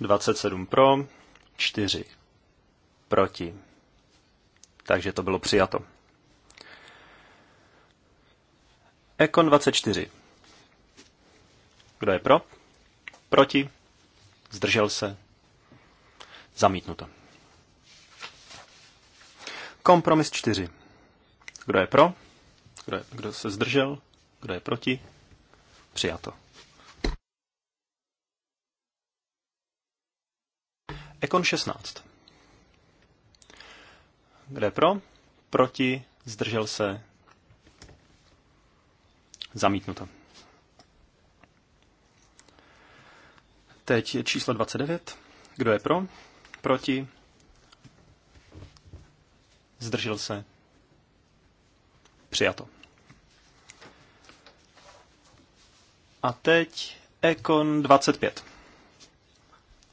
27 pro, 4 proti. Takže to bylo přijato. Ekon 24. Kdo je pro? Proti? Zdržel se? Zamítnuto. Kompromis 4. Kdo je pro? Kdo, je, kdo se zdržel? Kdo je proti? Přijato. Ekon 16. Kde pro? Proti, zdržel se, zamítnuto. Teď je číslo 29. Kdo je pro? Proti? Zdržel se? Přijato. A teď Ekon 25.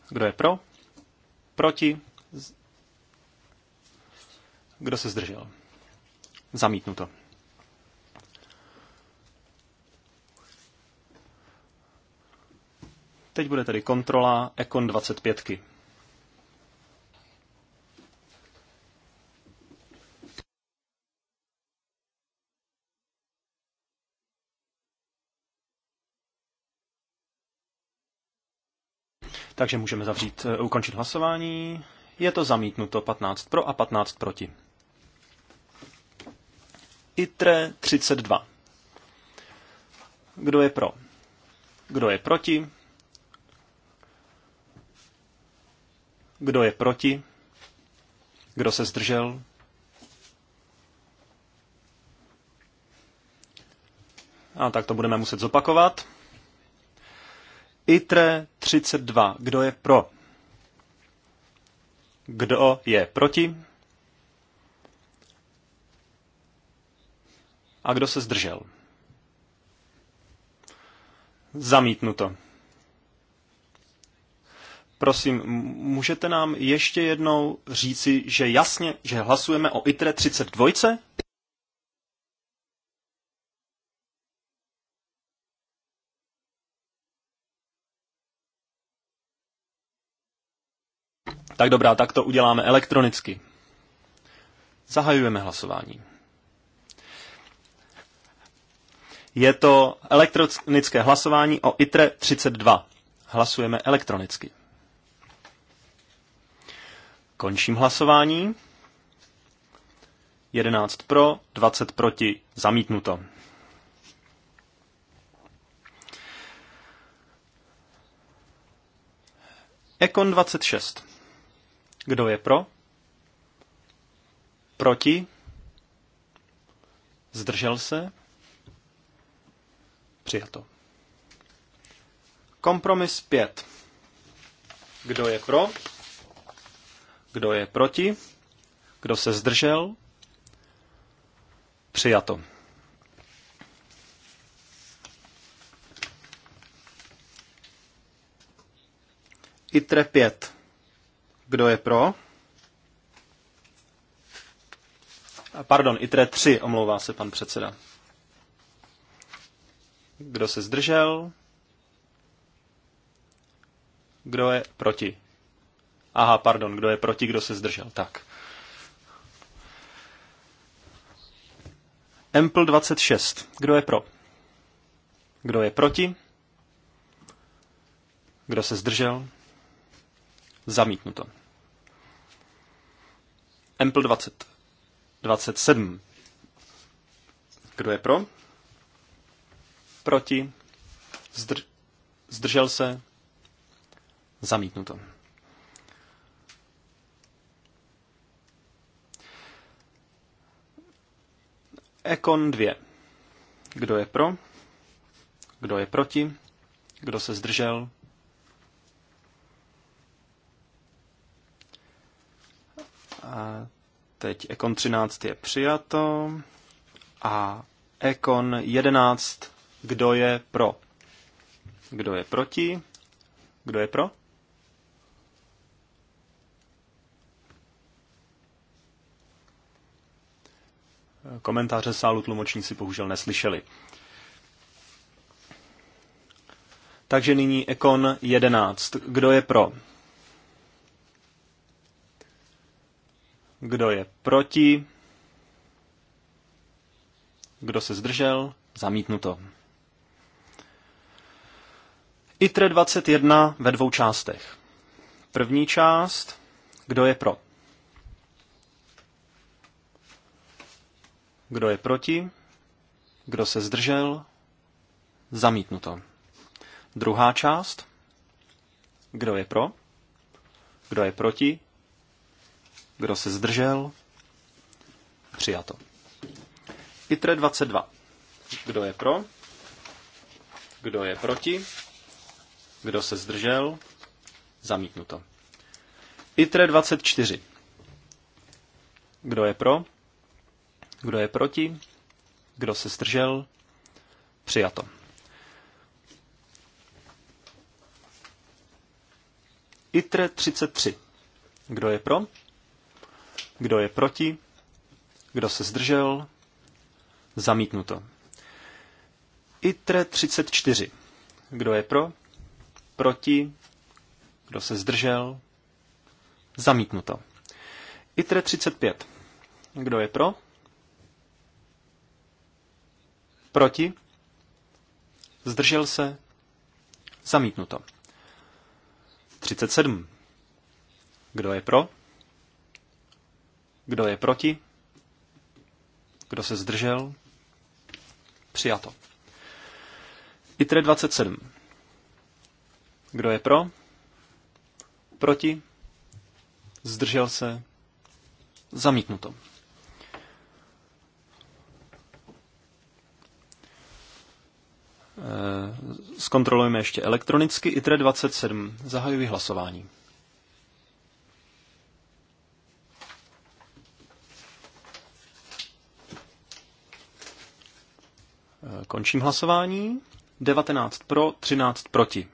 Kdo je pro? Proti? Kdo se zdržel? Zamítnuto. Teď bude tedy kontrola Econ 25. -ky. Takže můžeme zavřít, eh, ukončit hlasování. Je to zamítnuto 15 pro a 15 proti. ITRE 32. Kdo je pro? Kdo je proti? Kdo je proti? Kdo se zdržel? A tak to budeme muset zopakovat. ITRE 32. Kdo je pro? Kdo je proti? A kdo se zdržel? Zamítnuto. Prosím, můžete nám ještě jednou říci, že jasně, že hlasujeme o ITRE 32? Tak dobrá, tak to uděláme elektronicky. Zahajujeme hlasování. Je to elektronické hlasování o ITRE 32. Hlasujeme elektronicky. Končím hlasování. 11 pro, 20 proti, zamítnuto. Ekon 26. Kdo je pro? Proti? Zdržel se? Přijato. Kompromis 5. Kdo je pro? Kdo je proti? Kdo se zdržel? Přijato. ITRE 5. Kdo je pro? Pardon, ITRE 3, omlouvá se pan předseda. Kdo se zdržel? Kdo je proti? Aha, pardon, kdo je proti, kdo se zdržel. Tak. Empl 26. Kdo je pro? Kdo je proti? Kdo se zdržel? Zamítnuto. Ample 20. 27. Kdo je pro? Proti? Zdr- zdržel se? Zamítnuto. Ekon 2. Kdo je pro? Kdo je proti? Kdo se zdržel? A teď Ekon 13 je přijato. A Ekon 11, kdo je pro? Kdo je proti? Kdo je pro? Komentáře sálu tlumočníci bohužel neslyšeli. Takže nyní Ekon 11. Kdo je pro? Kdo je proti? Kdo se zdržel? Zamítnuto. ITRE 21 ve dvou částech. První část, kdo je pro? Kdo je proti? Kdo se zdržel? Zamítnuto. Druhá část, kdo je pro? Kdo je proti? Kdo se zdržel? Přijato. ITRE 22. Kdo je pro? Kdo je proti? Kdo se zdržel? Zamítnuto. ITRE 24. Kdo je pro? Kdo je proti? Kdo se zdržel? Přijato. ITRE 33. Kdo je pro? Kdo je proti? Kdo se zdržel? Zamítnuto. ITRE 34. Kdo je pro? Proti? Kdo se zdržel? Zamítnuto. ITRE 35. Kdo je pro? Proti? Zdržel se? Zamítnuto. 37. Kdo je pro? Kdo je proti? Kdo se zdržel? Přijato. ITRE 27. Kdo je pro? Proti? Zdržel se? Zamítnuto. Eh, zkontrolujeme ještě elektronicky. ITRE 27. Zahajuji hlasování. Eh, končím hlasování. 19 pro, 13 proti.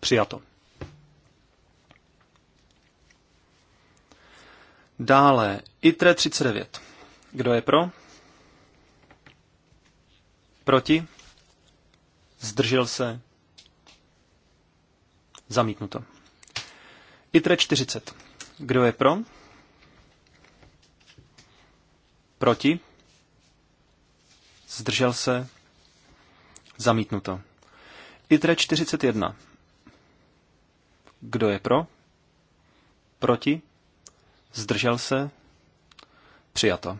Přijato. Dále ITRE 39. Kdo je pro? Proti? Zdržel se? Zamítnuto. ITRE 40. Kdo je pro? Proti? zdržel se, zamítnuto. ITRE 41. Kdo je pro? Proti? Zdržel se? Přijato.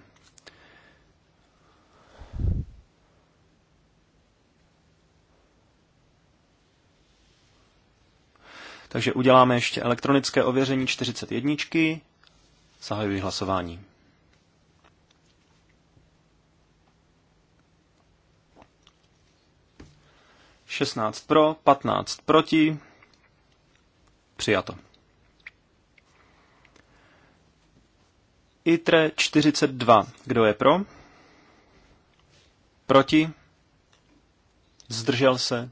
Takže uděláme ještě elektronické ověření 41. Zahajuji hlasování. 16 pro, 15 proti. Přijato. ITRE 42. Kdo je pro? Proti? Zdržel se?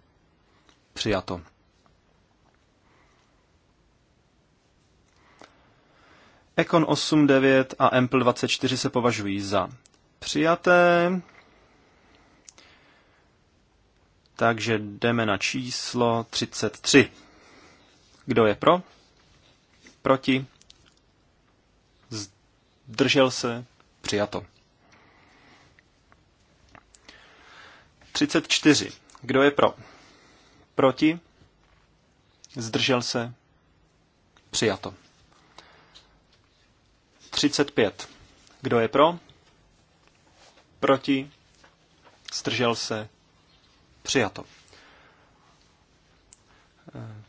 Přijato. Econ 8.9 a Ample 24 se považují za přijaté. Takže jdeme na číslo 33. Kdo je pro? Proti? Zdržel se? Přijato. 34. Kdo je pro? Proti? Zdržel se? Přijato. 35. Kdo je pro? Proti? Zdržel se? Přijato.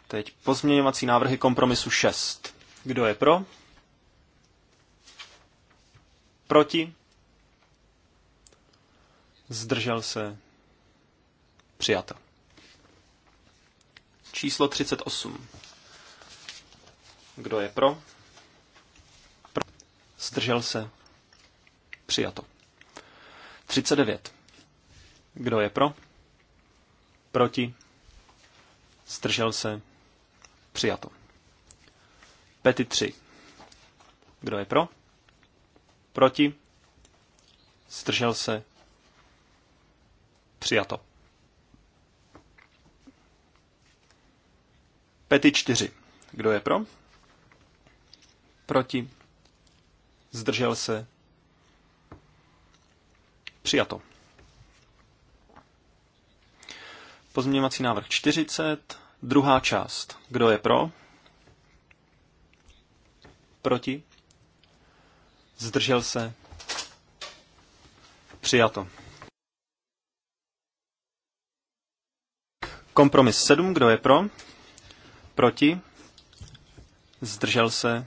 Teď pozměňovací návrhy kompromisu 6. Kdo je pro? Proti? Zdržel se? Přijato. Číslo 38. Kdo je pro? pro. Zdržel se? Přijato. 39. Kdo je pro? Proti? Zdržel se? Přijato. Pety 3. Kdo je pro? Proti? Zdržel se? Přijato. Pety 4. Kdo je pro? Proti? Zdržel se? Přijato. Pozměňovací návrh 40, druhá část. Kdo je pro? Proti? Zdržel se? Přijato. Kompromis 7, kdo je pro? Proti? Zdržel se?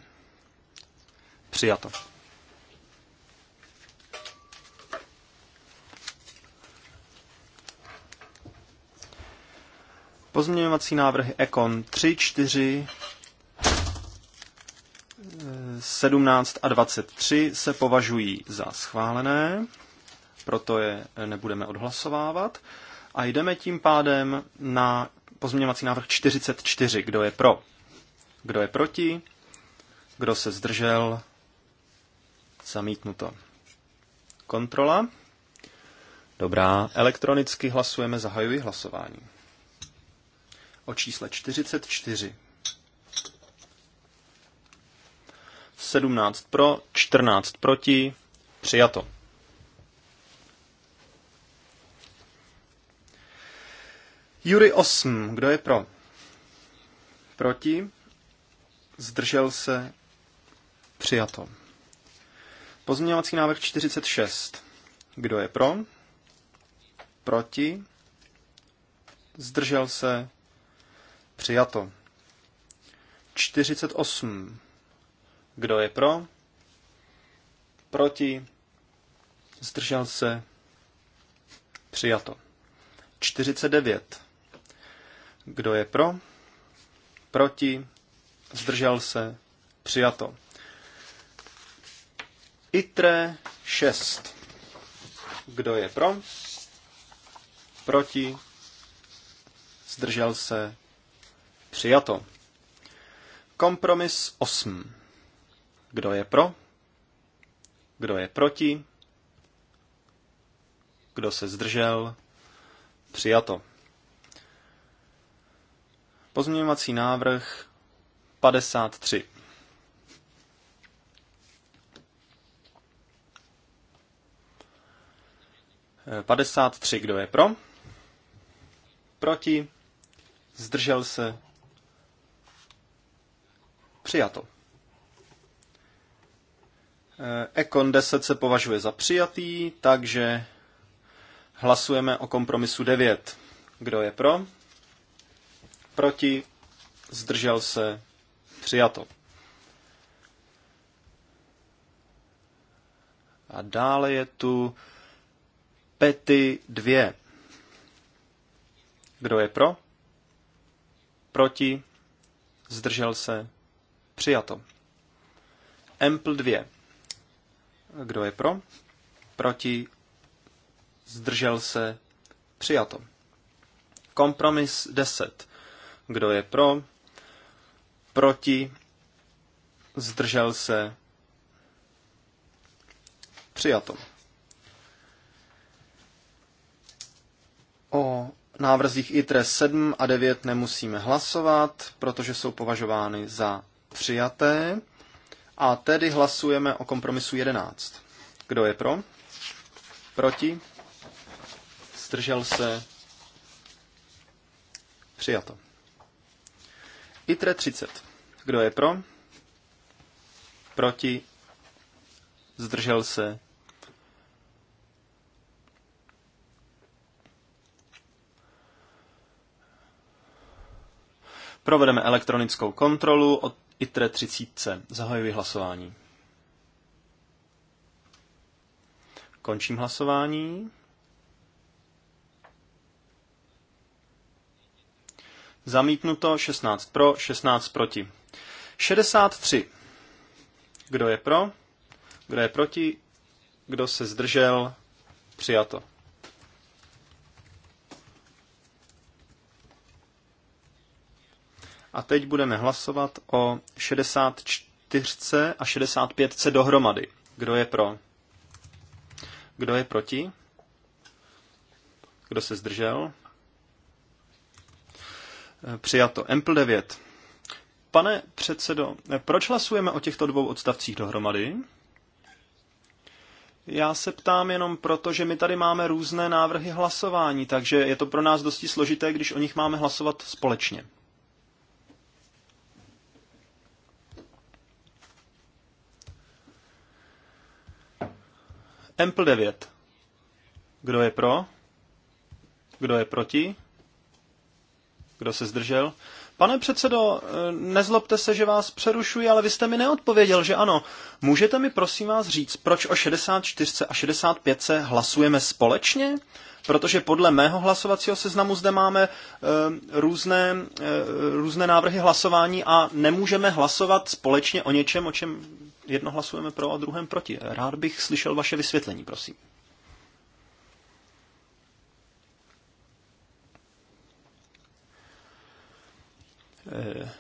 Přijato. Pozměňovací návrhy Econ 3, 4, 17 a 23 se považují za schválené, proto je nebudeme odhlasovávat. A jdeme tím pádem na pozměňovací návrh 44. Kdo je pro? Kdo je proti? Kdo se zdržel? Zamítnuto. Kontrola. Dobrá, elektronicky hlasujeme, zahajuji hlasování o čísle 44. 17 pro, 14 proti, přijato. Jury 8, kdo je pro? Proti, zdržel se, přijato. Pozměňovací návrh 46. Kdo je pro? Proti? Zdržel se? Přijato. 48. Kdo je pro? Proti? Zdržel se? Přijato. 49. Kdo je pro? Proti? Zdržel se? Přijato. ITRE 6. Kdo je pro? Proti? Zdržel se? Přijato. Kompromis 8. Kdo je pro? Kdo je proti? Kdo se zdržel? Přijato. Pozměňovací návrh 53. Padesát tři, kdo je pro? Proti? Zdržel se? Přijato. Ekon eh, 10 se považuje za přijatý, takže hlasujeme o kompromisu 9. Kdo je pro? Proti? Zdržel se? Přijato. A dále je tu pety 2. Kdo je pro? Proti? Zdržel se? Přijato. Empl 2. Kdo je pro? Proti? Zdržel se? Přijato. Kompromis 10. Kdo je pro? Proti? Zdržel se? Přijato. O návrzích ITRE 7 a 9 nemusíme hlasovat, protože jsou považovány za Přijaté. A tedy hlasujeme o kompromisu 11. Kdo je pro? Proti? Zdržel se? Přijato. ITRE 30. Kdo je pro? Proti? Zdržel se? Provedeme elektronickou kontrolu. Od ITRE 30. Zahajuji hlasování. Končím hlasování. Zamítnuto 16 pro, 16 proti. 63. Kdo je pro? Kdo je proti? Kdo se zdržel? Přijato. A teď budeme hlasovat o 64 a 65 dohromady. Kdo je pro? Kdo je proti? Kdo se zdržel? Eh, přijato. Empl 9. Pane předsedo, eh, proč hlasujeme o těchto dvou odstavcích dohromady? Já se ptám jenom proto, že my tady máme různé návrhy hlasování, takže je to pro nás dosti složité, když o nich máme hlasovat společně. Ample 9. Kdo je pro? Kdo je proti? Kdo se zdržel? Pane předsedo, eh, nezlobte se, že vás přerušuji, ale vy jste mi neodpověděl, že ano. Můžete mi prosím vás říct, proč o 64 a 65 hlasujeme společně? protože podle mého hlasovacího seznamu zde máme eh, různé, eh, různé návrhy hlasování a nemůžeme hlasovat společně o něčem, o čem jedno hlasujeme pro a druhém proti. Rád bych slyšel vaše vysvětlení, prosím. Eh,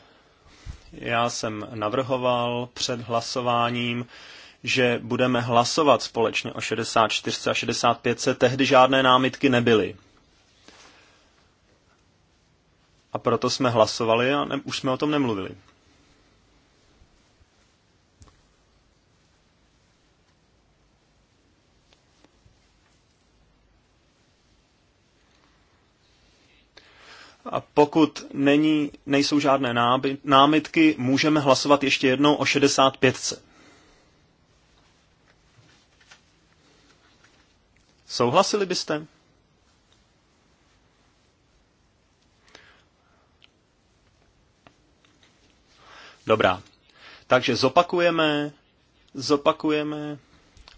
já jsem navrhoval před hlasováním že budeme hlasovat společně o 64 a 65, se tehdy žádné námitky nebyly. A proto jsme hlasovali a ne, už jsme o tom nemluvili. A pokud není, nejsou žádné námitky, můžeme hlasovat ještě jednou o 65. Souhlasili byste? Dobrá. Takže zopakujeme, zopakujeme,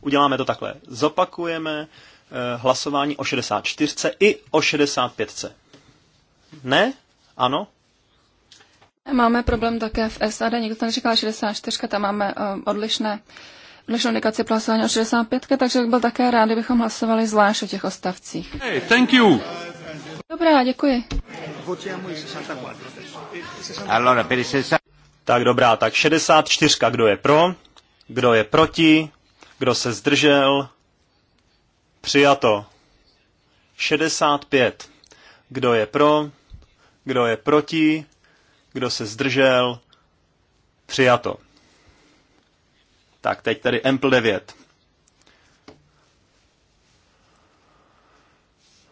uděláme to takhle. Zopakujeme eh, hlasování o 64 i o 65. Ne? Ano? Máme problém také v SAD, někdo tam říkal 64, tam máme eh, odlišné eh, než indikaci plasování o 65, takže bych byl také rád, kdybychom hlasovali zvlášť o těch ostavcích. Hey, thank you. Dobrá, děkuji. Tak dobrá, tak 64, kdo je pro, kdo je proti, kdo se zdržel, přijato. 65, kdo je pro, kdo je proti, kdo se zdržel, přijato. Tak, teď tady Ample 9.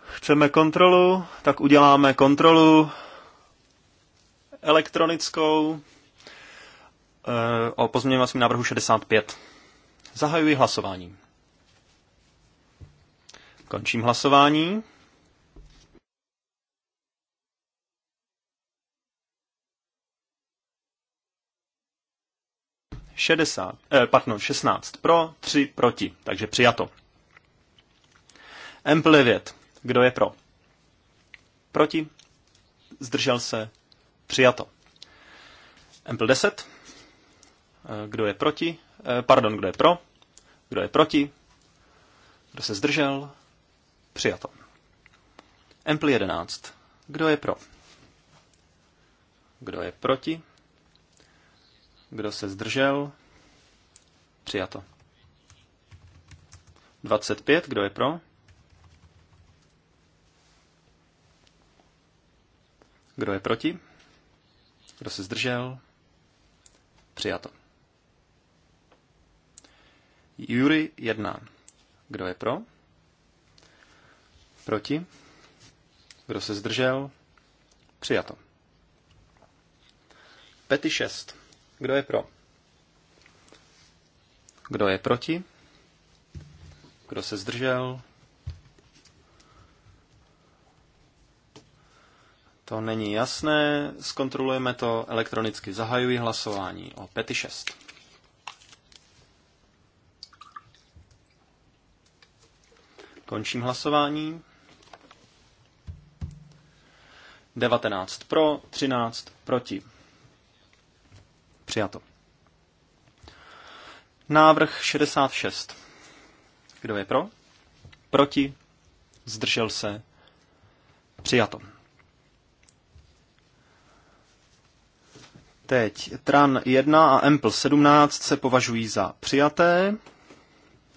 Chceme kontrolu, tak uděláme kontrolu elektronickou eh, o pozměňovacím návrhu 65. Zahajuji hlasování. Končím hlasování. 60, eh, pardon, 16 pro, 3 proti, takže přijato. Ample 9, kdo je pro? Proti, zdržel se, přijato. Ample 10, eh, kdo je proti, eh, pardon, kdo je pro, kdo je proti, kdo se zdržel, přijato. Ample 11, kdo je pro? Kdo je proti? Kdo se zdržel? Přijato. 25. Kdo je pro? Kdo je proti? Kdo se zdržel? Přijato. Jury 1. Kdo je pro? Proti? Kdo se zdržel? Přijato. Pety 6. Kdo je pro? Kdo je proti? Kdo se zdržel? To není jasné, zkontrolujeme to elektronicky. Zahajuji hlasování o pety Končím hlasování. 19 pro, 13 proti. Přijato. Návrh 66. Kdo je pro? Proti? Zdržel se? Přijato. Teď TRAN 1 a EMPL 17 se považují za přijaté.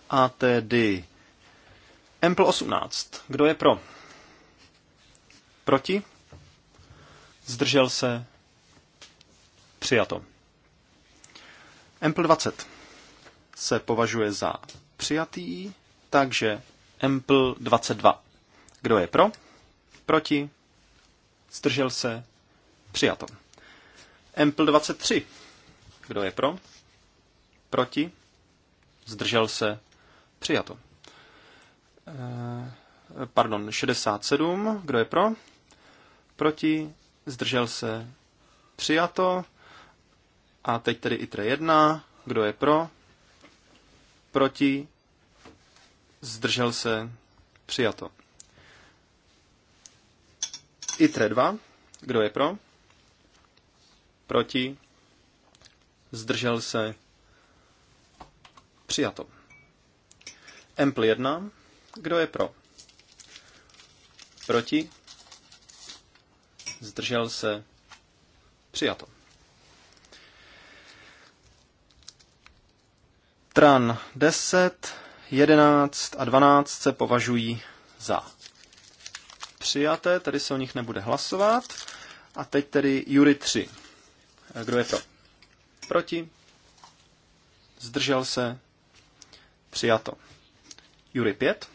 A tedy EMPL 18. Kdo je pro? Proti? Zdržel se? Přijato. Ample 20 se považuje za přijatý, takže Ample 22. Kdo je pro? Proti? Zdržel se? Přijato. Ample 23. Kdo je pro? Proti? Zdržel se? Přijato. Eh, pardon, 67. Kdo je pro? Proti? Zdržel se? Přijato. A teď tedy ITRE 1. Kdo je pro? Proti? Zdržel se? Přijato. ITRE 2. Kdo je pro? Proti? Zdržel se? Přijato. Empl 1. Kdo je pro? Proti? Zdržel se? Přijato. stran 10, 11 a 12 se považují za přijaté, tedy se o nich nebude hlasovat. A teď tedy Jury 3. Kdo je to? Proti? Zdržel eh, se? Přijato. Jury 5.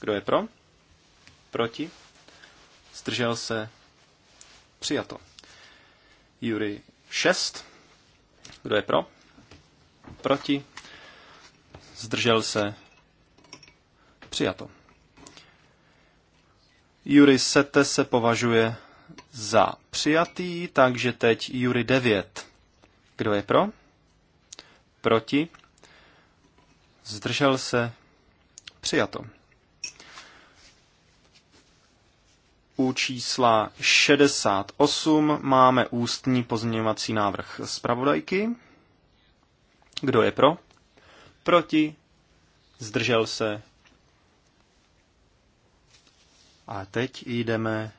Kdo je pro? Proti? Zdržel se? Přijato. Jury 6. Kdo je pro? Proti? zdržel se, přijato. Jury Sete se považuje za přijatý, takže teď Jury 9. Kdo je pro? Proti? Zdržel se? Přijato. U čísla 68 máme ústní pozměňovací návrh zpravodajky. Kdo je pro? proti, zdržel se. A teď jdeme,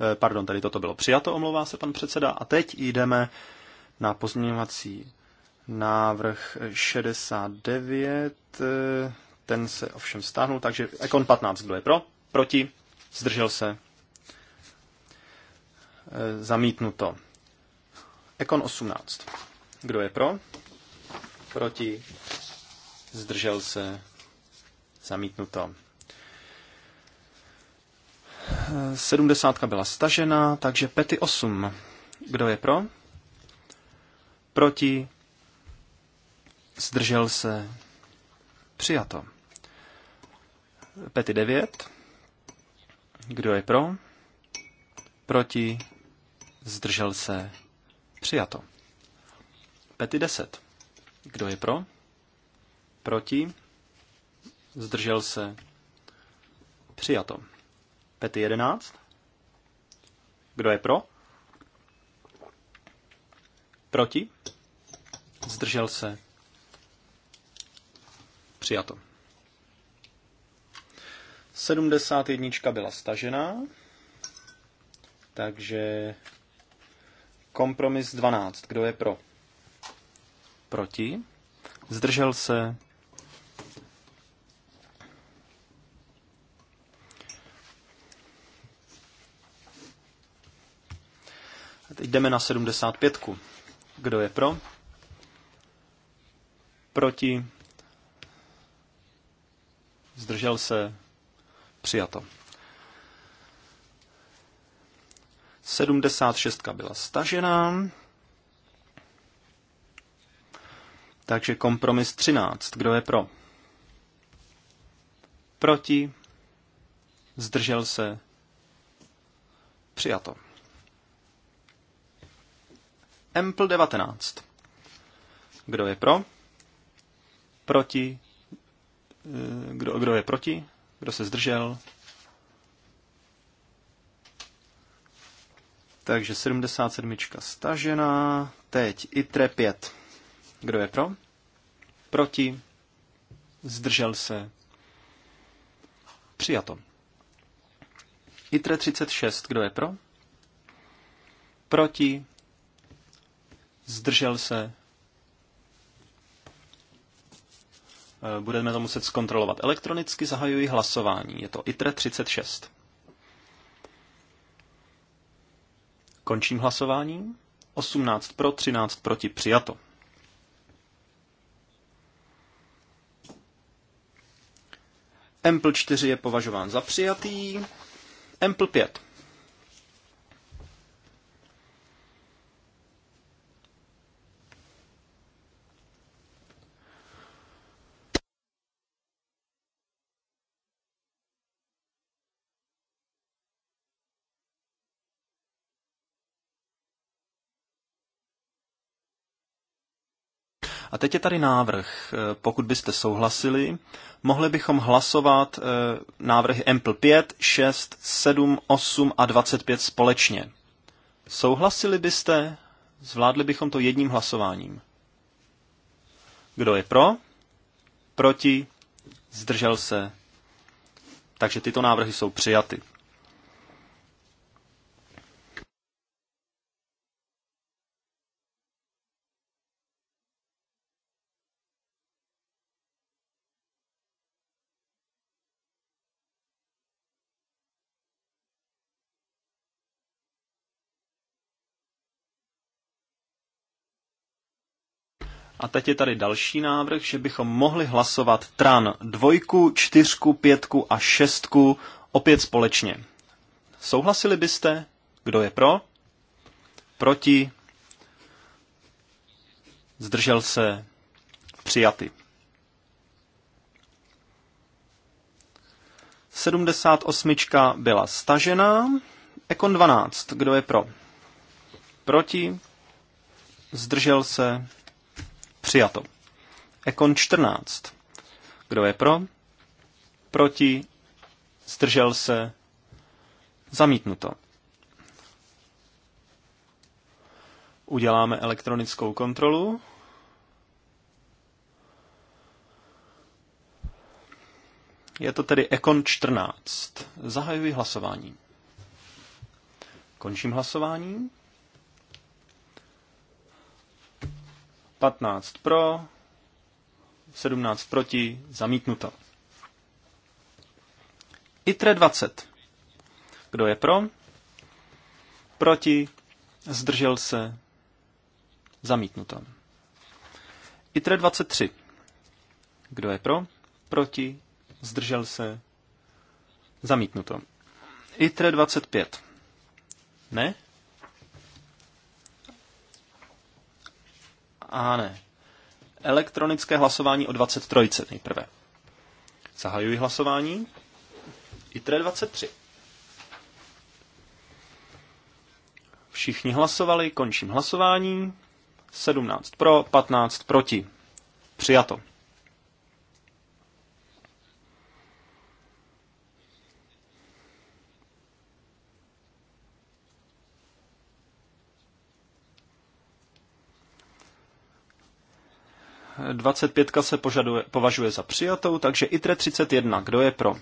eh, pardon, tady toto bylo přijato, omlouvá se pan předseda, a teď jdeme na pozměňovací návrh 69, eh, ten se ovšem stáhnul, takže Ekon 15 je pro, proti, zdržel se, eh, zamítnuto. Ekon 18. Kdo je pro? proti, zdržel se, zamítnuto. 70 byla stažena, takže pety 8. Kdo je pro? Proti, zdržel se, přijato. Pety 9. Kdo je pro? Proti, zdržel se, přijato. Pety 10. Kdo je pro? Proti? Zdržel se? Přijato. Pet 11. Kdo je pro? Proti? Zdržel se? Přijato. 71 byla stažená, takže kompromis 12. Kdo je pro? Proti? Zdržel se? A teď jdeme na 75. Kdo je pro? Proti? Zdržel se? Přijato. 76 byla stažená. Takže kompromis 13. Kdo je pro? Proti? Zdržel se? Přijato. Empl 19. Kdo je pro? Proti? Eh, kdo, kdo je proti? Kdo se zdržel? Takže 77. stažená. Teď ITRE 5. Kdo je pro? Proti? Zdržel se? Přijato. ITRE 36. Kdo je pro? Proti? Zdržel se? Eh, budeme to muset zkontrolovat. Elektronicky zahajuji hlasování. Je to ITRE 36. Končím hlasování. 18 pro, 13 proti, přijato. Mpl 4 je považován za přijatý. Mpl 5. A teď je tady návrh. Eh, pokud byste souhlasili, mohli bychom hlasovat návrhy Ample 5, 6, 7, 8 a 25 společně. Souhlasili byste? Zvládli bychom to jedním hlasováním. Kdo je pro? Proti? Zdržel se? Takže tyto návrhy jsou přijaty. A teď je tady další návrh, že bychom mohli hlasovat tran dvojku, čtyřku, pětku a šestku opět společně. Souhlasili byste? Kdo je pro? Proti? Zdržel se? Přijaty. 78 byla stažená. Ekon 12. Kdo je pro? Proti? Zdržel se? Přijato. Ekon 14. Kdo je pro? Proti? Zdržel se? Zamítnuto. Uděláme elektronickou kontrolu. Je to tedy Ekon 14. Zahajuji hlasování. Končím hlasování. 15 pro, 17 proti, zamítnuto. ITRE 20. Kdo je pro? Proti, zdržel se, zamítnuto. ITRE 23. Kdo je pro? Proti, zdržel se, zamítnuto. ITRE 25. Ne? A ne. Elektronické hlasování o 23 nejprve. Zahajuji hlasování. ITRE 23. Všichni hlasovali, končím hlasování. 17 pro, 15 proti. Přijato. 25 se požaduje, považuje za přijatou, takže ITRE 31. Kdo je pro?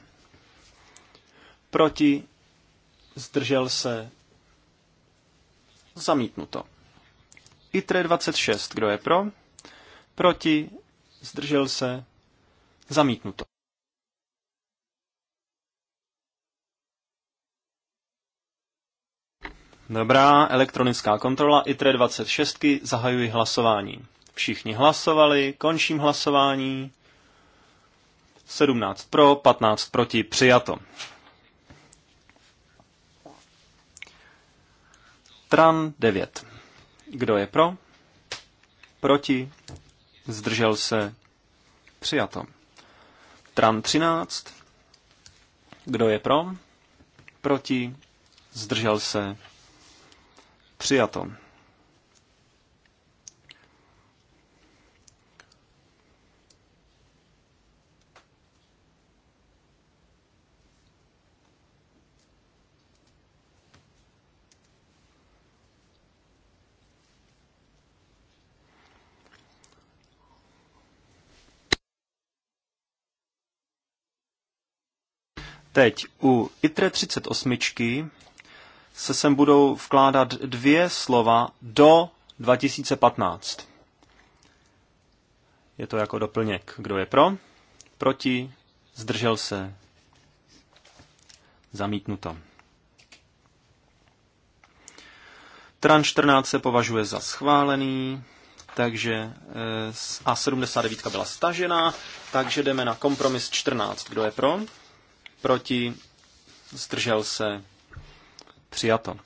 Proti? Zdržel se? Zamítnuto. ITRE 26. Kdo je pro? Proti? Zdržel se? Zamítnuto. Dobrá, elektronická kontrola ITRE 26. Zahajuji hlasování. Všichni hlasovali, končím hlasování. 17 pro, 15 proti, přijato. Tran 9. Kdo je pro? Proti? Zdržel se? Přijato. Tran 13. Kdo je pro? Proti? Zdržel se? Přijato. Teď u ITRE 38 se sem budou vkládat dvě slova do 2015. Je to jako doplněk. Kdo je pro? Proti? Zdržel se? Zamítnuto. Tran 14 se považuje za schválený, takže eh, a79 byla stažená. takže jdeme na kompromis 14. Kdo je pro? proti, zdržel se, přijato.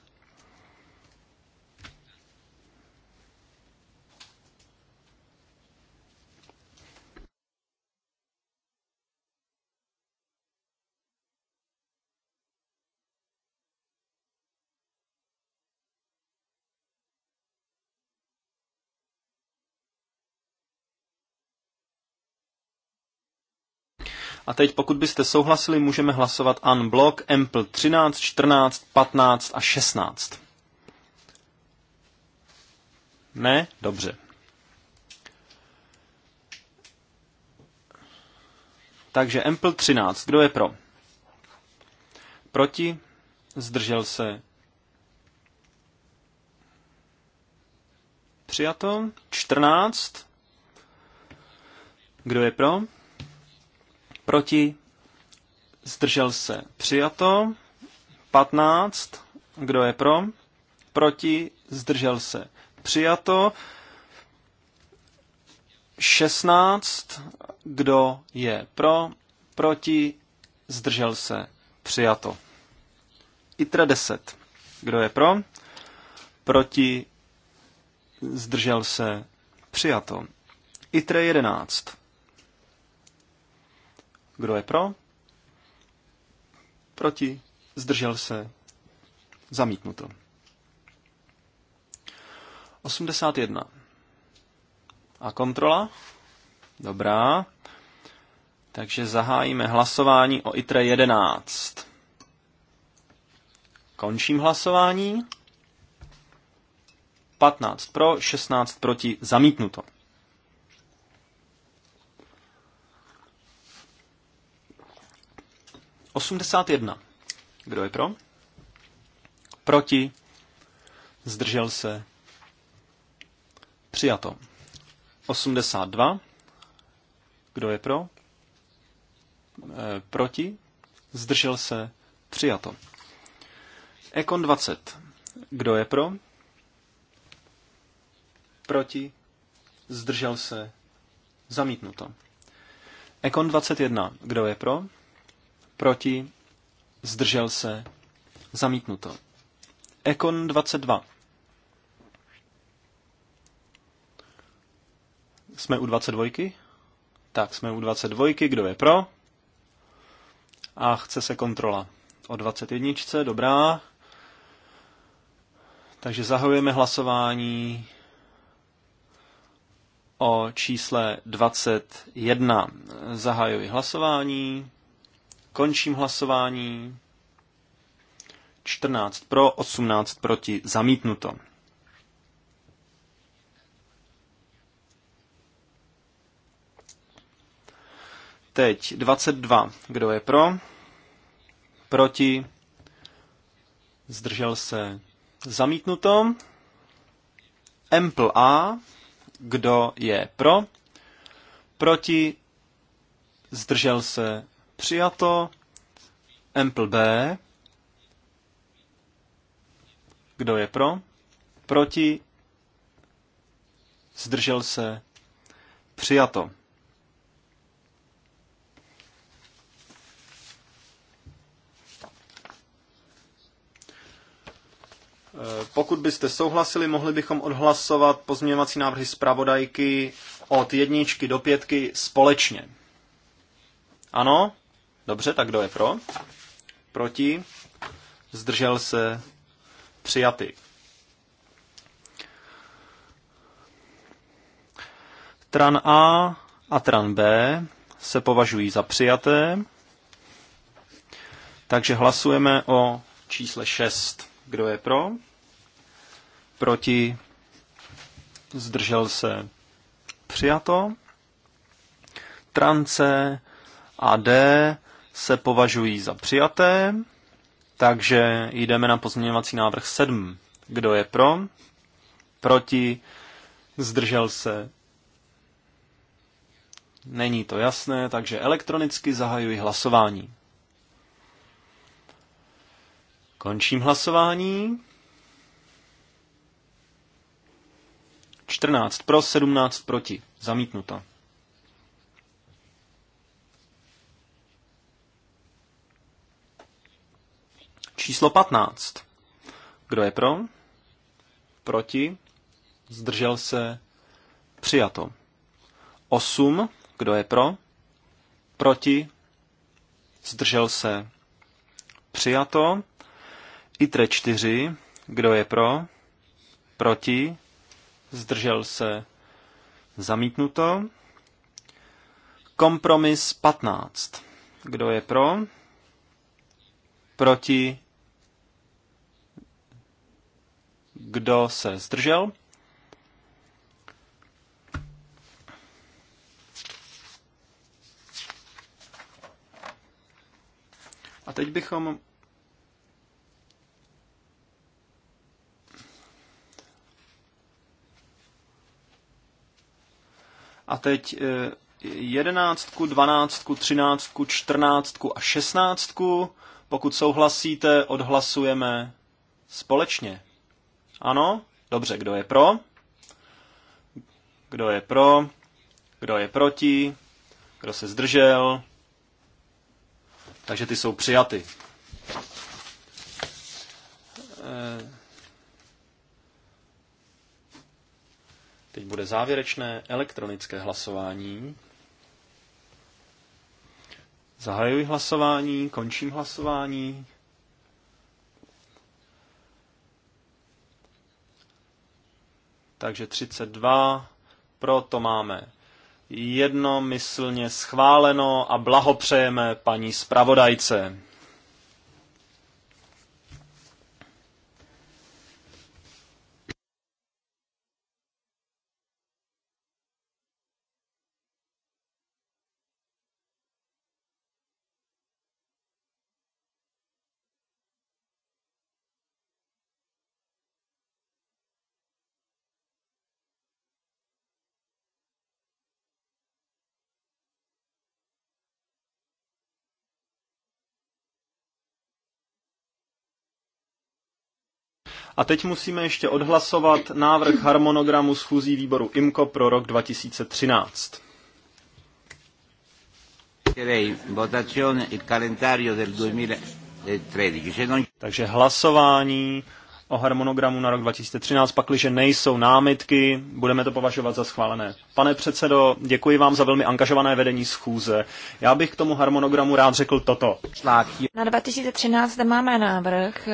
A teď, pokud byste souhlasili, můžeme hlasovat unblock Ample 13, 14, 15 a 16. Ne? Dobře. Takže Ample 13. Kdo je pro? Proti? Zdržel se? Přijato. 14. Kdo je pro? Proti? Zdržel se. Přijato. 15. Kdo je pro? Proti? Zdržel se. Přijato. 16. Kdo je pro? Proti? Zdržel se. Přijato. ITRA 10. Kdo je pro? Proti? Zdržel se. Přijato. ITRA 11. Kdo je pro? Proti? Zdržel se? Zamítnuto. 81. A kontrola? Dobrá. Takže zahájíme hlasování o ITRE 11. Končím hlasování. 15 pro, 16 proti, zamítnuto. 81. Kdo je pro? Proti? Zdržel se? Přijato. 82. Kdo je pro? E, proti? Zdržel se? Přijato. Ekon 20. Kdo je pro? Proti? Zdržel se? Zamítnuto. Ekon 21. Kdo je pro? proti, zdržel se, zamítnuto. Ekon 22. Jsme u 22? Tak, jsme u 22. Kdo je pro? A chce se kontrola. O 21. Dobrá. Takže zahajujeme hlasování o čísle 21. Zahajuji hlasování. Končím hlasování. 14 pro, 18 proti, zamítnuto. Teď 22. Kdo je pro? Proti? Zdržel se? Zamítnuto. Ample A. Kdo je pro? Proti? Zdržel se? Přijato. Ample B. Kdo je pro? Proti? Zdržel se? Přijato. E, pokud byste souhlasili, mohli bychom odhlasovat pozměňovací návrhy zpravodajky od jedničky do pětky společně. Ano? Dobře, tak kdo je pro? Proti? Zdržel se? Přijatý. Tran A a tran B se považují za přijaté, takže hlasujeme o čísle 6. Kdo je pro? Proti? Zdržel se? Přijato. Tran C a D se považují za přijaté, takže jdeme na pozměňovací návrh 7. Kdo je pro? Proti? Zdržel se? Není to jasné, takže elektronicky zahajuji hlasování. Končím hlasování. 14 pro, 17 proti. Zamítnuto. Číslo 15. Kdo je pro? Proti? Zdržel se? Přijato. 8. Kdo je pro? Proti? Zdržel se? Přijato. ITRE 4. Kdo je pro? Proti? Zdržel se? Zamítnuto. Kompromis 15. Kdo je pro? Proti? Kdo se zdržel? A teď bychom A teď eh, jedenáctku, dvanáctku, třináctku, čtrnáctku a šestnáctku. Pokud souhlasíte, odhlasujeme společně. Ano? Dobře, kdo je pro? Kdo je pro? Kdo je proti? Kdo se zdržel? Takže ty jsou přijaty. Eh, teď bude závěrečné elektronické hlasování. Zahajuji hlasování, končím hlasování. Takže 32 pro to máme jednomyslně schváleno a blahopřejeme paní zpravodajce. A teď musíme ještě odhlasovat návrh harmonogramu schůzí výboru IMCO pro rok 2013. Takže hlasování o harmonogramu na rok 2013, pakliže nejsou námitky, budeme to považovat za schválené. Pane předsedo, děkuji vám za velmi angažované vedení schůze. Já bych k tomu harmonogramu rád řekl toto. Na 2013 zde máme návrh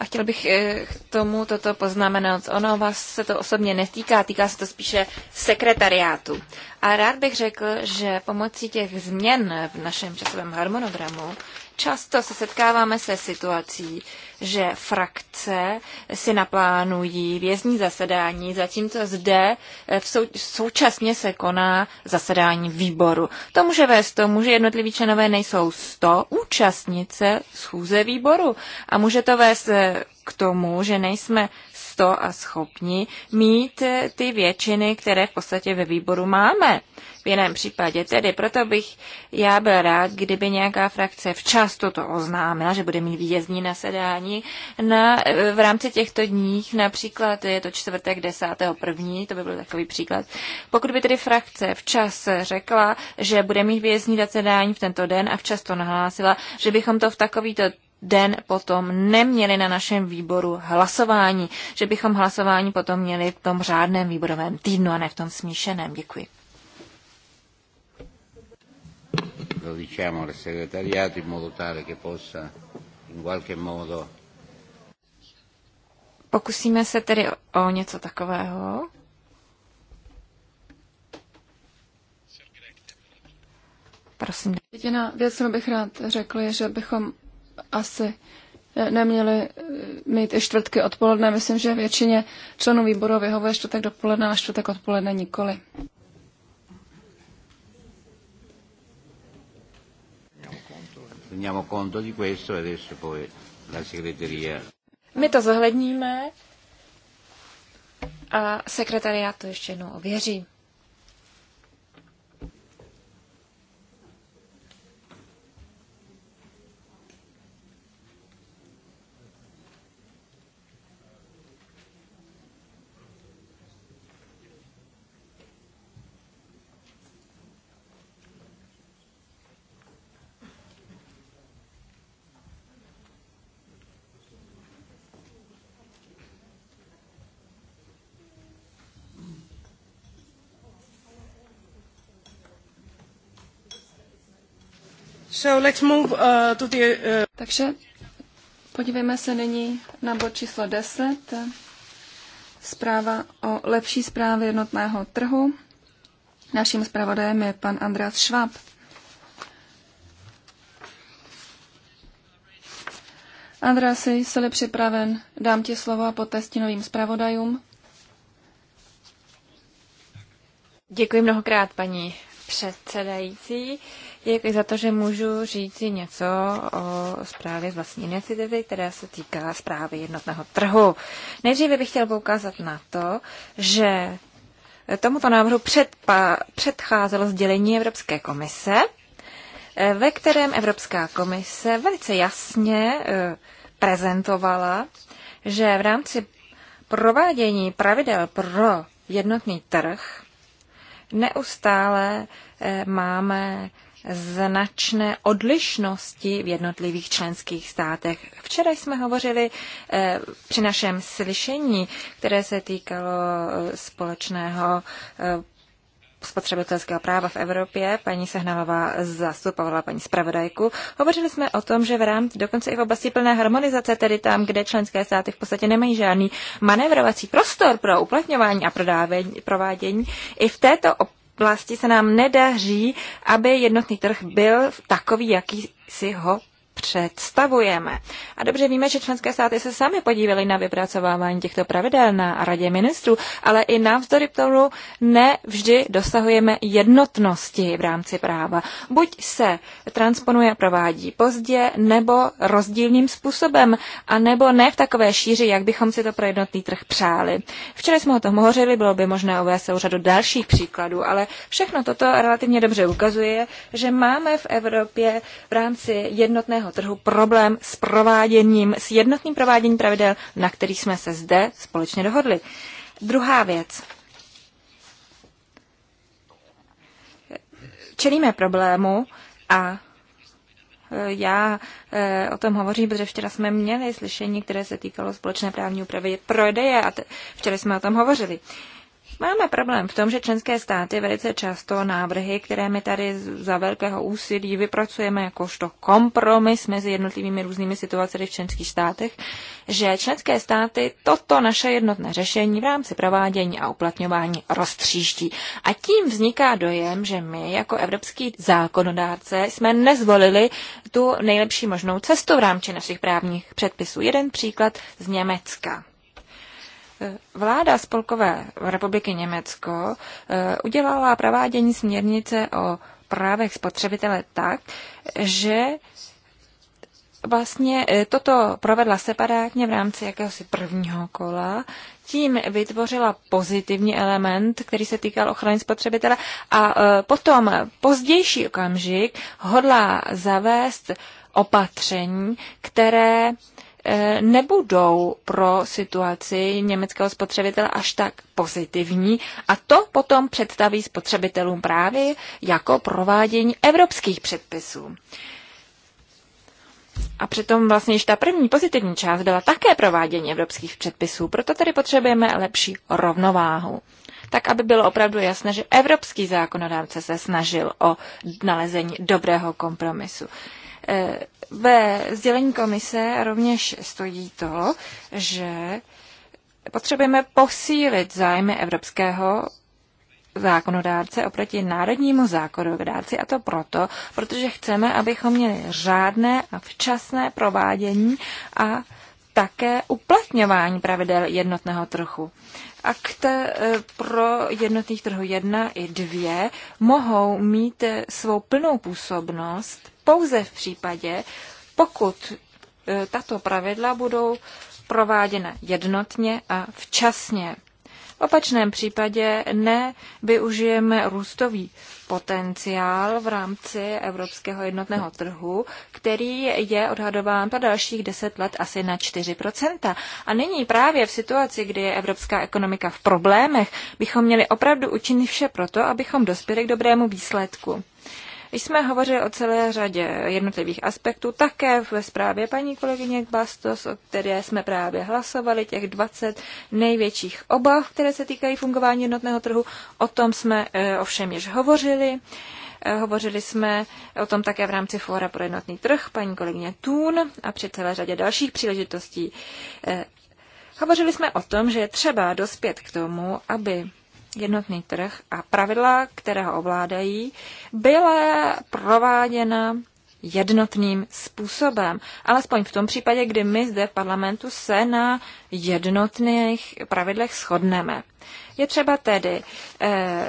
a chtěl bych eh, k tomu toto poznamenat. Ono vás se to osobně netýká, týká se to spíše sekretariátu. A rád bych řekl, že pomocí těch změn v našem časovém harmonogramu Často se setkáváme se situací, že frakce si naplánují vězní zasedání, zatímco zde eh, v sou, současně se koná zasedání výboru. To může vést tomu, že jednotliví členové nejsou 100 účastnice schůze výboru a může to vést eh, k tomu, že nejsme místo a schopni mít eh, ty většiny, které v podstatě ve výboru máme. V jiném případě tedy, proto bych já byl rád, kdyby nějaká frakce včas toto oznámila, že bude mít výjezdní nasedání na, eh, v rámci těchto dní, například je to čtvrtek 10. první, to by byl takový příklad. Pokud by tedy frakce včas řekla, že bude mít výjezdní zasedání v tento den a včas to nahlásila, že bychom to v takovýto den potom neměli na našem výboru hlasování, že bychom hlasování potom měli v tom řádném výborovém týdnu a ne v tom smíšeném. Děkuji. Lo diciamo al segretariato in modo tale che possa in qualche modo Pokusíme se tedy o něco takového. Prosím. Jediná věc, kterou bych rád řekl, je, že bychom asi neměli eh, mít i čtvrtky odpoledne. Myslím, že většině členů výboru vyhovuje čtvrtek dopoledne, a čtvrtek odpoledne nikoli. E My to zohledníme a sekretariát to ještě jednou ověří. So let's move, uh, to the, uh... Takže podívejme se nyní na bod číslo 10. Zpráva o lepší zprávě jednotného trhu. Naším zpravodajem je pan Andreas Schwab. Andrasi, jsi připraven, dám ti slovo a poté novým zpravodajům. Děkuji mnohokrát, paní předsedající. Děkuji za to, že můžu říct něco o zprávě z vlastní iniciativy, která se týká zprávy jednotného trhu. Nejdříve bych chtěl poukázat na to, že tomuto návrhu předpa, předcházelo sdělení Evropské komise, eh, ve kterém Evropská komise velice jasně eh, prezentovala, že v rámci provádění pravidel pro jednotný trh neustále eh, máme značné odlišnosti v jednotlivých členských státech. Včera jsme hovořili eh, při našem slyšení, které se týkalo eh, společného spotřebitelského práva v Evropě, paní Sehnalová zastupovala paní zpravodajku. Hovořili jsme o tom, že v rámci dokonce i v oblasti plné harmonizace, tedy tam, kde členské státy v podstatě nemají žádný manévrovací prostor pro uplatňování a provádění, i v této oblasti se nám nedaří, aby jednotný trh byl takový, jaký si ho představujeme. A dobře víme, že členské státy se sami podívaly na vypracovávání těchto pravidel na radě ministrů, ale i navzdory tomu ne vždy dosahujeme jednotnosti v rámci práva. Buď se transponuje a provádí pozdě, nebo rozdílným způsobem, a nebo ne v takové šíři, jak bychom si to pro jednotný trh přáli. Včera jsme o tom hovořili, bylo by možné uvést celou řadu dalších příkladů, ale všechno toto relativně dobře ukazuje, že máme v Evropě v rámci jednotného trhu problém s prováděním, s jednotným prováděním pravidel, na kterých jsme se zde společně dohodli. Druhá věc. Čelíme problému a e, já e, o tom hovořím, protože včera jsme měli slyšení, které se týkalo společné právní úpravy prodeje a včera jsme o tom hovořili. Máme problém v tom, že členské státy velice často návrhy, které my tady za velkého úsilí vypracujeme jakožto kompromis mezi jednotlivými různými situacemi v členských státech, že členské státy toto naše jednotné řešení v rámci provádění a uplatňování roztříští. A tím vzniká dojem, že my jako evropský zákonodárce jsme nezvolili tu nejlepší možnou cestu v rámci našich právních předpisů. Jeden příklad z Německa. Vláda Spolkové republiky Německo eh, udělala provádění směrnice o právech spotřebitele tak, že vlastně eh, toto provedla separátně v rámci jakéhosi prvního kola, tím vytvořila pozitivní element, který se týkal ochrany spotřebitele a eh, potom pozdější okamžik hodla zavést opatření, které Eh, nebudou pro situaci německého spotřebitele až tak pozitivní a to potom představí spotřebitelům právě jako provádění evropských předpisů. A přitom vlastně již ta první pozitivní část byla také provádění evropských předpisů, proto tady potřebujeme lepší rovnováhu. Tak, aby bylo opravdu jasné, že evropský zákonodárce se snažil o nalezení dobrého kompromisu. Eh, ve sdělení komise rovněž stojí to, že potřebujeme posílit zájmy evropského zákonodárce oproti národnímu zákonodárci a to proto, protože chceme, abychom měli řádné a včasné provádění a také uplatňování pravidel jednotného trhu. Akt eh, pro jednotných trhu 1 i 2 mohou mít eh, svou plnou působnost pouze v případě, pokud e, tato pravidla budou prováděna jednotně a včasně. V opačném případě využijeme růstový potenciál v rámci evropského jednotného trhu, který je odhadován pro dalších 10 let asi na 4%. A nyní právě v situaci, kdy je evropská ekonomika v problémech, bychom měli opravdu učinit vše proto, abychom dospěli k dobrému výsledku. Jsme hovořili o celé řadě jednotlivých aspektů, také ve zprávě paní kolegyně Bastos, o které jsme právě hlasovali, těch 20 největších obav, které se týkají fungování jednotného trhu. O tom jsme e, ovšem již hovořili. E, hovořili jsme o tom také v rámci Fóra pro jednotný trh, paní kolegyně Tún a při celé řadě dalších příležitostí. E, hovořili jsme o tom, že je třeba dospět k tomu, aby jednotný trh a pravidla, která ho ovládají, byla prováděna jednotným způsobem. Alespoň v tom případě, kdy my zde v parlamentu se na jednotných pravidlech shodneme. Je třeba tedy eh,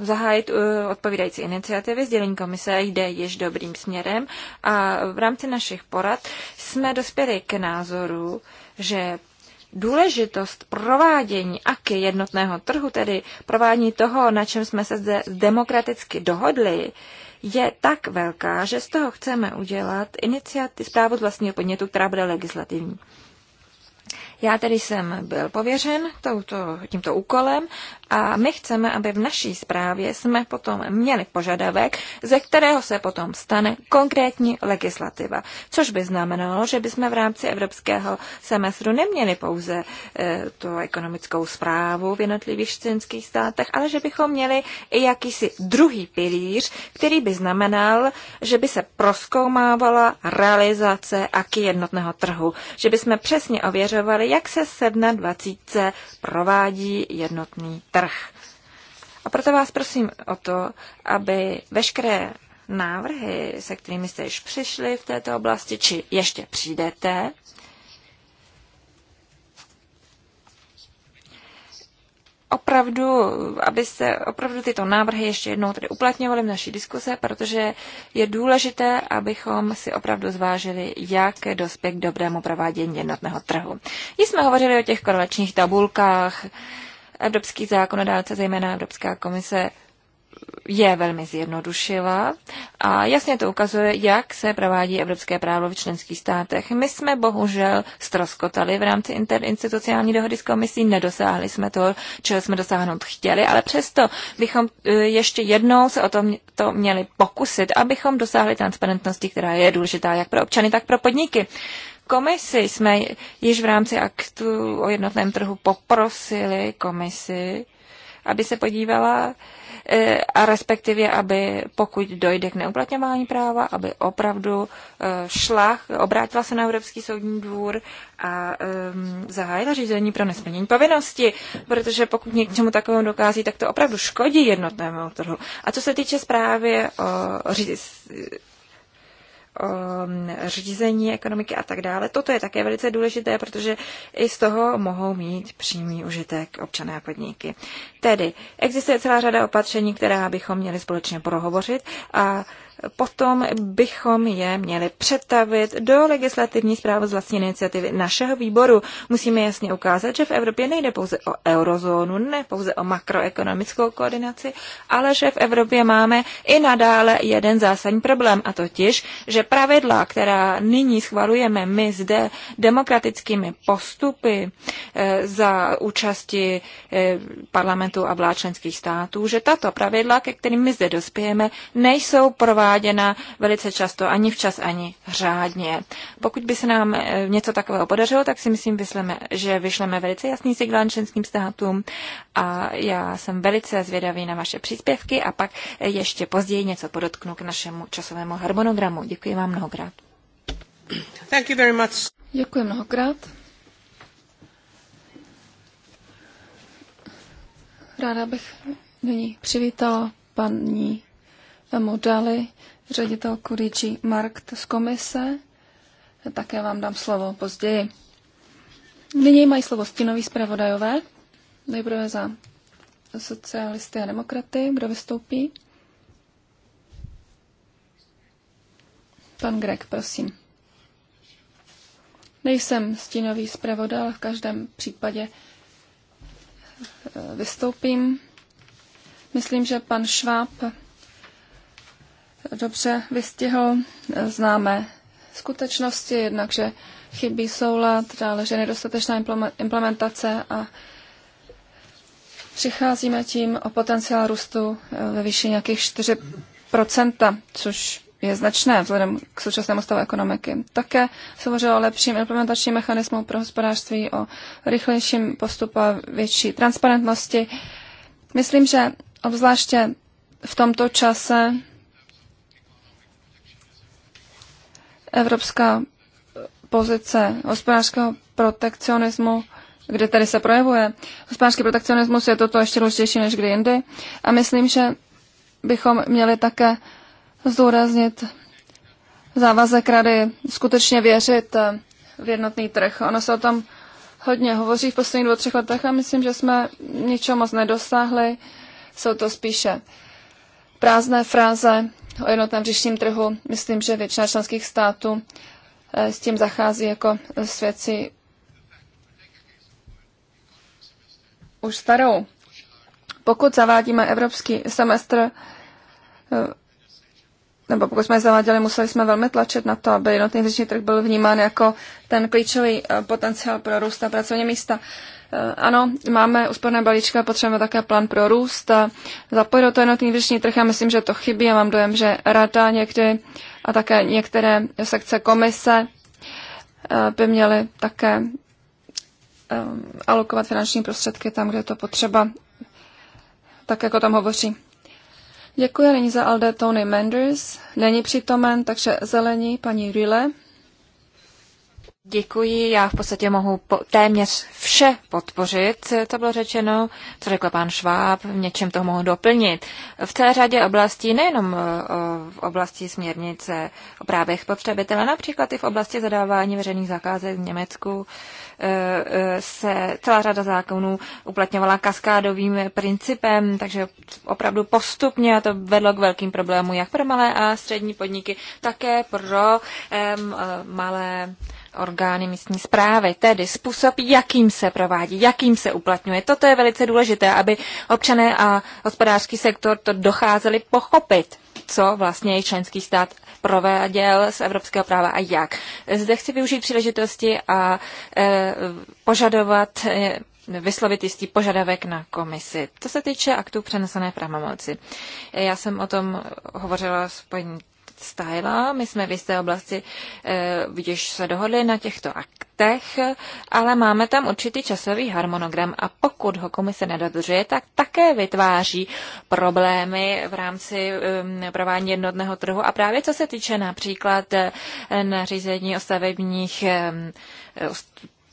zahájit eh, odpovídající iniciativy. Sdělení komise jde již dobrým směrem a v rámci našich porad jsme dospěli k názoru, že důležitost provádění AKY jednotného trhu, tedy provádění toho, na čem jsme se zde demokraticky dohodli, je tak velká, že z toho chceme udělat iniciativ, zprávu z vlastního podnětu, která bude legislativní. Já tedy jsem byl pověřen touto, tímto úkolem a my chceme, aby v naší zprávě jsme potom měli požadavek, ze kterého se potom stane konkrétní legislativa. Což by znamenalo, že bychom v rámci evropského semestru neměli pouze e, tu ekonomickou zprávu v jednotlivých členských státech, ale že bychom měli i jakýsi druhý pilíř, který by znamenal, že by se proskoumávala realizace aky jednotného trhu. Že jsme přesně ověřovali, jak se 27 provádí jednotný trh trh. A proto vás prosím o to, aby veškeré návrhy, se kterými jste již přišli v této oblasti, či ještě přijdete, opravdu, abyste opravdu tyto návrhy ještě jednou tady uplatňovaly v naší diskuse, protože je důležité, abychom si opravdu zvážili, jak dospět k dobrému provádění jednotného trhu. Již jsme hovořili o těch korelačních tabulkách, Evropský zákonodárce, zejména Evropská komise, je velmi zjednodušila a jasně to ukazuje, jak se provádí evropské právo v členských státech. My jsme bohužel stroskotali v rámci interinstitucionální dohody s komisí, nedosáhli jsme toho, čeho jsme dosáhnout chtěli, ale přesto bychom e, ještě jednou se o tom to měli pokusit, abychom dosáhli transparentnosti, která je důležitá jak pro občany, tak pro podniky komisi jsme již v rámci aktu o jednotném trhu poprosili komisi, aby se podívala eh, a respektive, aby pokud dojde k neuplatňování práva, aby opravdu eh, šla, obrátila se na Evropský soudní dvůr a um, zahájila řízení pro nesplnění povinnosti, protože pokud něčemu takovému dokází, tak to opravdu škodí jednotnému trhu. A co se týče zprávy o, Um, řízení ekonomiky a tak dále. Toto je také velice důležité, protože i z toho mohou mít přímý užitek občané a podniky. Tedy existuje celá řada opatření, která bychom měli společně prohovořit a potom bychom je měli přetavit do legislativní zprávy z vlastní iniciativy našeho výboru. Musíme jasně ukázat, že v Evropě nejde pouze o eurozónu, ne pouze o makroekonomickou koordinaci, ale že v Evropě máme i nadále jeden zásadní problém, a totiž, že pravidla, která nyní schvalujeme my zde demokratickými postupy eh, za účasti eh, parlamentu a vláčenských států, že tato pravidla, ke kterým my zde dospějeme, nejsou prováděna prováděna velice často, ani včas, ani řádně. Pokud by se nám eh, něco takového podařilo, tak si myslím, vysleme, že vyšleme velice jasný signál členským státům a já jsem velice zvědavý na vaše příspěvky a pak ještě později něco podotknu k našemu časovému harmonogramu. Děkuji vám mnohokrát. Thank you very much. Děkuji mnohokrát. Ráda bych nyní přivítala paní mu dali ředitel Kuričí Markt z komise. Také vám dám slovo později. Nyní mají slovo stínový zpravodajové. Nejprve za socialisty a demokraty. Kdo vystoupí? Pan Greg, prosím. Nejsem stínový zpravodaj, ale v každém případě eh, vystoupím. Myslím, že pan Šváb dobře vystihl. Eh, známe skutečnosti, jednak, že chybí soulad, dále, že nedostatečná implementace a přicházíme tím o potenciál růstu eh, ve výši nějakých 4%, což je značné vzhledem k současnému stavu ekonomiky. Také se hovořilo o lepším implementačním mechanismu pro hospodářství, o rychlejším postupu a větší transparentnosti. Myslím, že obzvláště v tomto čase Evropská pozice hospodářského protekcionismu, kde tady se projevuje. Hospodářský protekcionismus je toto ještě důležitější než kdy jindy. A myslím, že bychom měli také zdůraznit závazek rady skutečně věřit eh, v jednotný trh. Ono se o tom hodně hovoří v posledních dvou, třech letech a myslím, že jsme ničeho moc nedosáhli. Jsou to spíše prázdné fráze, o jednotném vřešním trhu. Myslím, že většina členských států eh, s tím zachází jako eh, s už starou. Pokud zavádíme evropský semestr, eh, nebo pokud jsme je zaváděli, museli jsme velmi tlačit na to, aby jednotný vnitřní trh byl vnímán jako ten klíčový potenciál pro růst a pracovní místa. Eh, ano, máme úsporné balíčka, potřebujeme také plán pro růst a zapojit do toho jednotný vnitřní trh. Já myslím, že to chybí a mám dojem, že rada někdy a také některé sekce komise eh, by měly také eh, alokovat finanční prostředky tam, kde je to potřeba, tak jako tam hovoří. Děkuji, není za Alde Tony Menders, není přítomen, takže zelení paní Rille. Děkuji, já v podstatě mohu po, téměř vše podpořit, to bylo řečeno, co řekl pan Šváb, v něčem to mohu doplnit. V celé řadě oblastí, nejenom e, v oblasti směrnice o právech potřebitele, například i v oblasti zadávání veřejných zakázek v Německu, e, e, se celá řada zákonů uplatňovala kaskádovým principem, takže opravdu postupně a to vedlo k velkým problémům jak pro malé a střední podniky, také pro malé orgány místní zprávy, tedy způsob, jakým se provádí, jakým se uplatňuje. Toto je velice důležité, aby občané a hospodářský sektor to docházeli pochopit, co vlastně je členský stát prováděl z evropského práva a jak. Zde chci využít příležitosti a e, požadovat e, vyslovit jistý požadavek na komisi. To se týče aktů přenesené pravomoci. Já jsem o tom hovořila s paní Styla. My jsme v jisté oblasti vidíš, eh, se dohodli na těchto aktech, ale máme tam určitý časový harmonogram a pokud ho komise nedodržuje, tak také vytváří problémy v rámci eh, provádění jednotného trhu. A právě co se týče například eh, nařízení o stavebních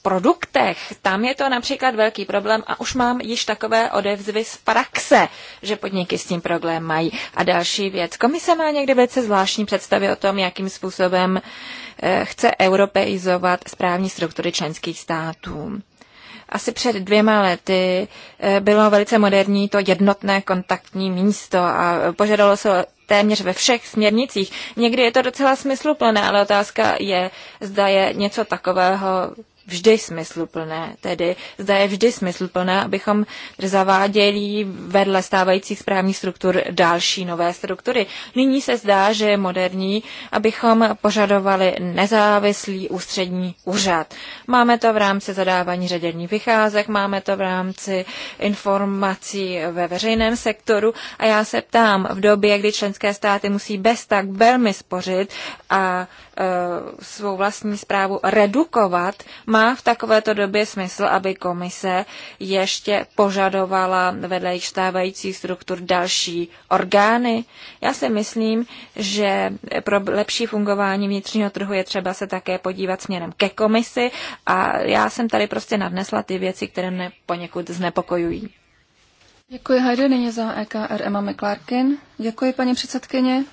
produktech, tam je to například velký problém a už mám již takové odevzvy z praxe, že podniky s tím problém mají. A další věc. Komise má někdy velice zvláštní představy o tom, jakým způsobem eh, chce europeizovat správní struktury členských států. Asi před dvěma lety eh, bylo velice moderní to jednotné kontaktní místo a požadalo se téměř ve všech směrnicích. Někdy je to docela smysluplné, ale otázka je, zda je něco takového vždy smysluplné. Tedy zda je vždy smysluplné, abychom zaváděli vedle stávajících správních struktur další nové struktury. Nyní se zdá, že je moderní, abychom požadovali nezávislý ústřední úřad. Máme to v rámci zadávání ředění vycházek, máme to v rámci informací ve veřejném sektoru a já se ptám, v době, kdy členské státy musí bez tak velmi spořit a Eh, svou vlastní zprávu redukovat, má v takovéto době smysl, aby komise ještě požadovala vedle jejich stávajících struktur další orgány. Já si myslím, že pro lepší fungování vnitřního trhu je třeba se také podívat směrem ke komisi a já jsem tady prostě nadnesla ty věci, které mě poněkud znepokojují. Děkuji, Heidi, nyní za EKR Emma McClarkin. Děkuji, paní předsedkyně.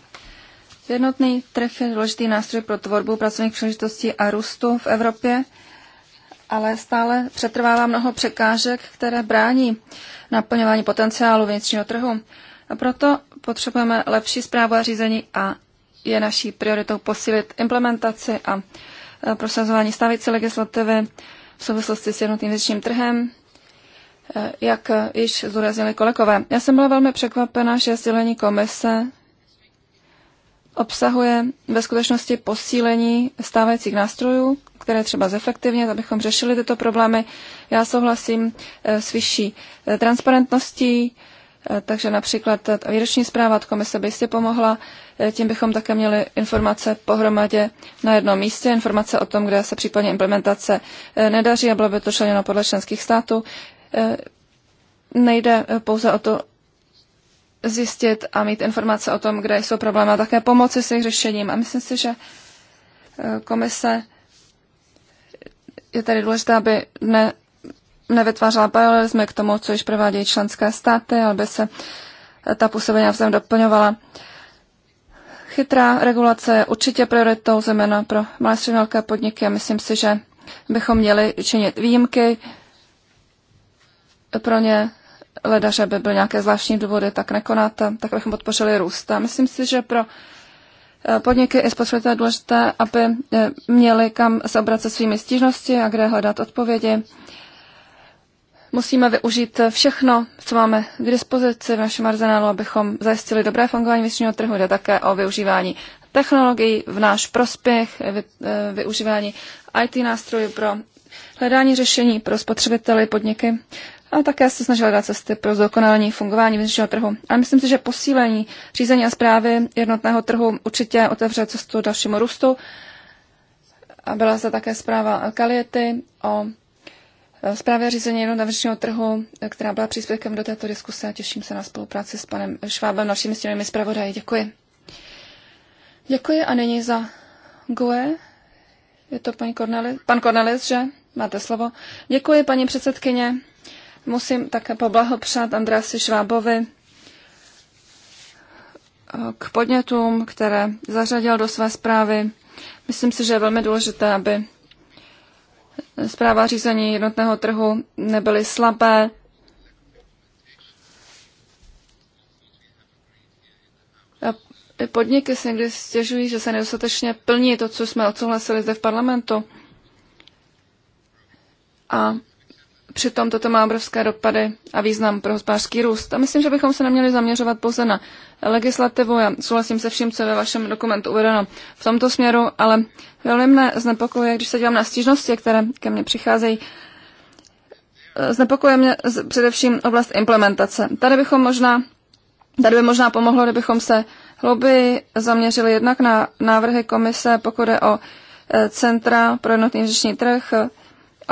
Jednotný trh je důležitý nástroj pro tvorbu pracovních příležitostí a růstu v Evropě, ale stále přetrvává mnoho překážek, které brání naplňování potenciálu vnitřního trhu. A proto potřebujeme lepší zprávu a řízení a je naší prioritou posílit implementaci a eh, prosazování stávající legislativy v souvislosti s jednotným vnitřním trhem, eh, jak již zúraznili kolegové. Já jsem byla velmi překvapena, že sdělení komise obsahuje ve skutečnosti posílení stávajících nástrojů, které třeba zefektivně, abychom řešili tyto problémy. Já souhlasím eh, s vyšší eh, transparentností, eh, takže například výroční zpráva od komise by jistě pomohla. Tím bychom také měli informace pohromadě na jednom místě, informace o tom, kde se případně implementace nedaří a bylo by to členěno podle členských států. Nejde pouze o to zjistit a mít informace o tom, kde jsou problémy a také pomoci s jejich řešením. A myslím si, že eh, komise je tady důležité, aby ne, nevytvářela paralelizmy k tomu, co již provádějí členské státy, aby se eh, ta působení navzájem doplňovala. Chytrá regulace je určitě prioritou, zejména pro malé střední velké podniky a myslím si, že bychom měli činit výjimky pro ně ledaže by byly nějaké zvláštní důvody, tak nekonat, tak bychom podpořili růst. A myslím si, že pro eh, podniky i spotřebitelé je důležité, aby eh, měli kam se obracet svými stížnosti a kde hledat odpovědi. Musíme využít všechno, co máme k dispozici v našem arzenálu, abychom zajistili dobré fungování vnitřního trhu. Jde také o využívání technologií v náš prospěch, eh, využívání IT nástrojů pro hledání řešení pro spotřebitele podniky a také se snažili dát cesty pro zdokonalení fungování vnitřního trhu. Ale myslím si, že posílení řízení a zprávy jednotného trhu určitě otevře cestu dalšímu růstu. A byla zde také zpráva Kaliety o e, zprávě řízení jednotného vnitřního trhu, e, která byla příspěvkem do této diskuse těším se na spolupráci s panem Švábem, našimi stěnými zpravodaji. Děkuji. Děkuji a nyní za GUE. Je to paní Cornelis, pan Cornelis, že? Máte slovo. Děkuji, paní předsedkyně. Musím také poblahopřát Andrási Švábovi eh, k podnětům, které zařadil do své zprávy. Myslím si, že je velmi důležité, aby zpráva řízení jednotného trhu nebyly slabé, Podniky si někdy stěžují, že se nedostatečně plní to, co jsme odsouhlasili zde v parlamentu. A Přitom toto má obrovské dopady a význam pro hospodářský růst. A myslím, že bychom se neměli zaměřovat pouze na legislativu. Já souhlasím se vším, co je ve vašem dokumentu uvedeno v tomto směru, ale velmi mne znepokojuje, když se dívám na stížnosti, které ke mně přicházejí, znepokojuje mě především oblast implementace. Tady bychom možná, tady by možná pomohlo, kdybychom se hlouběji zaměřili jednak na návrhy komise, pokud je o e, Centra pro jednotný řešení trh,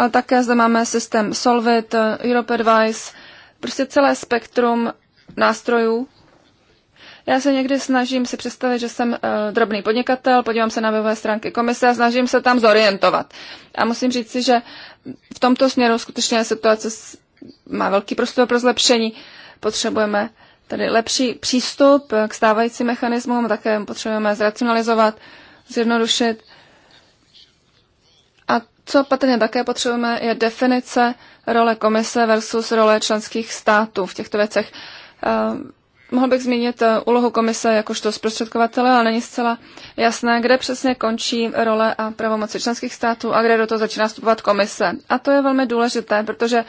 ale také zde máme systém Solvit, Europe Advice, prostě celé spektrum nástrojů. Já se někdy snažím si představit, že jsem uh, drobný podnikatel, podívám se na webové stránky komise a snažím se tam zorientovat. A musím říct si, že v tomto směru skutečně situace má velký prostor pro zlepšení. Potřebujeme tady lepší přístup k stávajícím mechanismům, také potřebujeme zracionalizovat, zjednodušit co patrně také potřebujeme, je definice role komise versus role členských států v těchto věcech. Eh, mohl bych zmínit eh, úlohu komise jakožto zprostředkovatele, ale není zcela jasné, kde přesně končí role a pravomoci členských států a kde do toho začíná vstupovat komise. A to je velmi důležité, protože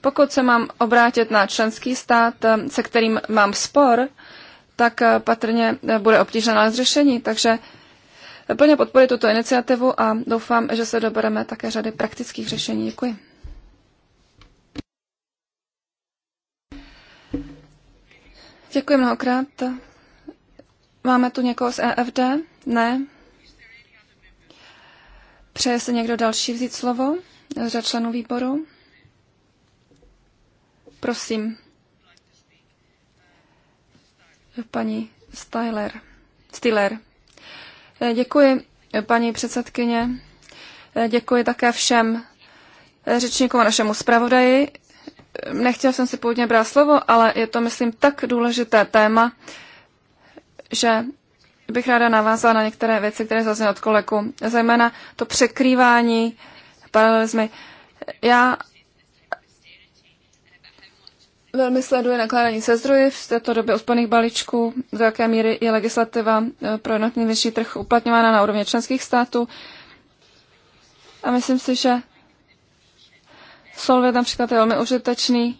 pokud se mám obrátit na členský stát, eh, se kterým mám spor, tak patrně bude obtížné nalézt řešení. Takže plně podporuji tuto iniciativu a doufám, že se dobereme také řady praktických řešení. Děkuji. Děkuji mnohokrát. Máme tu někoho z EFD? Ne. Přeje se někdo další vzít slovo z členů výboru? Prosím. Paní Styler. Styler. Eh, děkuji, paní předsedkyně. Eh, děkuji také všem eh, řečníkům a našemu zpravodaji. Nechtěl jsem si původně brát slovo, ale je to, myslím, tak důležité téma, že bych ráda navázala na některé věci, které zazněly od kolegu, zejména to překrývání paralelizmy. Já velmi sleduje nakládání se zdroji v této době úsporných balíčků, do jaké míry je legislativa e, pro jednotný vnitřní trh uplatňována na úrovni členských států. A myslím si, že Solvit například je velmi užitečný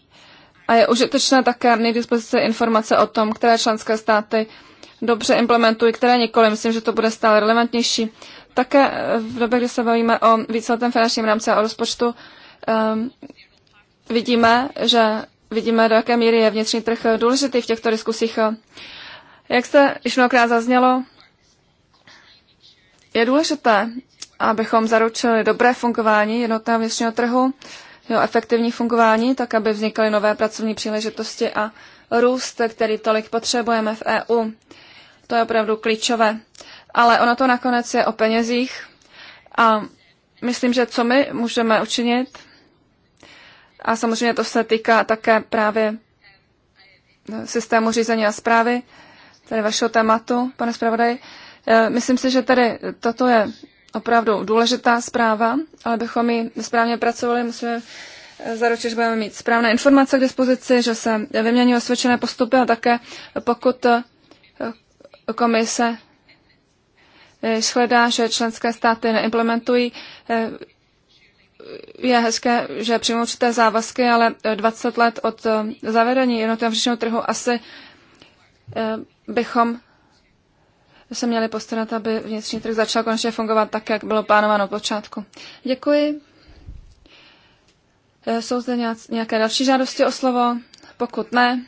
a je užitečné také mít dispozice informace o tom, které členské státy dobře implementují, které nikoli. Myslím, že to bude stále relevantnější. Také e, v době, kdy se bavíme o víceletém finančním rámci a o rozpočtu, um, vidíme, že vidíme, do jaké míry je vnitřní trh důležitý v těchto diskusích. Jak se již mnohokrát zaznělo, je důležité, abychom zaručili dobré fungování jednotného vnitřního trhu, jeho efektivní fungování, tak aby vznikaly nové pracovní příležitosti a růst, který tolik potřebujeme v EU. To je opravdu klíčové. Ale ono to nakonec je o penězích a myslím, že co my můžeme učinit, a samozřejmě to se týká také právě eh, systému řízení a zprávy, tedy vašeho tématu, pane zpravodaj. Eh, myslím si, že tady toto je opravdu důležitá zpráva, ale bychom ji správně pracovali, musíme eh, zaručit, že budeme mít správné informace k dispozici, že se vymění osvědčené postupy a také pokud komise shledá, že členské státy neimplementují je hezké, že přijmou určité závazky, ale 20 let od eh, zavedení jednotného vnitřního trhu asi eh, bychom se měli postarat, aby vnitřní trh začal konečně fungovat tak, jak bylo plánováno v počátku. Děkuji. Eh, jsou zde nějaké další žádosti o slovo? Pokud ne,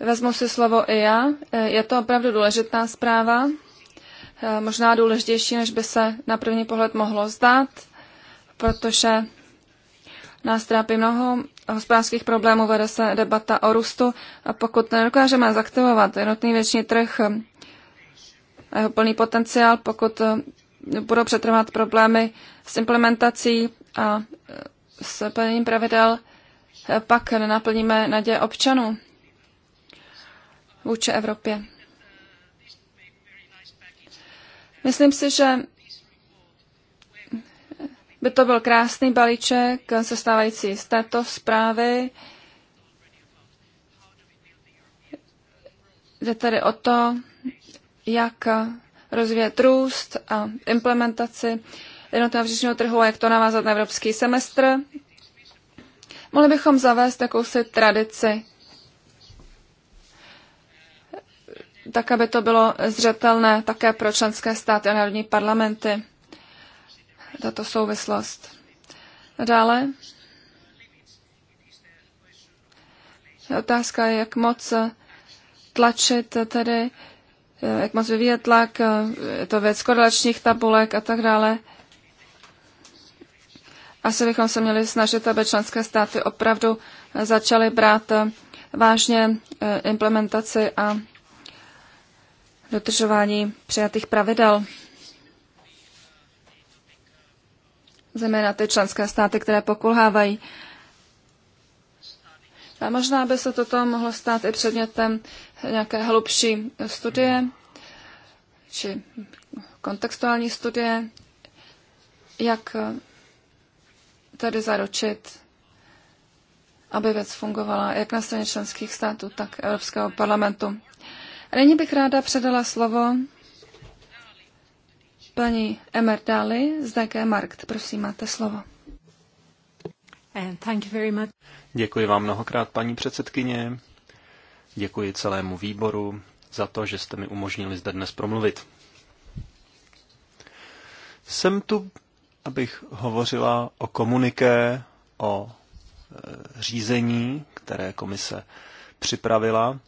vezmu si slovo i já. Je to opravdu důležitá zpráva. Eh, možná důležitější, než by se na první pohled mohlo zdát, protože nás trápí mnoho hospodářských problémů, vede se debata o růstu a pokud nedokážeme zaktivovat jednotný věční trh eh, a jeho plný potenciál, pokud eh, budou přetrvat problémy s implementací a s plněním pravidel, pak nenaplníme naděje občanů vůči Evropě. Myslím si, že by to byl krásný balíček sestávající z této zprávy. Jde tedy o to, jak rozvíjet růst a implementaci jednotného vřečního trhu a jak to navázat na evropský semestr. Mohli bychom zavést jakousi tradici tak aby to bylo zřetelné také pro členské státy a národní parlamenty, tato souvislost. Dále otázka je, jak moc tlačit tedy, jak moc vyvíjet tlak, je to věc korelačních tabulek a tak dále. Asi bychom se měli snažit, aby členské státy opravdu začaly brát vážně eh, implementaci a dodržování přijatých pravidel. Zejména ty členské státy, které pokulhávají. A možná by se toto mohlo stát i předmětem nějaké hlubší studie či kontextuální studie, jak tady zaručit, aby věc fungovala jak na straně členských států, tak Evropského parlamentu. Nyní bych ráda předala slovo paní Emer Dali z DK Markt. Prosím, máte slovo. Eh, thank you very much. Děkuji vám mnohokrát, paní předsedkyně. Děkuji celému výboru za to, že jste mi umožnili zde dnes promluvit. Jsem tu, abych hovořila o komuniké, o eh, řízení, které komise připravila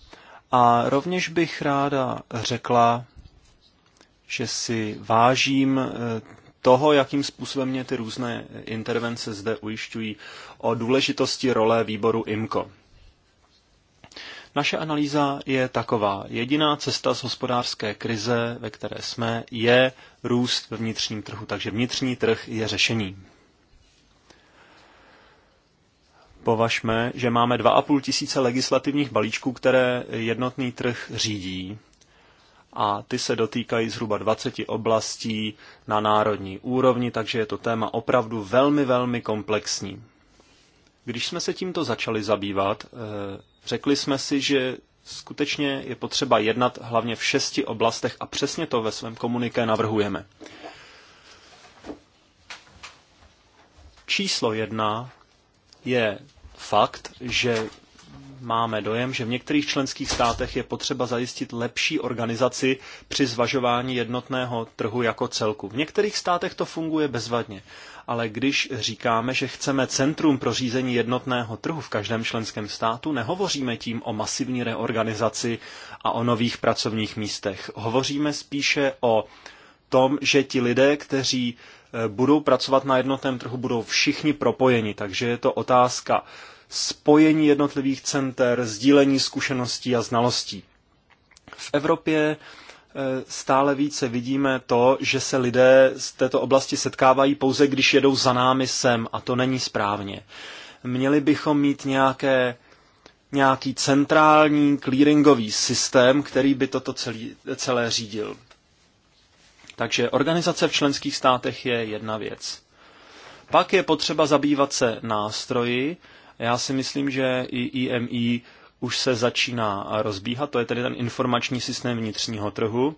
a rovněž bych ráda řekla, že si vážím eh, toho, jakým způsobem mě ty různé intervence zde ujišťují o důležitosti role výboru IMCO. Naše analýza je taková. Jediná cesta z hospodářské krize, ve které jsme, je růst ve vnitřním trhu. Takže vnitřní trh je řešením. Považme, že máme 2,5 tisíce legislativních balíčků, které jednotný trh řídí a ty se dotýkají zhruba 20 oblastí na národní úrovni, takže je to téma opravdu velmi, velmi komplexní. Když jsme se tímto začali zabývat, eh, řekli jsme si, že skutečně je potřeba jednat hlavně v šesti oblastech a přesně to ve svém komuniké navrhujeme. Číslo jedna je fakt, že máme dojem, že v některých členských státech je potřeba zajistit lepší organizaci při zvažování jednotného trhu jako celku. V některých státech to funguje bezvadně, ale když říkáme, že chceme centrum pro řízení jednotného trhu v každém členském státu, nehovoříme tím o masivní reorganizaci a o nových pracovních místech. Hovoříme spíše o tom, že ti lidé, kteří Eh, budou pracovat na jednotném trhu, budou všichni propojeni. Takže je to otázka spojení jednotlivých center, sdílení zkušeností a znalostí. V Evropě eh, stále více vidíme to, že se lidé z této oblasti setkávají pouze, když jedou za námi sem a to není správně. Měli bychom mít nějaké, nějaký centrální clearingový systém, který by toto celý, celé řídil. Takže organizace v členských státech je jedna věc. Pak je potřeba zabývat se nástroji. Já si myslím, že i IMI e už se začíná rozbíhat, to je tedy ten informační systém vnitřního trhu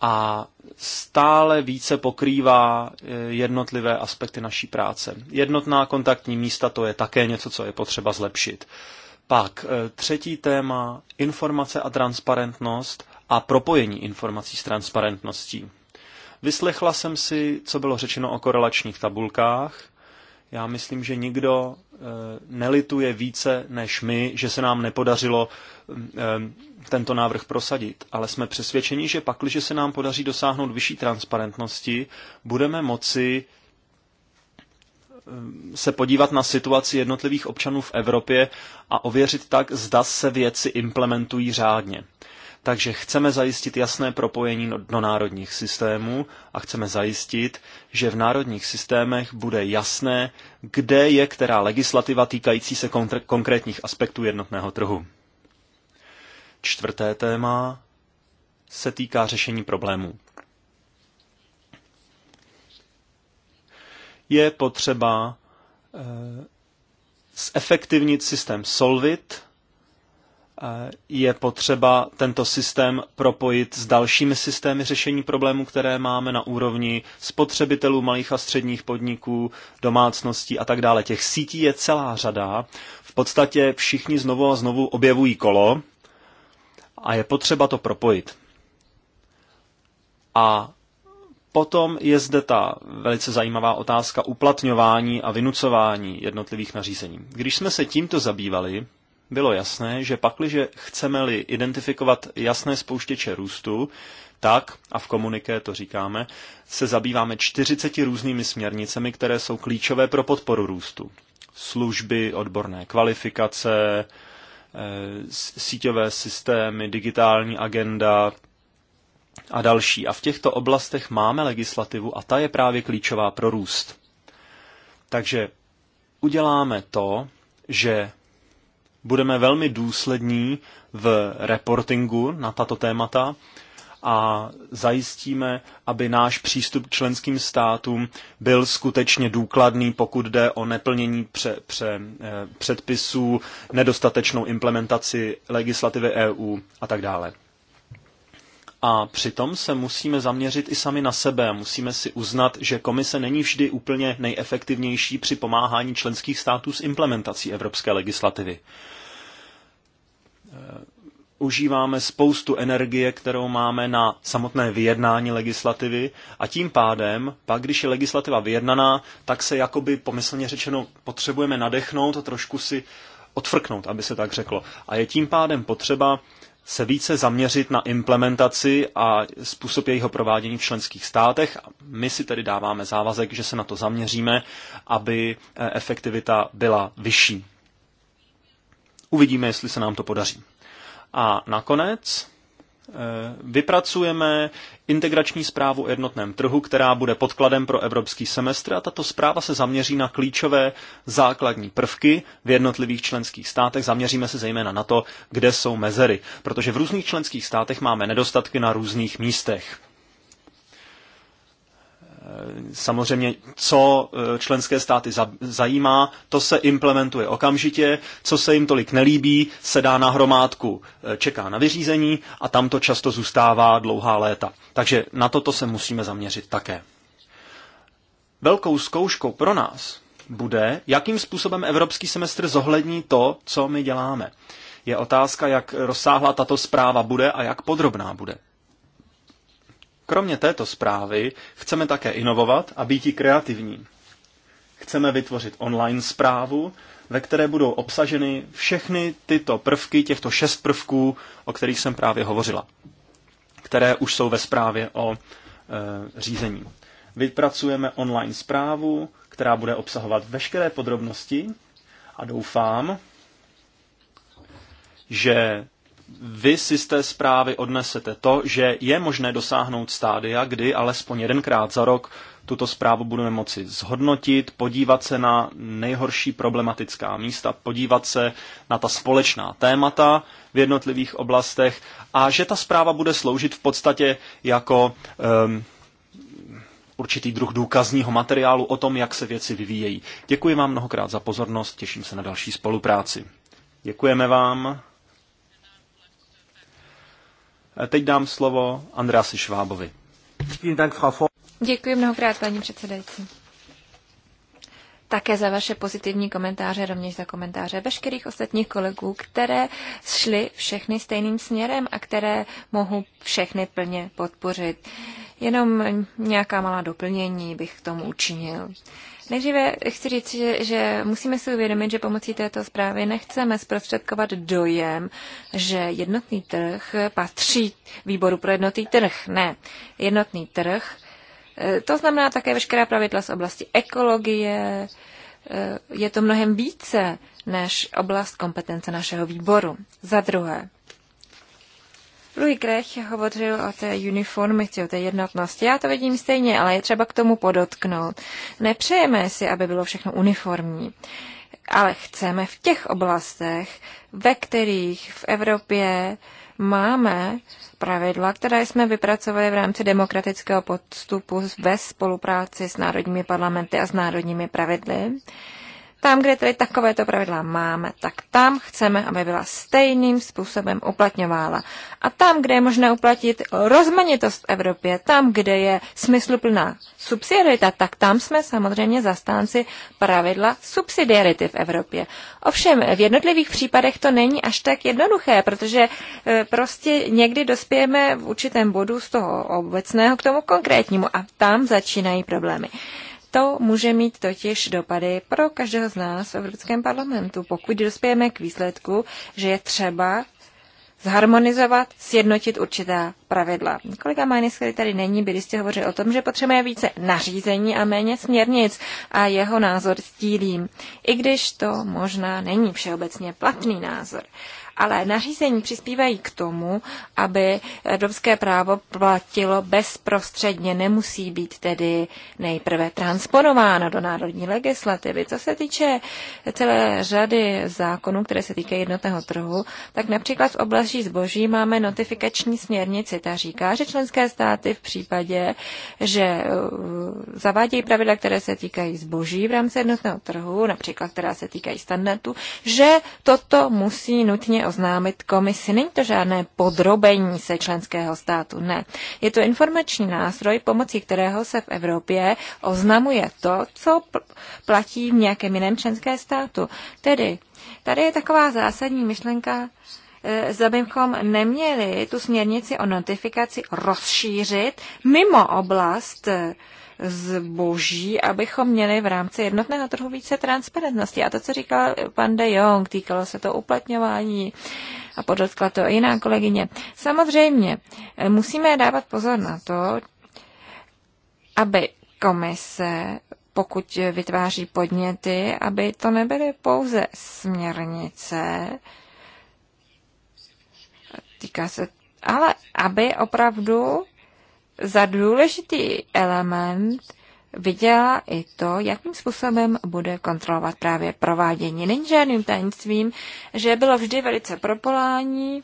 a stále více pokrývá e, jednotlivé aspekty naší práce. Jednotná kontaktní místa, to je také něco, co je potřeba zlepšit. Pak e, třetí téma, informace a transparentnost a propojení informací s transparentností. Vyslechla jsem si, co bylo řečeno o korelačních tabulkách. Já myslím, že nikdo eh, nelituje více než my, že se nám nepodařilo mm, eh, tento návrh prosadit, ale jsme přesvědčeni, že pak, když se nám podaří dosáhnout vyšší transparentnosti, budeme moci mm, se podívat na situaci jednotlivých občanů v Evropě a ověřit tak, zda se věci implementují řádně. Takže chceme zajistit jasné propojení no-, do národních systémů a chceme zajistit, že v národních systémech bude jasné, kde je která legislativa týkající se konkrétních aspektů jednotného trhu. Čtvrté téma se týká řešení problémů. Je potřeba e, zefektivnit systém Solvit, Eh, je potřeba tento systém propojit s dalšími systémy řešení problémů, které máme na úrovni spotřebitelů, malých a středních podniků, domácností a tak dále. Těch sítí je celá řada. V podstatě všichni znovu a znovu objevují kolo a je potřeba to propojit. A potom je zde ta velice zajímavá otázka uplatňování a vynucování jednotlivých nařízení. Když jsme se tímto zabývali, bylo jasné, že pakliže chceme-li identifikovat jasné spouštěče růstu, tak, a v komuniké to říkáme, se zabýváme 40 různými směrnicemi, které jsou klíčové pro podporu růstu. Služby, odborné kvalifikace, eh, síťové systémy, digitální agenda a další. A v těchto oblastech máme legislativu a ta je právě klíčová pro růst. Takže uděláme to, že budeme velmi důslední v reportingu na tato témata a zajistíme, aby náš přístup k členským státům byl skutečně důkladný, pokud jde o neplnění pře, pře, eh, předpisů, nedostatečnou implementaci legislativy EU a tak dále. A přitom se musíme zaměřit i sami na sebe musíme si uznat, že komise není vždy úplně nejefektivnější při pomáhání členských států s implementací evropské legislativy. Eh, užíváme spoustu energie, kterou máme na samotné vyjednání legislativy a tím pádem, pak když je legislativa vyjednaná, tak se jakoby pomyslně řečeno potřebujeme nadechnout a trošku si odfrknout, aby se tak řeklo. A je tím pádem potřeba se více zaměřit na implementaci a způsob jejího provádění v členských státech. My si tedy dáváme závazek, že se na to zaměříme, aby eh, efektivita byla vyšší. Uvidíme, jestli se nám to podaří. A nakonec eh, vypracujeme integrační zprávu o jednotném trhu, která bude podkladem pro evropský semestr a tato zpráva se zaměří na klíčové základní prvky v jednotlivých členských státech. Zaměříme se zejména na to, kde jsou mezery, protože v různých členských státech máme nedostatky na různých místech. Samozřejmě, co eh, členské státy zajímá, to se implementuje okamžitě, co se jim tolik nelíbí, se dá na hromádku, eh, čeká na vyřízení a tam to často zůstává dlouhá léta. Takže na toto se musíme zaměřit také. Velkou zkouškou pro nás bude, jakým způsobem evropský semestr zohlední to, co my děláme. Je otázka, jak rozsáhlá tato zpráva bude a jak podrobná bude. Kromě této zprávy chceme také inovovat a být kreativní. Chceme vytvořit online zprávu, ve které budou obsaženy všechny tyto prvky, těchto šest prvků, o kterých jsem právě hovořila, které už jsou ve zprávě o e, řízení. Vypracujeme online zprávu, která bude obsahovat veškeré podrobnosti a doufám, že vy si z té zprávy odnesete to, že je možné dosáhnout stádia, kdy alespoň jedenkrát za rok tuto zprávu budeme moci zhodnotit, podívat se na nejhorší problematická místa, podívat se na ta společná témata v jednotlivých oblastech a že ta zpráva bude sloužit v podstatě jako um, určitý druh důkazního materiálu o tom, jak se věci vyvíjejí. Děkuji vám mnohokrát za pozornost, těším se na další spolupráci. Děkujeme vám. Teď dám slovo Andrási Švábovi. Děkuji mnohokrát, paní předsedající. Také za vaše pozitivní komentáře, rovněž za komentáře veškerých ostatních kolegů, které šly všechny stejným směrem a které mohu všechny plně podpořit. Jenom nějaká malá doplnění bych k tomu učinil. Nejdříve chci říct, že, že musíme si uvědomit, že pomocí této zprávy nechceme zprostředkovat dojem, že jednotný trh patří výboru pro jednotný trh. Ne, jednotný trh. Eh, to znamená také veškerá pravidla z oblasti ekologie. Eh, je to mnohem více než oblast kompetence našeho výboru. Za druhé, Louis Krech hovořil o té uniformitě, o té jednotnosti. Já to vidím stejně, ale je třeba k tomu podotknout. Nepřejeme si, aby bylo všechno uniformní, ale chceme v těch oblastech, ve kterých v Evropě máme pravidla, které jsme vypracovali v rámci demokratického podstupu ve spolupráci s národními parlamenty a s národními pravidly, tam, kde tady takovéto pravidla máme, tak tam chceme, aby byla stejným způsobem uplatňována. A tam, kde je možné uplatit rozmanitost v Evropě, tam, kde je smysluplná subsidiarita, tak tam jsme samozřejmě zastánci pravidla subsidiarity v Evropě. Ovšem, v jednotlivých případech to není až tak jednoduché, protože e, prostě někdy dospějeme v určitém bodu z toho obecného k tomu konkrétnímu a tam začínají problémy. To může mít totiž dopady pro každého z nás v Evropském parlamentu, pokud dospějeme k výsledku, že je třeba zharmonizovat, sjednotit určitá pravidla. Kolega Majnis, který tady není, byli jste hovořili o tom, že potřebuje více nařízení a méně směrnic a jeho názor stílím, i když to možná není všeobecně platný názor. Uh, ale nařízení přispívají k tomu, aby evropské právo platilo bezprostředně, nemusí být tedy nejprve transponováno do národní legislativy. Co se týče celé řady zákonů, které se týkají jednotného trhu, tak například v oblasti zboží máme notifikační směrnici. Ta říká, že členské státy v případě, že uh, zavádějí pravidla, které se týkají zboží v rámci jednotného trhu, například která se týkají standardu, že toto musí nutně oznámit komisi. Není to žádné podrobení se členského státu, ne. Je to informační nástroj, pomocí kterého se v Evropě oznamuje to, co platí v nějakém jiném členském státu. Tedy, tady je taková zásadní myšlenka, eh, zda bychom neměli tu směrnici o notifikaci rozšířit mimo oblast eh, zboží, abychom měli v rámci jednotného trhu více transparentnosti. A to, co říkal pan de Jong, týkalo se to uplatňování a podotkla to jiná kolegyně. Samozřejmě, eh, musíme dávat pozor na to, aby komise pokud vytváří podněty, aby to nebyly pouze směrnice, týká se, ale aby opravdu za důležitý element viděla i to, jakým způsobem bude kontrolovat právě provádění. Není žádným tajemstvím, že bylo vždy velice propolání.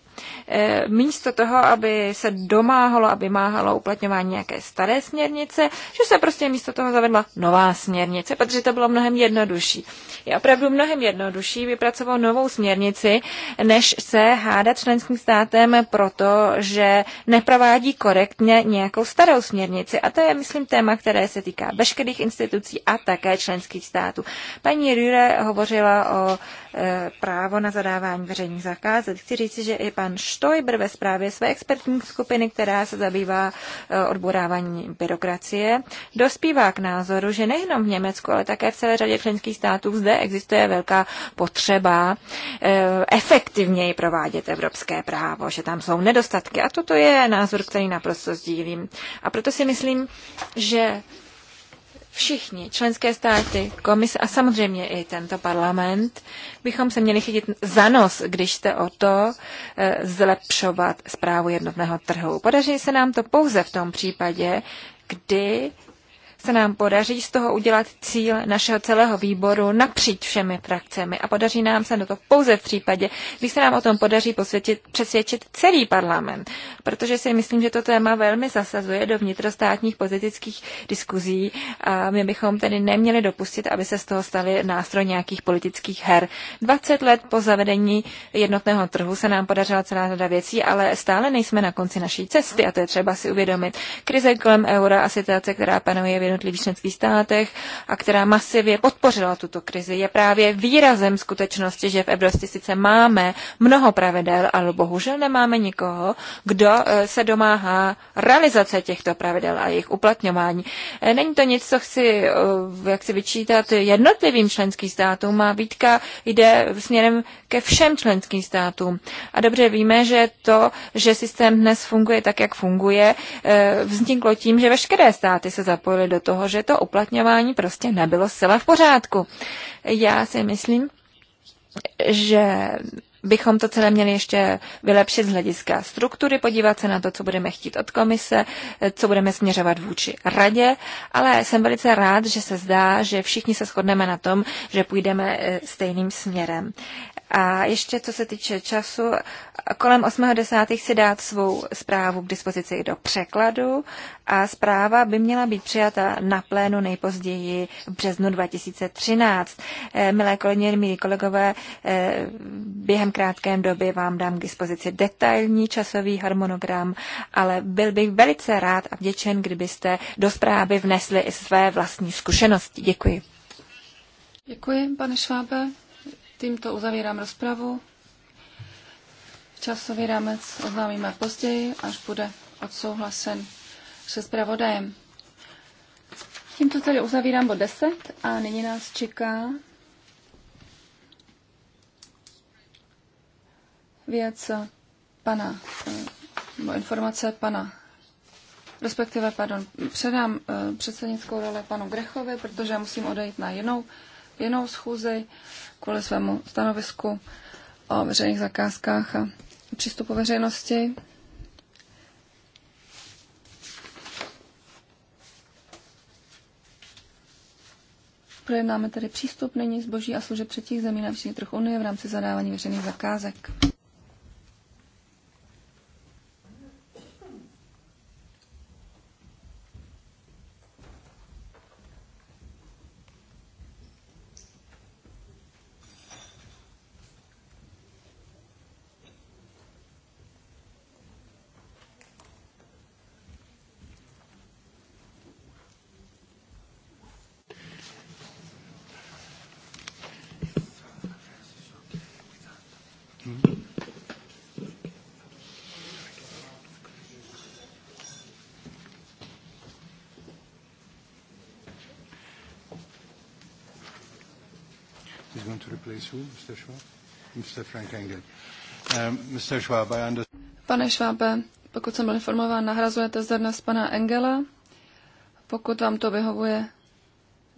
Eh, místo toho, aby se domáhalo, aby máhalo uplatňování nějaké staré směrnice, že se prostě místo toho zavedla nová směrnice, protože to bylo mnohem jednodušší. Je opravdu mnohem jednodušší vypracovat novou směrnici, než se hádat členským státem proto, že neprovádí korektně nějakou starou směrnici. A to je, myslím, téma, které se týká veškerých institucí a také členských států. Paní Rüre hovořila o e, právo na zadávání veřejných zakázek. Chci říci, že i pan Štojbr ve zprávě své expertní skupiny, která se zabývá e, odboráváním byrokracie, dospívá k názoru, že nejenom v Německu, ale také v celé řadě členských států zde existuje velká potřeba e, efektivněji provádět evropské právo, že tam jsou nedostatky. A toto je názor, který naprosto sdílím. A proto si myslím, že všichni členské státy, komise a samozřejmě i tento parlament bychom se měli chytit za nos, když jste o to eh, zlepšovat zprávu jednotného trhu. Podaří se nám to pouze v tom případě, kdy se nám podaří z toho udělat cíl našeho celého výboru napříč všemi frakcemi a podaří nám se to pouze v případě, když se nám o tom podaří posvětit, přesvědčit celý parlament, protože si myslím, že to téma velmi zasazuje do vnitrostátních politických diskuzí a my bychom tedy neměli dopustit, aby se z toho staly nástroj nějakých politických her. 20 let po zavedení jednotného trhu se nám podařila celá řada věcí, ale stále nejsme na konci naší cesty a to je třeba si uvědomit. Krize kolem eura a situace, která panuje v jednotlivých členských státech a která masivě podpořila tuto krizi, je právě výrazem skutečnosti, že v Evropě sice máme mnoho pravidel, ale bohužel nemáme nikoho, kdo eh, se domáhá realizace těchto pravidel a jejich uplatňování. Eh, není to nic, co chci eh, jak si vyčítat jednotlivým členským státům. Má výtka jde směrem ke všem členským státům. A dobře víme, že to, že systém dnes funguje tak, jak funguje, vzniklo tím, že veškeré státy se zapojily do toho, že to uplatňování prostě nebylo zcela v pořádku. Já si myslím, že bychom to celé měli ještě vylepšit z hlediska struktury, podívat se na to, co budeme chtít od komise, co budeme směřovat vůči radě, ale jsem velice rád, že se zdá, že všichni se shodneme na tom, že půjdeme eh, stejným směrem. A ještě co se týče času, kolem 8.10. si dát svou zprávu k dispozici do překladu a zpráva by měla být přijata na plénu nejpozději v březnu 2013. Eh, milé kolegyně, milí kolegové, eh, během krátké doby vám dám k dispozici detailní časový harmonogram, ale byl bych velice rád a vděčen, kdybyste do zprávy vnesli i své vlastní zkušenosti. Děkuji. Děkuji, pane Švábe. Tímto uzavírám rozpravu. Časový rámec oznámíme později, až bude odsouhlasen se zpravodajem. Tímto tady uzavírám bod 10 a nyní nás čeká věc pana, nebo eh, informace pana, respektive, pardon, předám eh, předsednickou roli panu Grechovi, protože já musím odejít na jinou, jinou schůzi kvůli svému stanovisku o veřejných zakázkách a přístupu veřejnosti. Projednáme tedy přístup nyní zboží a služeb třetích zemí na vnitřní trh Unie v rámci zadávání veřejných zakázek. please. Who? Mr. Schwab? Mr. Frank Engel. Um, Mr. Schwab, I Pane Švábe, pokud jsem byl informován, nahrazujete zde dnes pana Engela. Pokud vám to vyhovuje,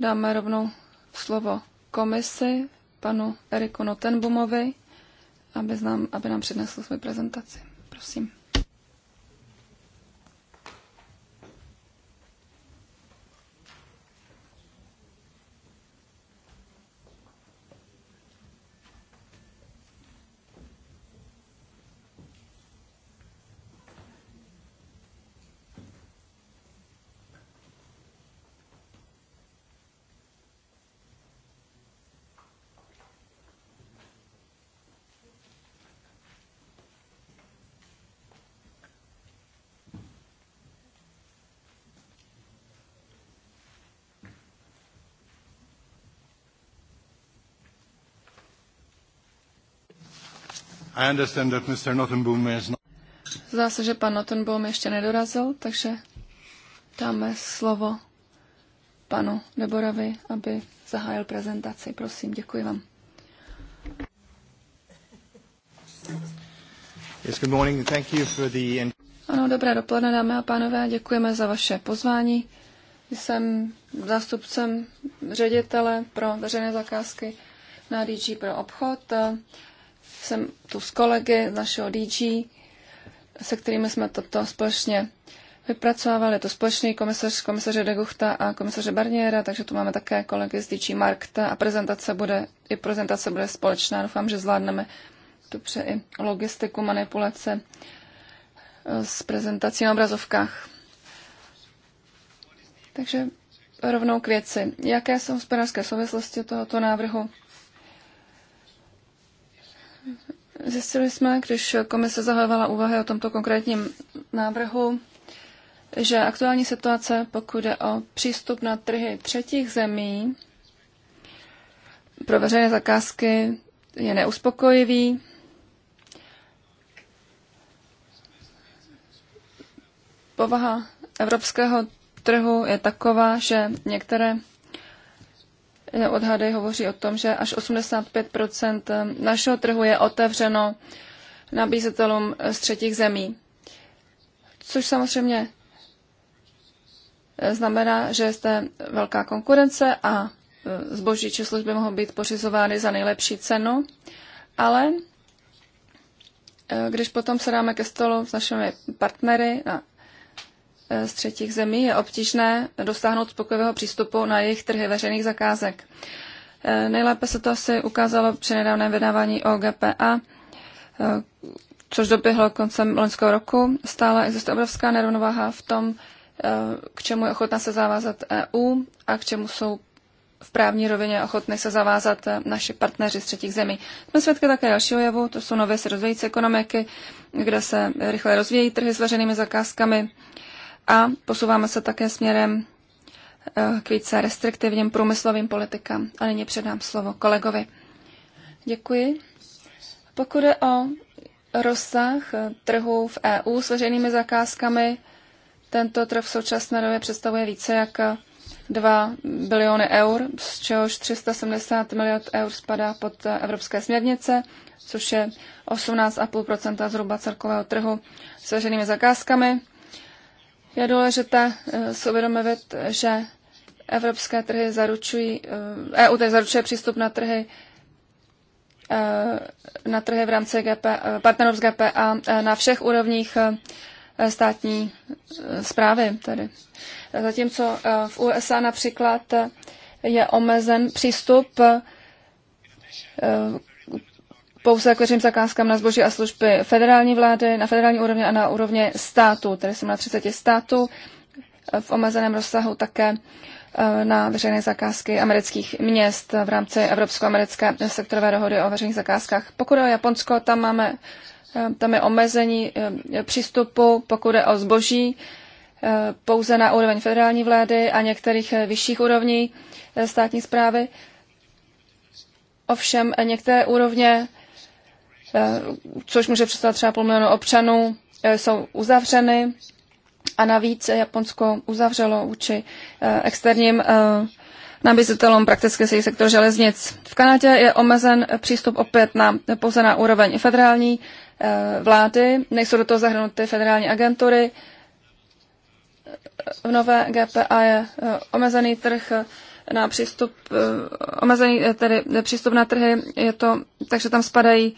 dáme rovnou slovo komisi, panu Eriku Notenbumovi, aby nám, aby nám přednesl svou prezentaci. Prosím. I understand that Mr. is not... Zdá se, že pan Nottenboom ještě nedorazil, takže dáme slovo panu Deboravi, aby zahájil prezentaci. Prosím, děkuji vám. Yes, good morning. Thank you for the... Ano, dobré dopoledne, dámy a pánové, děkujeme za vaše pozvání. Jsem zástupcem ředitele pro veřejné zakázky na DG pro obchod jsem tu s kolegy z našeho DG, se kterými jsme toto společně vypracovali. Je to společný komisař, komisaře de Guchta a komisaře Barniera, takže tu máme také kolegy z DG Markta a prezentace bude, i prezentace bude společná. Doufám, že zvládneme pře i logistiku, manipulace eh, s prezentací na obrazovkách. Takže rovnou k věci. Jaké jsou hospodářské souvislosti tohoto návrhu? Zjistili jsme, když komise zahajovala úvahy o tomto konkrétním návrhu, že aktuální situace, pokud je o přístup na trhy třetích zemí pro veřejné zakázky, je neuspokojivý. Povaha evropského trhu je taková, že některé odhady hovoří o tom, že až 85 našeho trhu je otevřeno nabízetelům z třetích zemí. Což samozřejmě znamená, že jste velká konkurence a e, zboží či služby mohou být pořizovány za nejlepší cenu, ale e, když potom se dáme ke stolu s našimi partnery na Eh, z třetích zemí, je obtížné dosáhnout spokojivého přístupu na jejich trhy veřejných zakázek. Eh, nejlépe se to asi ukázalo při nedávném vydávání o GPA, eh, což doběhlo koncem loňského roku. Stále existuje obrovská nerovnováha v tom, k čemu je ochotná se zavázat EU a k čemu jsou v právní rovině ochotné se zavázat naši partneři z třetích zemí. Jsme svědky také dalšího jevu, to jsou nově se rozvíjící ekonomiky, kde se rychle rozvíjí trhy s veřejnými zakázkami a posouváme se také směrem eh, k více restriktivním průmyslovým politikám. A nyní předám slovo kolegovi. Děkuji. Pokud je o rozsah eh, trhu v EU s veřejnými zakázkami, tento trh v současné době představuje více jak 2 eh, biliony eur, z čehož 370 miliard eur spadá pod evropské směrnice, což je 18,5 zhruba celkového trhu s veřejnými zakázkami. Je důležité eh, si uvědomit, že evropské trhy zaručují, EU eh, e tedy zaručuje přístup na trhy eh, na trhy v rámci GP, partnerů z GPA na všech úrovních státní zprávy. Tedy. Zatímco v USA například je omezen přístup pouze k jako veřejným zakázkám na zboží a služby federální vlády, na federální úrovni a na úrovni státu, tedy jsme na 30 států, v omezeném rozsahu také eh, na veřejné zakázky amerických měst v rámci Evropsko-americké sektorové dohody o veřejných zakázkách. Pokud je o Japonsko, tam máme eh, tam je omezení eh, přístupu, pokud je o zboží, pouze na úroveň federální vlády a některých vyšších úrovní státní zprávy. Ovšem některé úrovně Eh, což může představit třeba půl milionu občanů, eh, jsou uzavřeny a navíc Japonsko uzavřelo vůči eh, externím nabízitelům prakticky se sektor železnic. V Kanadě je omezen přístup opět na, pouze na úroveň federální vlády, nejsou do toho zahrnuty federální agentury. V nové GPA je omezený trh na přístup, omezený tedy přístup na trhy, je to, takže tam spadají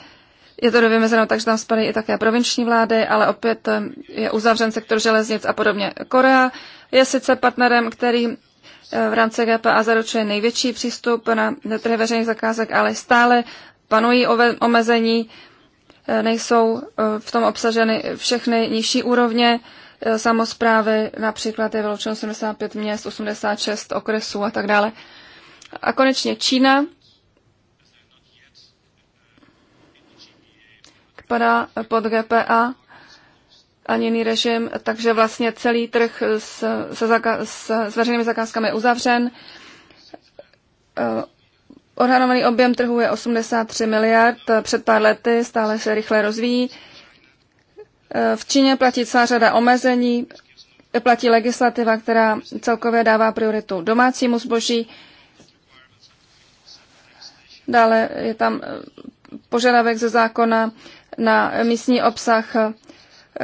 je to vymezeno tak, že tam spadají i také provinční vlády, ale opět eh, je uzavřen sektor železnic a podobně. Korea je sice partnerem, který eh, v rámci GPA zaručuje největší přístup na trhy veřejných zakázek, ale stále panují omezení, eh, nejsou v tom obsaženy všechny nižší úrovně samozprávy, například je vyloučeno 75 měst, 86 okresů a tak dále. A konečně Čína, nespadá pod GPA ani jiný režim, takže vlastně celý trh s, se zaka- s, s veřejnými zakázkami je uzavřen. Eh, odhadovaný objem trhu je 83 miliard, před pár lety stále se rychle rozvíjí. Eh, v Číně platí celá řada omezení, platí legislativa, která celkově dává prioritu domácímu zboží. Dále je tam eh, požadavek ze zákona na místní obsah,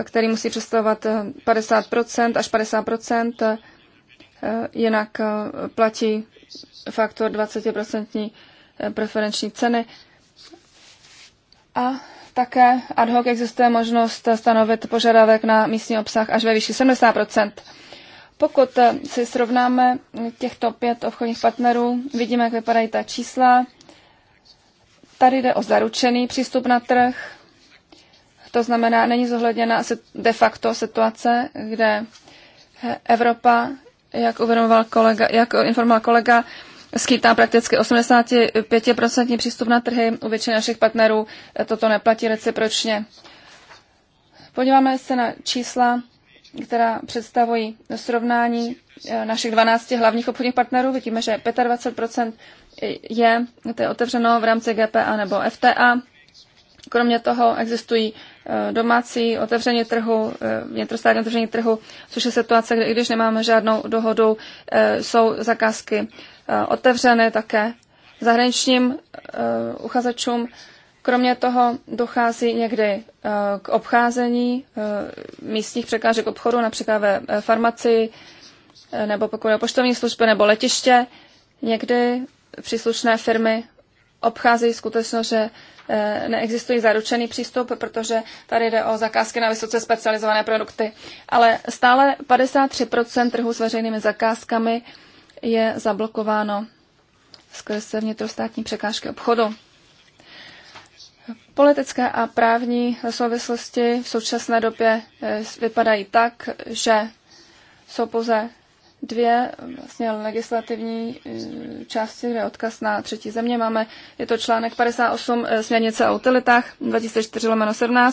který musí představovat 50 až 50 jinak platí faktor 20% preferenční ceny. A také ad hoc existuje možnost stanovit požadavek na místní obsah až ve výši 70 Pokud si srovnáme těchto pět obchodních partnerů, vidíme, jak vypadají ta čísla. Tady jde o zaručený přístup na trh, to znamená, není zohledněna de facto situace, kde Evropa, jak uvědomoval kolega, jak informoval kolega, skýtá prakticky 85% přístup na trhy. U většiny našich partnerů toto neplatí recipročně. Podíváme se na čísla, která představují srovnání eh, našich 12 hlavních obchodních partnerů. Vidíme, že 25% je, to je otevřeno v rámci GPA nebo FTA. Kromě toho existují Eh, domácí otevření trhu, eh, vnitrostátní otevření trhu, což je situace, kde i když nemáme žádnou dohodu, eh, jsou zakázky otevřeny také zahraničním uchazečům. Kromě toho dochází někdy k obcházení místních překážek obchodu, například ve farmacii, nebo pokud je poštovní služby nebo letiště. Někdy příslušné firmy obcházejí skutečnost, že Eh, neexistují zaručený přístup, protože tady jde o zakázky na vysoce specializované produkty. Ale stále 53% trhu s veřejnými zakázkami je zablokováno skrze vnitrostátní překážky obchodu. Politické a právní souvislosti v současné době eh, vypadají tak, že jsou pouze dvě vlastně legislativní eh, části, kde odkaz na třetí země. Máme, je to článek 58 eh, směrnice o utilitách 2004-17,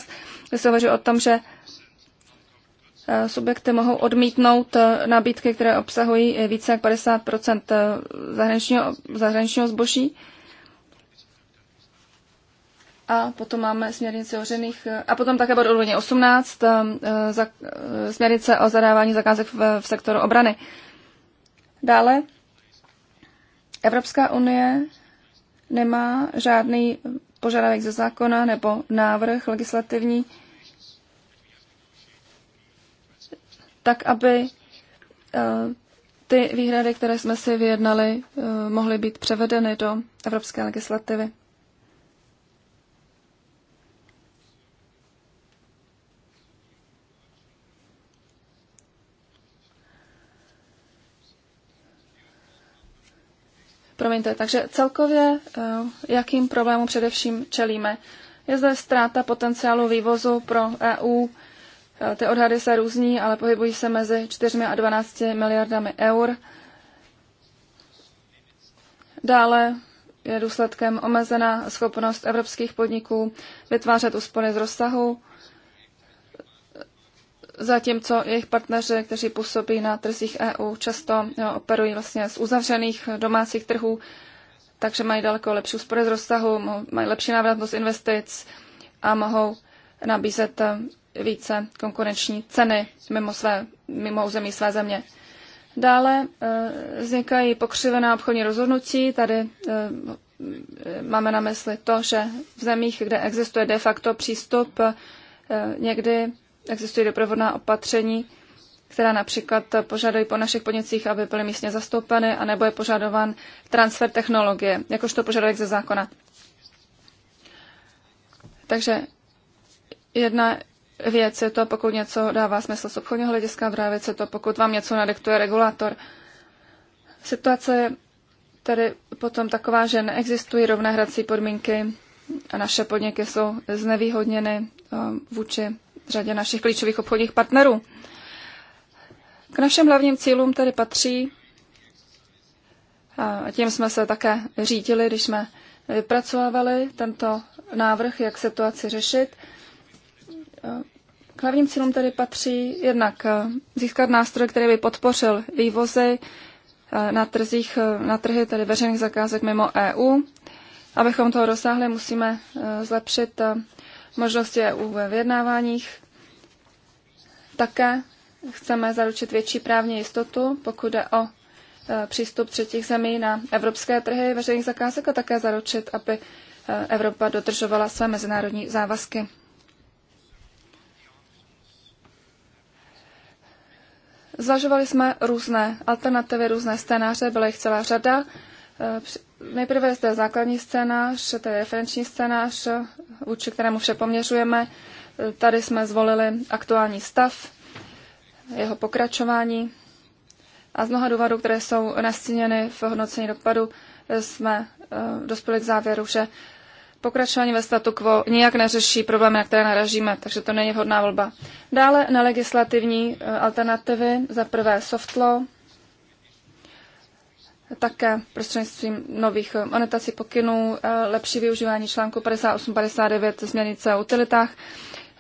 kde se hovoří o tom, že eh, subjekty mohou odmítnout nabídky, které obsahují více jak 50 zahraničního, zahraničního zboží. A potom máme směrnice o řených, a potom také bod úrovně 18, um, uh, za, uh, směrnice o zadávání zakázek v, v sektoru obrany. Dále, Evropská unie nemá žádný požadavek ze zákona nebo návrh legislativní, tak aby uh, ty výhrady, které jsme si vyjednali, mohly být převedeny do evropské legislativy. promiňte, takže celkově, eh, jakým problémům především čelíme? Je zde ztráta potenciálu vývozu pro EU. Eh, ty odhady se různí, ale pohybují se mezi 4 a 12 miliardami eur. Dále je důsledkem omezená schopnost evropských podniků vytvářet úspory z rozsahu zatímco jejich partneři, kteří působí na trzích EU, často operují vlastně z uzavřených domácích trhů, takže mají daleko lepší úspory z rozsahu, mají lepší návratnost investic a mohou nabízet eh, více konkurenční ceny mimo, své, mimo území své země. Dále eh, vznikají pokřivená obchodní rozhodnutí. Tady eh, máme na mysli to, že v zemích, kde existuje de facto přístup, někdy existují doprovodná opatření, která například požadují po našich podnicích, aby byly místně zastoupeny, anebo je požadován transfer technologie, jakožto požadavek ze zákona. Takže jedna věc je to, pokud něco dává smysl z obchodního hlediska, druhá věc je to, pokud vám něco nadiktuje regulátor. Situace je tedy potom taková, že neexistují rovné hrací podmínky a naše podniky jsou znevýhodněny eh, vůči v řadě našich klíčových obchodních partnerů. K našim hlavním cílům tedy patří, a tím jsme se také řídili, když jsme vypracovávali tento návrh, jak situaci řešit. K hlavním cílům tedy patří jednak získat nástroj, který by podpořil vývozy na, trzích, na trhy tedy veřejných zakázek mimo EU. Abychom toho dosáhli, musíme zlepšit možnosti EU ve vyjednáváních. Také chceme zaručit větší právní jistotu, pokud jde o e, přístup třetích zemí na evropské trhy veřejných zakázek a také zaručit, aby e, Evropa dodržovala své mezinárodní závazky. Zvažovali jsme různé alternativy, různé scénáře, byla jich celá řada. E, Nejprve zde základní scénář, je referenční scénář, vůči kterému vše poměřujeme. Tady jsme zvolili aktuální stav, jeho pokračování a z mnoha důvodů, které jsou nastíněny v hodnocení dopadu, jsme eh, dospěli k závěru, že pokračování ve statu quo nijak neřeší problémy, na které naražíme, takže to není vhodná volba. Dále na legislativní eh, alternativy, za prvé soft law, také prostřednictvím nových monetací pokynů, eh, lepší využívání článku 58-59 změnice o utilitách,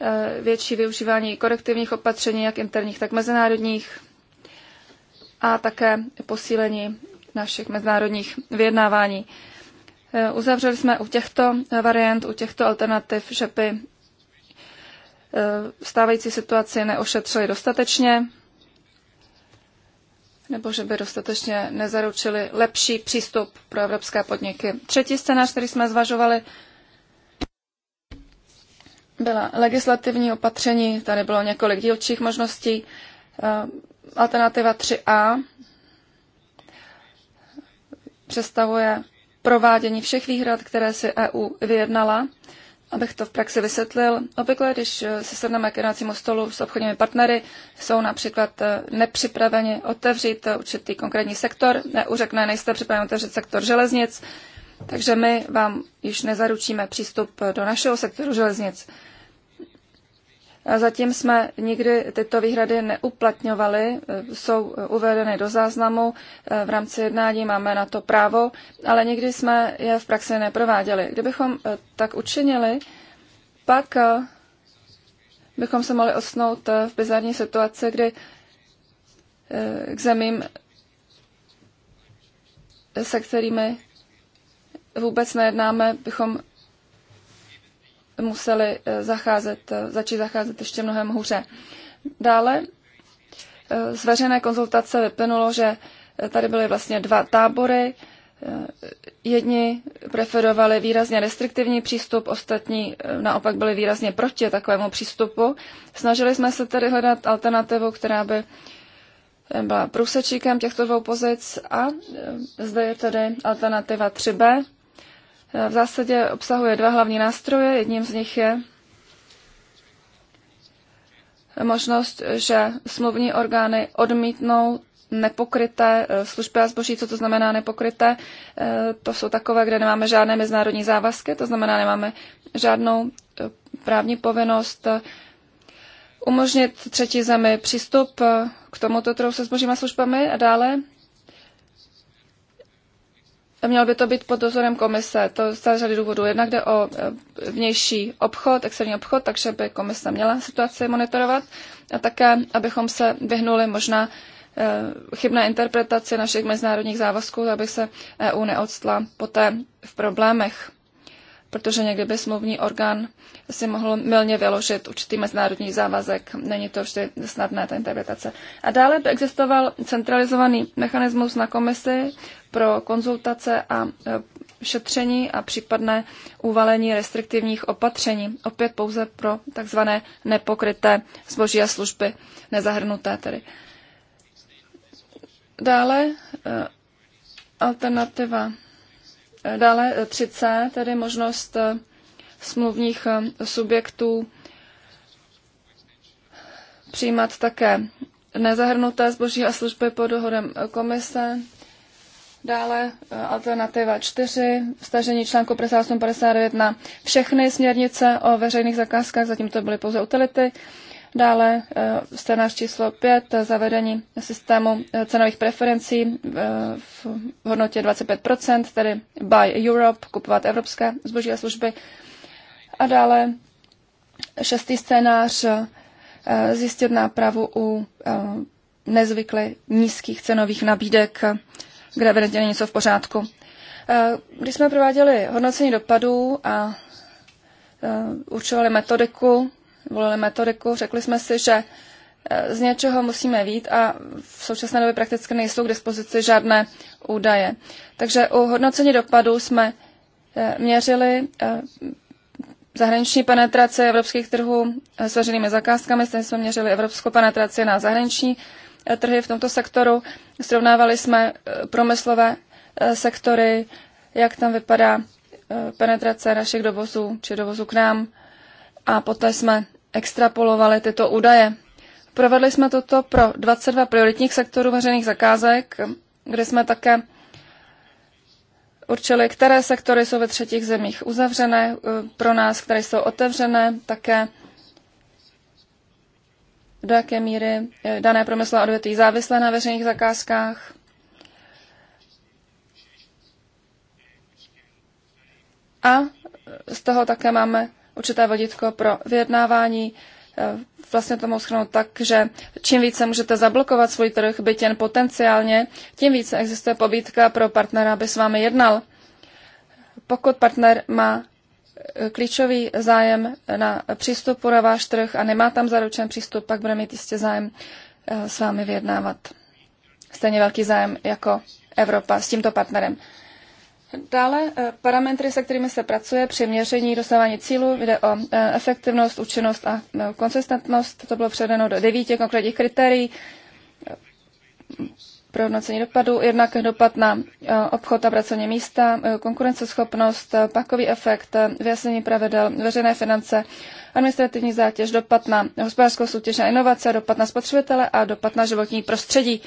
eh, větší využívání korektivních opatření, jak interních, tak mezinárodních a také posílení našich mezinárodních vyjednávání. Eh, uzavřeli jsme u těchto variant, u těchto alternativ, že by stávající situaci neošetřili dostatečně nebo že by dostatečně nezaručili lepší přístup pro evropské podniky. Třetí scénář, který jsme zvažovali, byla legislativní opatření, tady bylo několik dílčích možností. Eh, alternativa 3a představuje provádění všech výhrad, které si EU vyjednala Abych to v praxi vysvětlil, obvykle, když eh, se sedneme k jednacímu stolu s obchodními partnery, jsou například eh, nepřipraveni otevřít eh, určitý konkrétní sektor, neuřekne, nejste připraveni otevřít sektor železnic, takže my vám již nezaručíme přístup do našeho sektoru železnic. Zatím jsme nikdy tyto výhrady neuplatňovali, jsou uvedeny do záznamu, v rámci jednání máme na to právo, ale nikdy jsme je v praxi neprováděli. Kdybychom eh, tak učinili, pak eh, bychom se mohli osnout eh, v bizarní situaci, kdy k zemím, se kterými vůbec nejednáme, bychom museli eh, zacházet, eh, začít zacházet ještě mnohem hůře. Dále eh, z veřejné konzultace vyplynulo, že tady byly vlastně dva tábory. Jedni preferovali výrazně restriktivní přístup, ostatní naopak byli výrazně proti takovému přístupu. Snažili jsme se tedy hledat alternativu, která by byla průsečíkem těchto dvou pozic a zde je tedy alternativa 3b, v zásadě obsahuje dva hlavní nástroje. Jedním z nich je možnost, že smluvní orgány odmítnou nepokryté eh, služby a zboží, co to znamená nepokryté, eh, to jsou takové, kde nemáme žádné mezinárodní závazky, to znamená, nemáme žádnou eh, právní povinnost umožnit třetí zemi přístup k tomuto trhu se zbožíma službami a dále Mělo by to být pod dozorem komise. To z celé řady důvodů. Jednak jde o e, vnější obchod, externí obchod, takže by komise měla situaci monitorovat. A také, abychom se vyhnuli možná e, chybné interpretaci našich mezinárodních závazků, aby se EU neodstla poté v problémech protože někdy by smluvní orgán si mohl milně vyložit určitý mezinárodní závazek. Není to vždy snadné, ta interpretace. A dále by existoval centralizovaný mechanismus na komisi pro konzultace a e, šetření a případné uvalení restriktivních opatření, opět pouze pro takzvané nepokryté zboží a služby, nezahrnuté tedy. Dále e, alternativa Dále 3C, tedy možnost eh, smluvních eh, subjektů přijímat také nezahrnuté zboží a služby pod dohodem komise. Dále eh, alternativa 4, stažení článku 5859 na všechny směrnice o veřejných zakázkách, zatím to byly pouze utility. Dále eh, scénář číslo 5, zavedení systému eh, cenových preferencí eh, v hodnotě 25%, tedy Buy Europe, kupovat evropské zboží a služby. A dále šestý scénář zjistit nápravu u nezvykle nízkých cenových nabídek, kde evidentně něco v pořádku. Když jsme prováděli hodnocení dopadů a určovali metodiku volili metodiku, řekli jsme si, že eh, z něčeho musíme vít a v současné době prakticky nejsou k dispozici žádné údaje. Takže u hodnocení dopadů jsme eh, měřili eh, zahraniční penetraci evropských trhů s veřejnými zakázkami, stejně jsme měřili evropskou penetraci na zahraniční trhy v tomto sektoru. Srovnávali jsme promyslové sektory, jak tam vypadá penetrace našich dovozů či dovozů k nám. A poté jsme extrapolovali tyto údaje. Provedli jsme toto pro 22 prioritních sektorů veřejných zakázek, kde jsme také určili, které sektory jsou ve třetích zemích uzavřené eh, pro nás, které jsou otevřené, také do jaké míry eh, dané promyslové odvětví závislé na veřejných zakázkách. A z toho také máme určité vodítko pro vyjednávání. E, vlastně to mohu schrnout tak, že čím více můžete zablokovat svůj trh, byť jen potenciálně, tím více existuje pobídka pro partnera, aby s vámi jednal. Pokud partner má e, klíčový zájem na přístupu na váš trh a nemá tam zaručen přístup, pak bude mít jistě zájem e, s vámi vyjednávat. Stejně velký zájem jako Evropa s tímto partnerem. Dále eh, parametry, se kterými se pracuje při měření dosávání cílů, jde o eh, efektivnost, účinnost a eh, konsistentnost. To bylo předeno do devíti konkrétních kritérií pro hodnocení dopadu. Jednak dopad na obchod a pracovní místa, konkurenceschopnost, pakový efekt, vyjasnění pravidel, veřejné finance, administrativní zátěž, dopad na hospodářskou soutěž a inovace, dopad na spotřebitele a dopad na životní prostředí.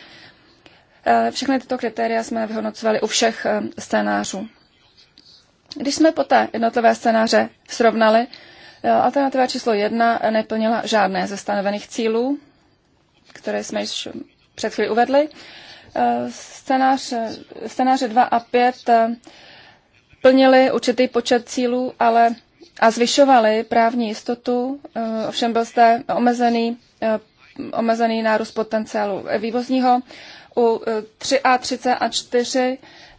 Eh, všechny tyto kritéria jsme vyhodnocovali u všech eh, scénářů. Když jsme poté jednotlivé scénáře srovnali, eh, alternativa číslo jedna neplnila žádné ze stanovených cílů, které jsme již před chvíli uvedli. Scénář, scénáře 2 a 5 plnili určitý počet cílů, ale a zvyšovali právní jistotu, ovšem byl zde omezený, omezený nárůst potenciálu vývozního u 3A, e, 3C a 4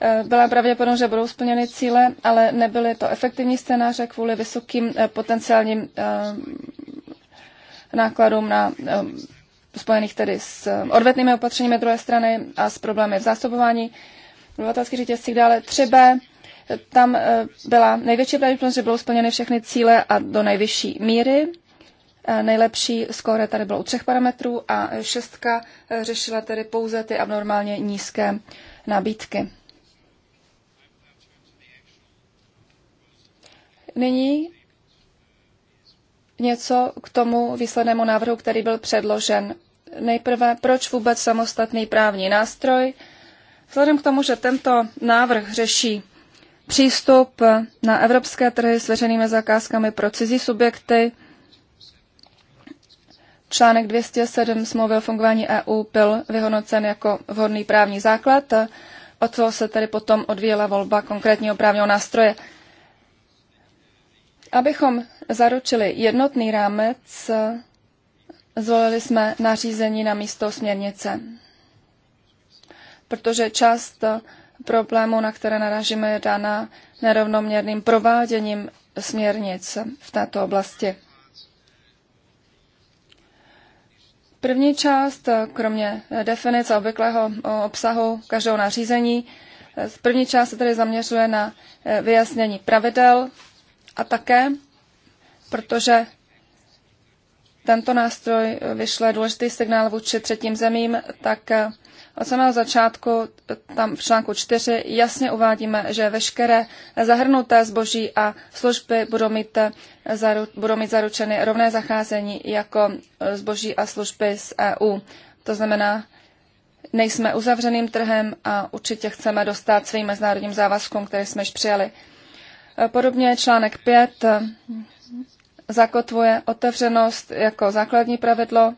e, byla pravděpodobnost, že budou splněny cíle, ale nebyly to efektivní scénáře kvůli vysokým e, potenciálním nákladům na spojených tedy s odvetnými opatřeními druhé strany a s problémy v zásobování dodavatelských řetězcích dále. Třeba tam byla největší pravděpodobnost, že budou splněny všechny cíle a do nejvyšší míry. Eh, nejlepší skóre tady bylo u třech parametrů a šestka eh, řešila tedy pouze ty abnormálně nízké nabídky. Nyní něco k tomu výslednému návrhu, který byl předložen. Nejprve, proč vůbec samostatný právní nástroj? Vzhledem k tomu, že tento návrh řeší přístup na evropské trhy s veřejnými zakázkami pro cizí subjekty, Článek 207 smlouvy o fungování EU byl vyhodnocen jako vhodný právní základ, o co se tedy potom odvíjela volba konkrétního právního nástroje. Abychom zaručili jednotný rámec, zvolili jsme nařízení na místo směrnice, protože část problému, na které naražíme, je dána nerovnoměrným prováděním směrnic v této oblasti. První část, kromě definic a obvyklého obsahu každého nařízení, první část se tedy zaměřuje na eh, vyjasnění pravidel a také, protože tento nástroj eh, vyšle důležitý signál vůči třetím zemím, tak eh, od samého začátku, tam v článku 4, jasně uvádíme, že veškeré zahrnuté zboží a služby budou mít, zaru, budou mít zaručeny rovné zacházení jako zboží a služby z EU. To znamená, nejsme uzavřeným trhem a určitě chceme dostat svým mezinárodním závazkům, které jsme již přijali. Podobně článek 5 zakotvuje otevřenost jako základní pravidlo.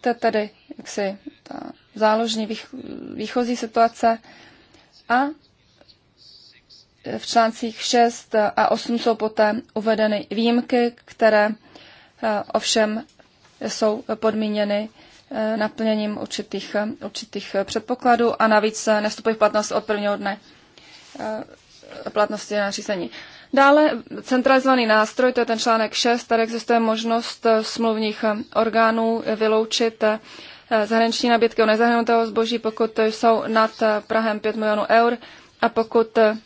To tedy jaksi ta záložní výchozí situace a v článcích 6 a 8 jsou poté uvedeny výjimky, které eh, ovšem jsou podmíněny eh, naplněním určitých, eh, určitých předpokladů a navíc nestupují v platnost od prvního dne platnosti řízení. Dále centralizovaný nástroj, to je ten článek 6, tady existuje možnost smluvních orgánů vyloučit zahraniční nabídky o nezahrnutého zboží, pokud jsou nad eh, Prahem 5 milionů eur a pokud eh,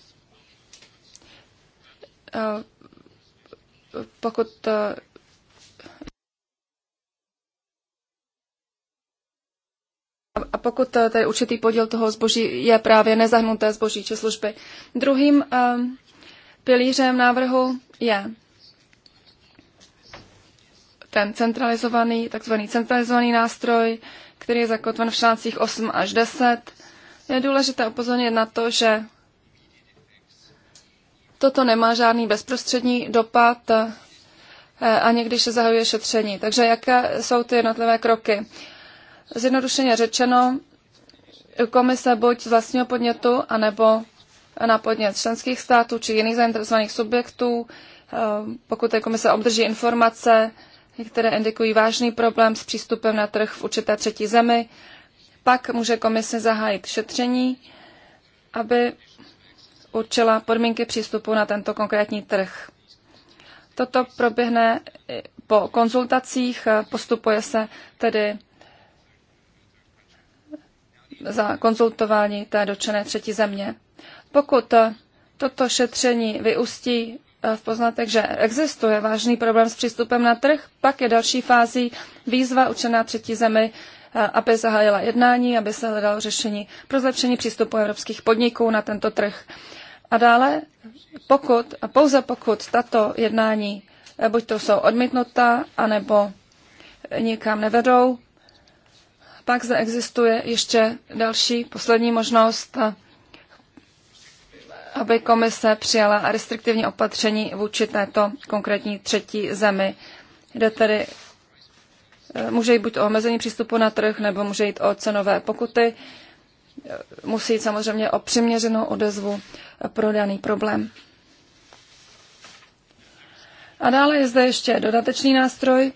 pokud eh, A pokud tedy určitý podíl toho zboží je právě nezahnuté zboží či služby. Druhým um, pilířem návrhu je ten centralizovaný, takzvaný centralizovaný nástroj, který je zakotven v článcích 8 až 10. Je důležité upozornit na to, že toto nemá žádný bezprostřední dopad eh, a někdy se zahajuje šetření. Takže jaké jsou ty jednotlivé kroky? Zjednodušeně řečeno, komise buď z vlastního podnětu, anebo na podnět členských států či jiných zainteresovaných subjektů, eh, pokud té komise obdrží informace které indikují vážný problém s přístupem na trh v určité třetí zemi. Pak může komise zahájit šetření, aby určila podmínky přístupu na tento konkrétní trh. Toto proběhne po konzultacích, postupuje se tedy za konzultování té dočené třetí země. Pokud toto šetření vyústí Eh, v poznatek, že existuje vážný problém s přístupem na trh, pak je další fází výzva učená třetí zemi, eh, aby zahájila jednání, aby se hledalo řešení pro zlepšení přístupu evropských podniků na tento trh. A dále, pokud a pouze pokud tato jednání eh, buď to jsou odmítnuta, anebo nikam nevedou, pak zde existuje ještě další poslední možnost, aby komise přijala restriktivní opatření vůči této konkrétní třetí zemi. Jde tedy, eh, může jít buď o omezení přístupu na trh, nebo může jít o cenové pokuty. Eh, musí jít samozřejmě o přiměřenou odezvu pro daný problém. A dále je zde ještě dodatečný nástroj,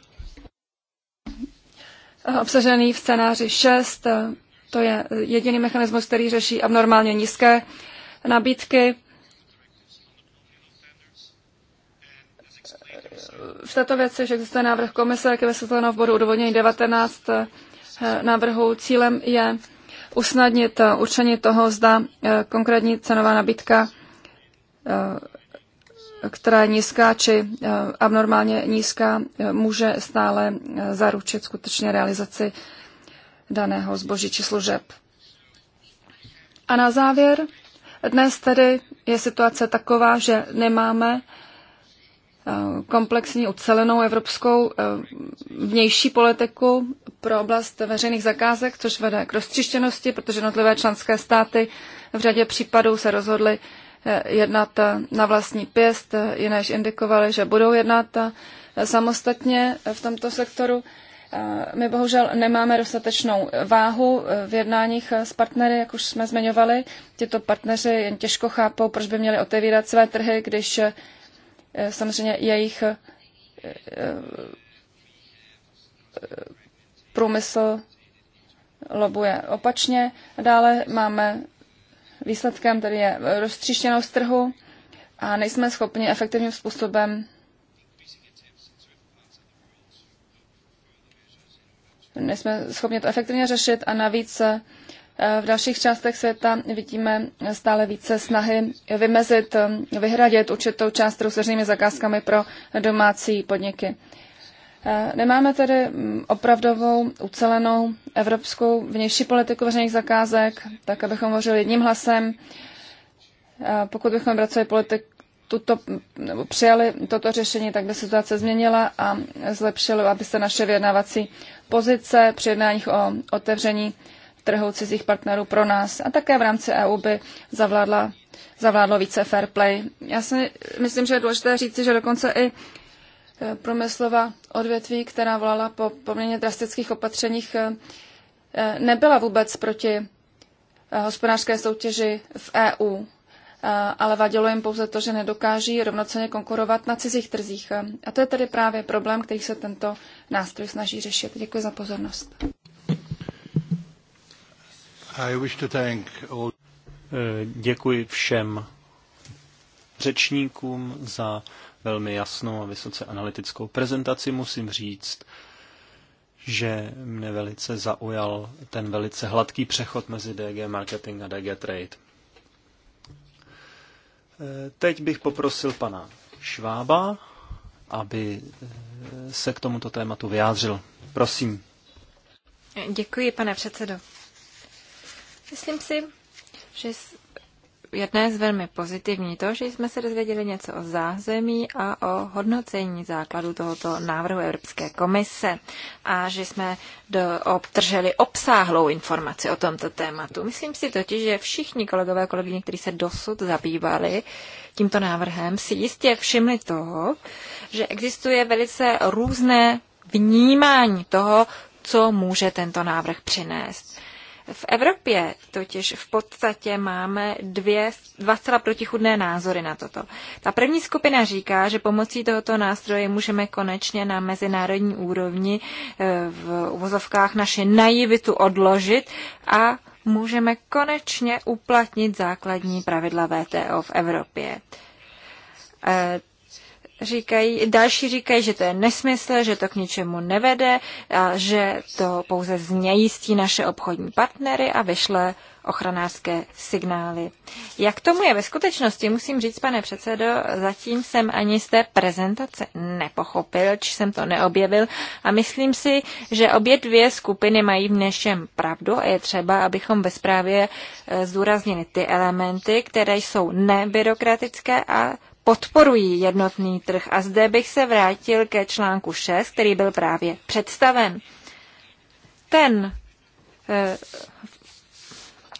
eh, obsažený v scénáři 6. To je jediný mechanismus, který řeší abnormálně nízké nabídky. V této věci, že existuje návrh komise, jak je vysvětleno v bodu odůvodnění 19 eh, návrhu, cílem je usnadnit eh, určení toho, zda eh, konkrétní cenová nabídka, která je nízká či abnormálně nízká, může stále zaručit skutečně realizaci daného zboží či služeb. A na závěr dnes tedy je situace taková, že nemáme eh, komplexní ucelenou evropskou eh, vnější politiku pro oblast veřejných zakázek, což vede k roztřištěnosti, protože jednotlivé členské státy v řadě případů se rozhodly eh, jednat na vlastní pěst, jinéž indikovali, že budou jednat samostatně v tomto sektoru. Eh, my bohužel nemáme dostatečnou váhu eh, v jednáních eh, s partnery, jak už jsme zmiňovali. Tito partneři jen těžko chápou, proč by měli otevírat své trhy, když samozřejmě jejich průmysl lobuje opačně. Dále máme výsledkem, tedy je roztříštěnost trhu a nejsme schopni efektivním způsobem nejsme schopni to efektivně řešit a navíc eh, v dalších částech světa vidíme stále více snahy vymezit, eh, vyhradit určitou část trhu s veřejnými zakázkami pro domácí podniky. Eh, nemáme tedy mm, opravdovou, ucelenou evropskou vnější politiku veřejných zakázek, tak abychom hovořili jedním hlasem. Pokud bychom pracovali politik, tuto, nebo přijali toto řešení, tak by situace změnila a zlepšilo, aby se naše vyjednávací pozice při jednáních o otevření trhu cizích partnerů pro nás a také v rámci EU by zavládla, zavládlo více fair play. Já si myslím, že je důležité říci, že dokonce i eh, průmyslová odvětví, která volala po poměrně drastických opatřeních, eh, nebyla vůbec proti eh, hospodářské soutěži v EU. Eh, ale vadilo jim pouze to, že nedokáží rovnoceně konkurovat na cizích trzích. A to je tedy právě problém, který se tento nástroj snaží řešit. Děkuji za pozornost. I wish to thank all... Eh, děkuji všem řečníkům za velmi jasnou a vysoce analytickou prezentaci. Musím říct, že mne velice zaujal ten velice hladký přechod mezi DG Marketing a DG Trade. Teď bych poprosil pana Švába, aby eh, se k tomuto tématu vyjádřil. Prosím. Děkuji, pane předsedo. Myslím si, že jedné z velmi pozitivní to, že jsme se dozvěděli něco o zázemí a o hodnocení základu tohoto návrhu Evropské komise a že jsme do, obtrželi obsáhlou informaci o tomto tématu. Myslím si totiž, že všichni kolegové a kolegyně, kteří se dosud zabývali tímto návrhem, si jistě všimli toho, že existuje velice různé vnímání toho, co může tento návrh přinést. V Evropě totiž v podstatě máme dvě, dva zcela protichudné názory na toto. Ta první skupina říká, že pomocí tohoto nástroje můžeme konečně na mezinárodní úrovni eh, v uvozovkách naše naivitu odložit a můžeme konečně uplatnit základní pravidla VTO v Evropě. Eh, říkají, další říkají, že to je nesmysl, že to k ničemu nevede a že to pouze znějistí naše obchodní partnery a vyšle ochranářské signály. Jak tomu je ve skutečnosti, musím říct, pane předsedo, zatím jsem ani z té prezentace nepochopil, či jsem to neobjevil a myslím si, že obě dvě skupiny mají v dnešem pravdu a je třeba, abychom ve zprávě eh, zdůraznili ty elementy, které jsou nebyrokratické a podporují jednotný trh. A zde bych se vrátil ke článku 6, který byl právě představen. Ten eh,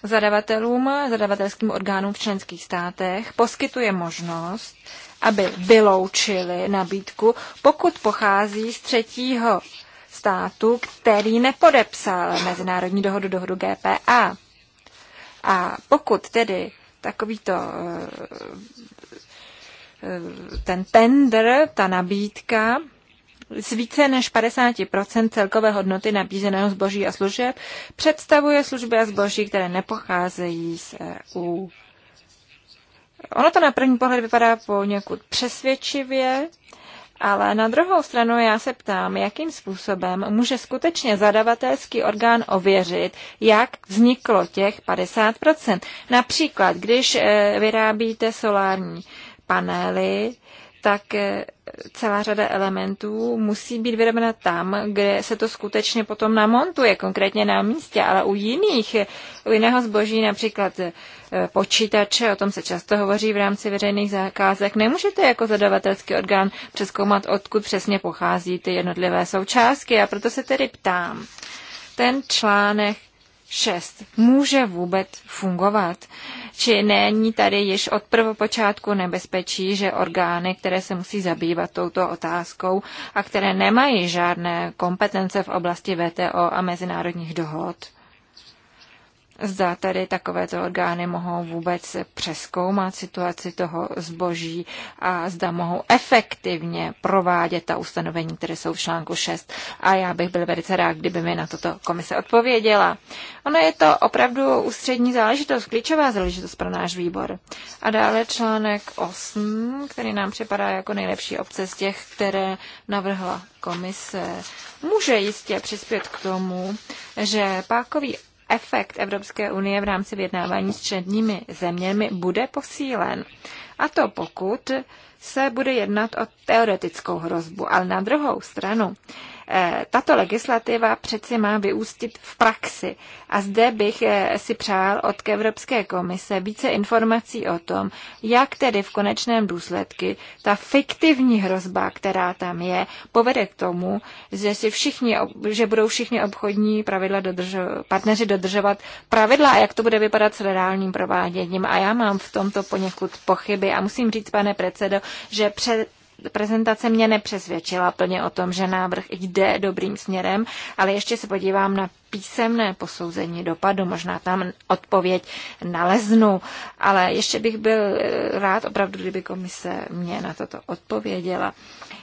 zadavatelům, zadavatelským orgánům v členských státech poskytuje možnost, aby vyloučili nabídku, pokud pochází z třetího státu, který nepodepsal mezinárodní dohodu, dohodu GPA. A pokud tedy takovýto eh, ten tender, ta nabídka, z více než 50 celkové hodnoty nabízeného zboží a služeb představuje služby a zboží, které nepocházejí z EU. Ono to na první pohled vypadá poněkud přesvědčivě, ale na druhou stranu já se ptám, jakým způsobem může skutečně zadavatelský orgán ověřit, jak vzniklo těch 50%. Například, když eh, vyrábíte solární panely, tak eh, celá řada elementů musí být vyrobena tam, kde se to skutečně potom namontuje, konkrétně na místě, ale u jiných, u jiného zboží, například eh, počítače, o tom se často hovoří v rámci veřejných zakázek, nemůžete jako zadavatelský orgán přeskoumat, odkud přesně pochází ty jednotlivé součástky a proto se tedy ptám. Ten článek 6 může vůbec fungovat? Či není tady již od prvopočátku nebezpečí, že orgány, které se musí zabývat touto otázkou a které nemají žádné kompetence v oblasti VTO a mezinárodních dohod, zda tady takovéto orgány mohou vůbec přeskoumat situaci toho zboží a zda mohou efektivně provádět ta ustanovení, které jsou v článku 6. A já bych byl velice rád, kdyby mi na toto komise odpověděla. Ono je to opravdu ústřední záležitost, klíčová záležitost pro náš výbor. A dále článek 8, který nám připadá jako nejlepší obce z těch, které navrhla komise, může jistě přispět k tomu, že pákový efekt Evropské unie v rámci vyjednávání s černými zeměmi bude posílen. A to pokud se bude jednat o teoretickou hrozbu. Ale na druhou stranu, eh, tato legislativa přeci má vyústit v praxi. A zde bych eh, si přál od Evropské komise více informací o tom, jak tedy v konečném důsledky ta fiktivní hrozba, která tam je, povede k tomu, že, si všichni, že budou všichni obchodní pravidla dodržo- partneři dodržovat pravidla a jak to bude vypadat s reálním prováděním. A já mám v tomto poněkud pochyby Evropy. A musím říct, pane předsedo, že před prezentace mě nepřesvědčila plně o tom, že návrh jde dobrým směrem, ale ještě se podívám na písemné posouzení dopadu, možná tam odpověď naleznu, ale ještě bych byl eh, rád opravdu, kdyby komise mě na toto odpověděla.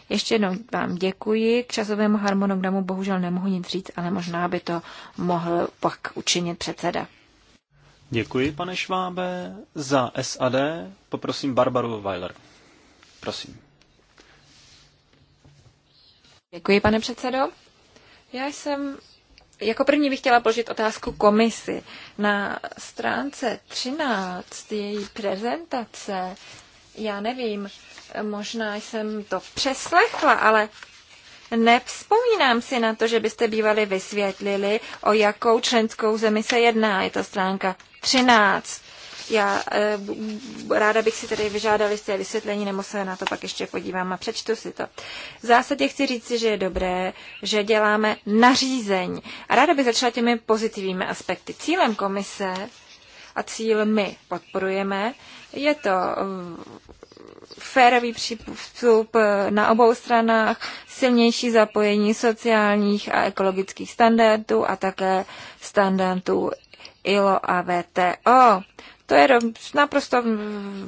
Ještě jednou vám děkuji. K časovému harmonogramu bohužel nemohu nic říct, ale možná by to mohl pak učinit předseda. Děkuji, pane Švábe. Za SAD poprosím Barbaru Weiler. Prosím. Děkuji, pane předsedo. Já jsem jako první bych chtěla položit otázku komisi. Na stránce 13 její prezentace, já nevím, možná jsem to přeslechla, ale Nevzpomínám si na to, že byste bývali vysvětlili, o jakou členskou zemi se jedná. Je to stránka 13. Já eh, ráda bych si tady vyžádali z vysvětlení, nebo se na to pak ještě podívám a přečtu si to. V zásadě chci říct, že je dobré, že děláme nařízení. A ráda bych začala těmi pozitivními aspekty. Cílem komise a cíl my podporujeme. Je to férový přístup eh, na obou stranách, silnější zapojení sociálních a ekologických standardů a také standardů ILO a VTO. To je naprosto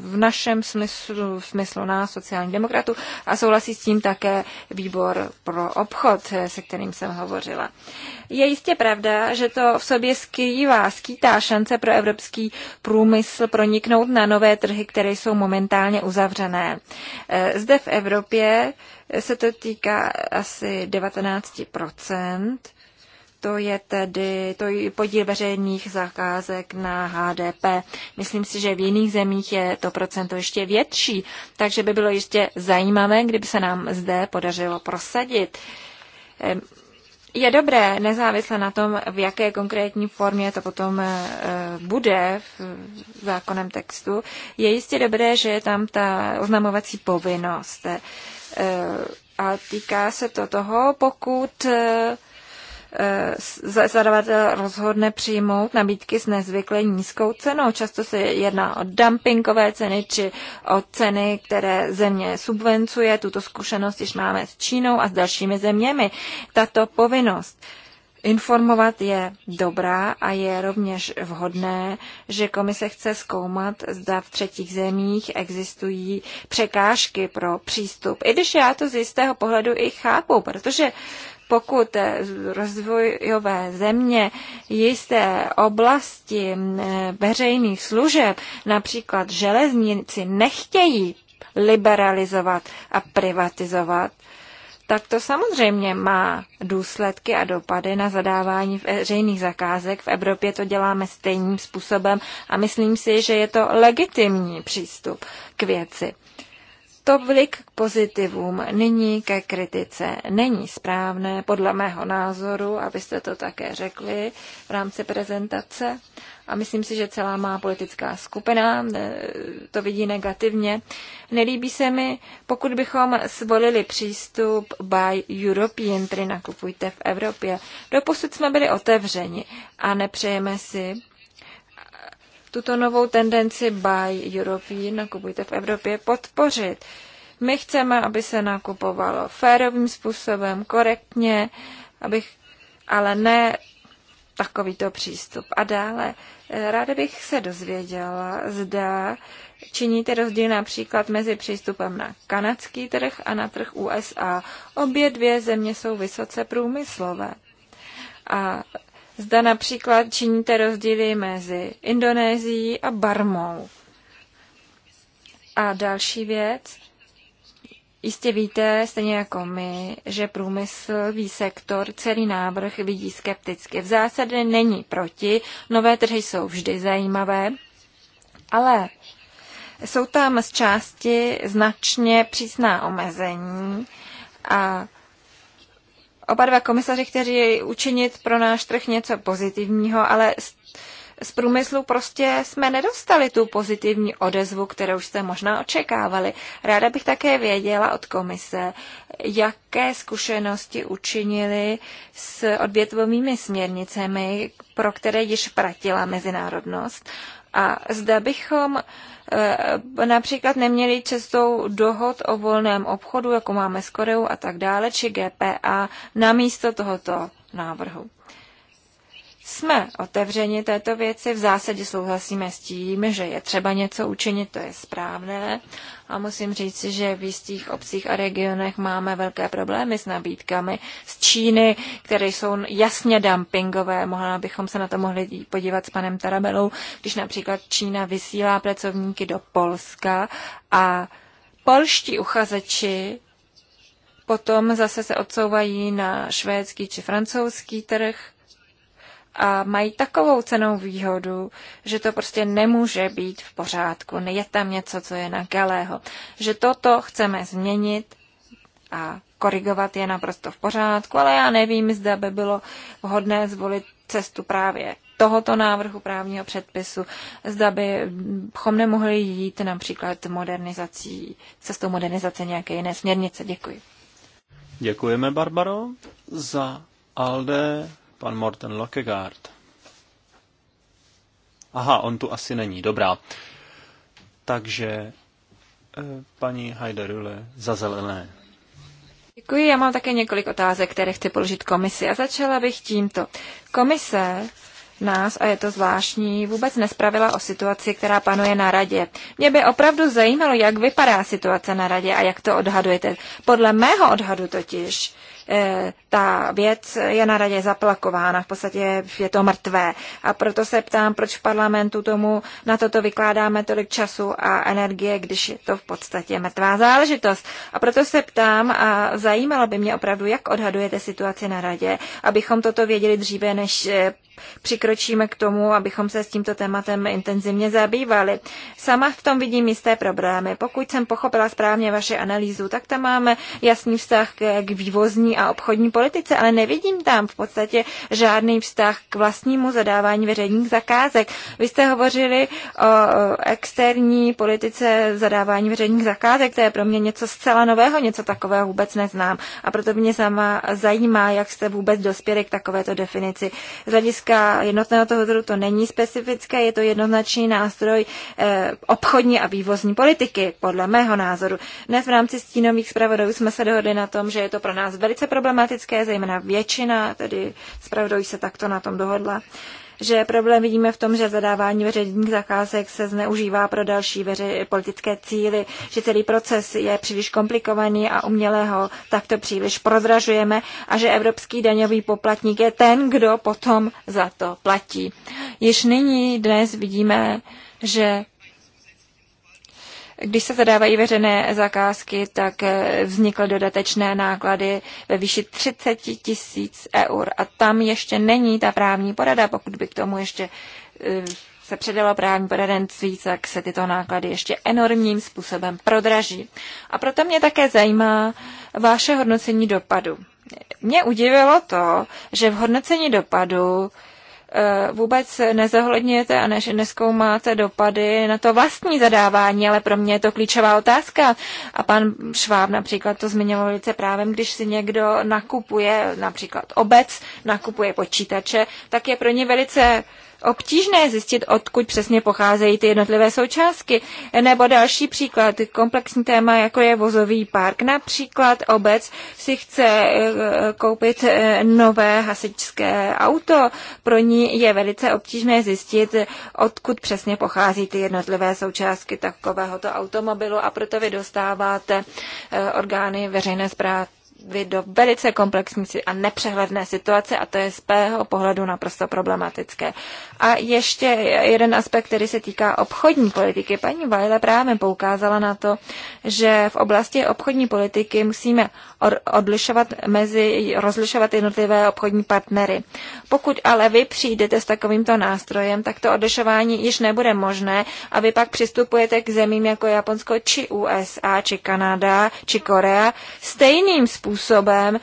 v našem smyslu, v smyslu na sociální demokratu a souhlasí s tím také výbor pro obchod, se kterým jsem hovořila. Je jistě pravda, že to v sobě skrývá, skýtá šance pro evropský průmysl proniknout na nové trhy, které jsou momentálně uzavřené. E, zde v Evropě se to týká asi 19 to je tedy to je podíl veřejných zakázek na HDP. Myslím si, že v jiných zemích je to procento ještě větší, takže by bylo ještě zajímavé, kdyby se nám zde podařilo prosadit. Je dobré, nezávisle na tom, v jaké konkrétní formě to potom eh, bude v zákonem textu, je jistě dobré, že je tam ta oznamovací povinnost. Eh, a týká se to toho, pokud eh, Eh, zadavatel eh, rozhodne přijmout nabídky s nezvykle nízkou cenou. Často se jedná o dumpingové ceny či o ceny, které země subvencuje. Tuto zkušenost již máme s Čínou a s dalšími zeměmi. Tato povinnost Informovat je dobrá a je rovněž vhodné, že komise chce zkoumat, zda v třetích zemích existují překážky pro přístup. I když já to z jistého pohledu i chápu, protože pokud rozvojové země jisté oblasti veřejných služeb, například železnici, nechtějí liberalizovat a privatizovat, tak to samozřejmě má důsledky a dopady na zadávání veřejných zakázek. V Evropě to děláme stejným způsobem a myslím si, že je to legitimní přístup k věci vlik k pozitivům, nyní ke kritice. Není správné, podle mého názoru, abyste to také řekli v rámci prezentace, a myslím si, že celá má politická skupina to vidí negativně. Nelíbí se mi, pokud bychom zvolili přístup by European, tedy nakupujte v Evropě. Doposud jsme byli otevřeni a nepřejeme si, tuto novou tendenci Buy European, nakupujte v Evropě, podpořit. My chceme, aby se nakupovalo férovým způsobem, korektně, abych, ale ne takovýto přístup. A dále, eh, ráda bych se dozvěděla, zda činíte rozdíl například mezi přístupem na kanadský trh a na trh USA. Obě dvě země jsou vysoce průmyslové. A Zda například činíte rozdíly mezi Indonésií a Barmou. A další věc, Jistě víte, stejně jako my, že průmyslový sektor celý návrh vidí skepticky. V zásadě není proti, nové trhy jsou vždy zajímavé, ale jsou tam z části značně přísná omezení a oba dva komisaři kteří učinit pro náš trh něco pozitivního, ale z průmyslu prostě jsme nedostali tu pozitivní odezvu, kterou jste možná očekávali. Ráda bych také věděla od komise, jaké zkušenosti učinili s odvětvovými směrnicemi, pro které již pratila mezinárodnost. A zda bychom uh, Eh, například neměli cestou dohod o volném obchodu, jako máme s Koreou a tak dále, či GPA, namísto tohoto návrhu. Jsme otevřeni této věci, v zásadě souhlasíme s tím, že je třeba něco učinit, to je správné. A musím říct, že v jistých obcích a regionech máme velké problémy s nabídkami z Číny, které jsou jasně dumpingové. Mohla bychom se na to mohli podívat s panem Tarabelou, když například Čína vysílá pracovníky do Polska a polští uchazeči potom zase se odsouvají na švédský či francouzský trh a mají takovou cenou výhodu, že to prostě nemůže být v pořádku. Je tam něco, co je na galého. Že toto chceme změnit a korigovat je naprosto v pořádku, ale já nevím, zda by bylo vhodné zvolit cestu právě tohoto návrhu právního předpisu, zda bychom nemohli jít například modernizací, cestou modernizace nějaké jiné směrnice. Děkuji. Děkujeme, Barbaro, za Alde Pan Morten Lockegaard. Aha, on tu asi není, dobrá. Takže eh, paní Heiderule za zelené. Děkuji, já mám také několik otázek, které chci položit komisi a začala bych tímto. Komise nás, a je to zvláštní, vůbec nespravila o situaci, která panuje na radě. Mě by opravdu zajímalo, jak vypadá situace na radě a jak to odhadujete. Podle mého odhadu totiž Eh, ta věc je na radě zaplakována, v podstatě je to mrtvé. A proto se ptám, proč v parlamentu tomu na toto vykládáme tolik času a energie, když je to v podstatě mrtvá záležitost. A proto se ptám a zajímalo by mě opravdu, jak odhadujete situaci na radě, abychom toto věděli dříve, než eh, přikročíme k tomu, abychom se s tímto tématem intenzivně zabývali. Sama v tom vidím jisté problémy. Pokud jsem pochopila správně vaše analýzu, tak tam máme jasný vztah k vývozní a obchodní politice, ale nevidím tam v podstatě žádný vztah k vlastnímu zadávání veřejných zakázek. Vy jste hovořili o externí politice zadávání veřejných zakázek, to je pro mě něco zcela nového, něco takového vůbec neznám. A proto mě sama zajímá, jak jste vůbec dospěli k takovéto definici. Z hlediska jednotného toho trhu to není specifické, je to jednoznačný nástroj eh, obchodní a vývozní politiky, podle mého názoru. Dnes v rámci stínových zpravodajů jsme se dohodli na tom, že je to pro nás velice problematické, zejména většina, tedy zpravodaj se takto na tom dohodla, že problém vidíme v tom, že zadávání veřejných zakázek se zneužívá pro další veře- politické cíly, že celý proces je příliš komplikovaný a umělého takto příliš prozražujeme a že evropský daňový poplatník je ten, kdo potom za to platí. Již nyní dnes vidíme, že když se zadávají veřejné zakázky, tak eh, vznikly dodatečné náklady ve výši 30 tisíc eur. A tam ještě není ta právní porada. Pokud by k tomu ještě eh, se předalo právní poradenství, tak se tyto náklady ještě enormním způsobem prodraží. A proto mě také zajímá vaše hodnocení dopadu. Mě udivilo to, že v hodnocení dopadu Eh, vůbec nezohledňujete a než neskoumáte dopady na to vlastní zadávání, ale pro mě je to klíčová otázka. A pan Šváb například to zmiňoval velice právem, když si někdo nakupuje, například obec, nakupuje počítače, tak je pro ně velice obtížné zjistit, odkud přesně pocházejí ty jednotlivé součástky. Nebo další příklad, komplexní téma, jako je vozový park. Například obec si chce eh, koupit eh, nové hasičské auto. Pro ní je velice obtížné zjistit, odkud přesně pochází ty jednotlivé součástky takovéhoto automobilu a proto vy dostáváte eh, orgány veřejné zprávy vy do velice komplexní a nepřehledné situace a to je z mého pohledu naprosto problematické. A ještě jeden aspekt, který se týká obchodní politiky. Paní Vajle právě poukázala na to, že v oblasti obchodní politiky musíme odlišovat mezi, rozlišovat jednotlivé obchodní partnery. Pokud ale vy přijdete s takovýmto nástrojem, tak to odlišování již nebude možné a vy pak přistupujete k zemím jako Japonsko či USA, či Kanada, či Korea stejným způsobem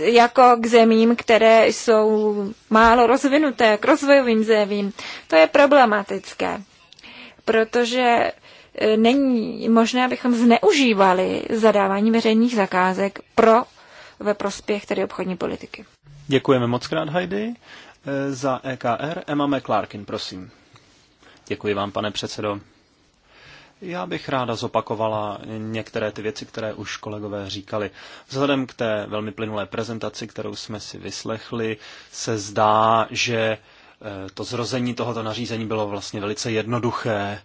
jako k zemím, které jsou málo rozvinuté, k rozvojovým zemím. To je problematické protože E, není možné, abychom zneužívali zadávání veřejných zakázek pro ve prospěch tedy obchodní politiky. Děkujeme moc krát, Heidi. E, za EKR Emma McClarkin, prosím. Děkuji vám, pane předsedo. Já bych ráda zopakovala některé ty věci, které už kolegové říkali. Vzhledem k té velmi plynulé prezentaci, kterou jsme si vyslechli, se zdá, že e, to zrození tohoto nařízení bylo vlastně velice jednoduché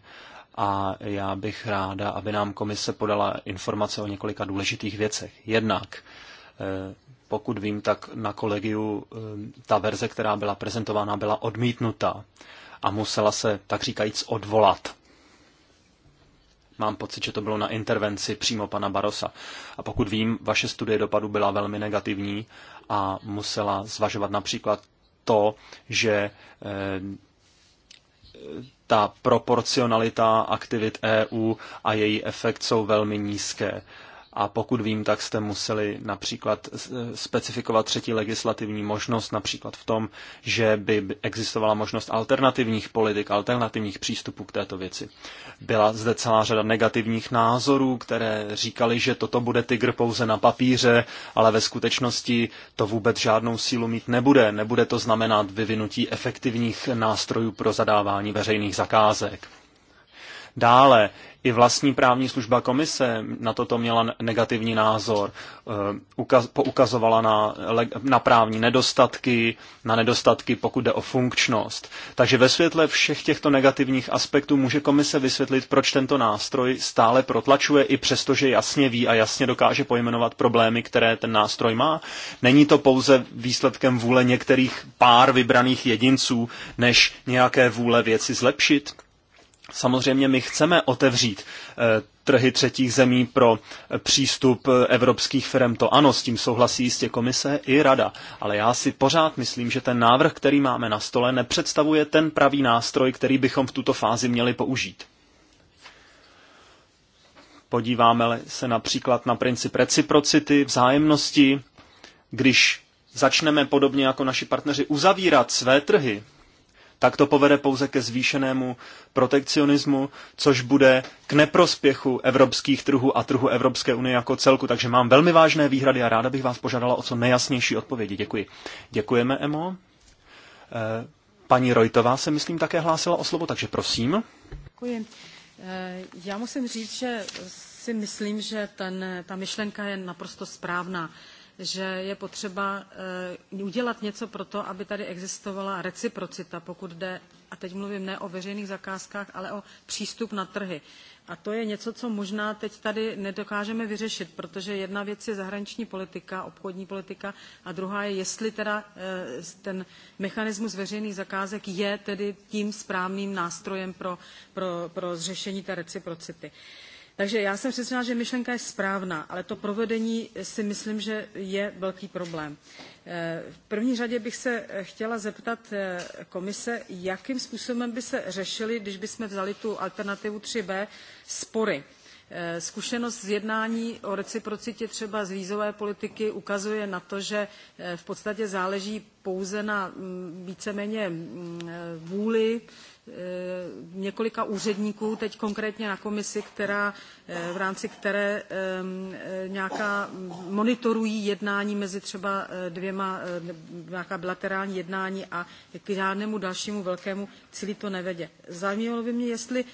a já bych ráda, aby nám komise podala informace o několika důležitých věcech. Jednak, eh, pokud vím, tak na kolegiu eh, ta verze, která byla prezentována, byla odmítnuta a musela se, tak říkajíc, odvolat. Mám pocit, že to bylo na intervenci přímo pana Barosa. A pokud vím, vaše studie dopadu byla velmi negativní a musela zvažovat například to, že eh, ta proporcionalita aktivit EU a její efekt jsou velmi nízké a pokud vím, tak jste museli například eh, specifikovat třetí legislativní možnost, například v tom, že by existovala možnost alternativních politik, alternativních přístupů k této věci. Byla zde celá řada negativních názorů, které říkali, že toto bude tygr pouze na papíře, ale ve skutečnosti to vůbec žádnou sílu mít nebude. Nebude to znamenat vyvinutí efektivních nástrojů pro zadávání veřejných zakázek. Dále i vlastní právní služba komise na toto měla negativní názor. Eh, poukazovala na, na právní nedostatky, na nedostatky, pokud jde o funkčnost. Takže ve světle všech těchto negativních aspektů může komise vysvětlit, proč tento nástroj stále protlačuje, i přestože jasně ví a jasně dokáže pojmenovat problémy, které ten nástroj má. Není to pouze výsledkem vůle některých pár vybraných jedinců, než nějaké vůle věci zlepšit? Samozřejmě my chceme otevřít eh, trhy třetích zemí pro eh, přístup eh, evropských firm. To ano, s tím souhlasí jistě komise i rada. Ale já si pořád myslím, že ten návrh, který máme na stole, nepředstavuje ten pravý nástroj, který bychom v tuto fázi měli použít. Podíváme se například na princip reciprocity, vzájemnosti. Když začneme podobně jako naši partneři uzavírat své trhy, tak to povede pouze ke zvýšenému protekcionismu, což bude k neprospěchu evropských trhů a trhu Evropské unie jako celku. Takže mám velmi vážné výhrady a ráda bych vás požádala o co nejasnější odpovědi. Děkuji. Děkujeme, Emo. Eh, paní Rojtová se, myslím, také hlásila o slovo, takže prosím. Děkuji. Eh, já musím říct, že si myslím, že ten, ta myšlenka je naprosto správná že je potřeba eh, udělat něco pro to, aby tady existovala reciprocita, pokud jde, a teď mluvím ne o veřejných zakázkách, ale o přístup na trhy. A to je něco, co možná teď tady nedokážeme vyřešit, protože jedna věc je zahraniční politika, obchodní politika a druhá je, jestli teda eh, ten mechanismus veřejných zakázek je tedy tím správným nástrojem pro, pro, pro zřešení té reciprocity. Uh, takže já jsem přesvědčena, že myšlenka je správná, ale to provedení si myslím, že je velký problém. Eh, v první řadě bych se chtěla zeptat eh, komise, jakým způsobem by se řešily, když bychom vzali tu alternativu 3b, spory. Eh, zkušenost z jednání o reciprocitě třeba z vízové politiky ukazuje na to, že v podstatě záleží pouze na mm, víceméně mm, vůli Eh, několika úředníků, teď konkrétně na komisi, která, eh, v rámci které eh, nějaká monitorují jednání mezi třeba dvěma, nějaká bilaterální jednání a k žádnému dalšímu velkému cíli to nevede. Zajímalo by mě, jestli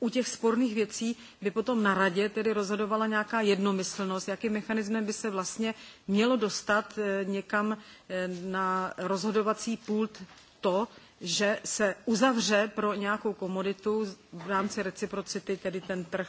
u těch sporných věcí by potom na radě tedy rozhodovala nějaká jednomyslnost, jakým mechanismem by se vlastně mělo dostat někam na rozhodovací pult to, že se uzavře pro nějakou komoditu v rámci reciprocity, tedy ten trh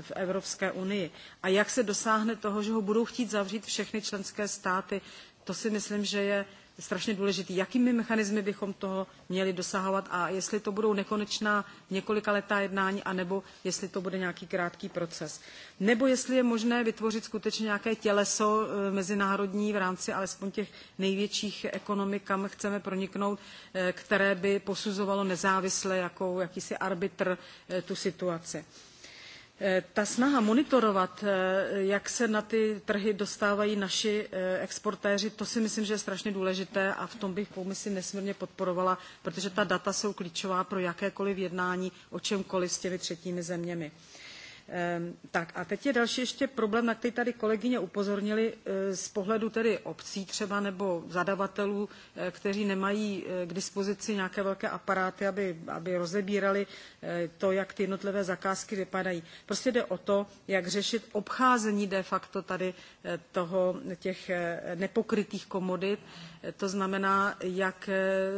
v Evropské unii. A jak se dosáhne toho, že ho budou chtít zavřít všechny členské státy, to si myslím, že je strašně důležitý. Jakými mechanismy bychom toho měli dosahovat a jestli to budou nekonečná několika letá jednání, anebo jestli to bude nějaký krátký proces. Nebo jestli je možné vytvořit skutečně nějaké těleso e, mezinárodní v rámci alespoň těch největších ekonomik, kam chceme proniknout, e, které by posuzovalo nezávisle jako jakýsi arbitr e, tu situaci. Eh, ta snaha monitorovat, eh, jak se na ty trhy dostávají naši eh, exportéři, to si myslím, že je strašně důležité a v tom bych komisi nesmírně podporovala, protože ta data jsou klíčová pro jakékoliv jednání o čemkoliv s těmi třetími zeměmi. Ehm, tak a teď je další ještě problém, na který tady kolegyně upozornili eh, z pohledu tedy obcí třeba nebo zadavatelů, eh, kteří nemají eh, k dispozici nějaké velké aparáty, aby, aby rozebírali to, jak ty jednotlivé zakázky vypadají. Prostě jde o to, jak řešit obcházení de facto tady toho, těch nepokrytých komodit, to znamená, jak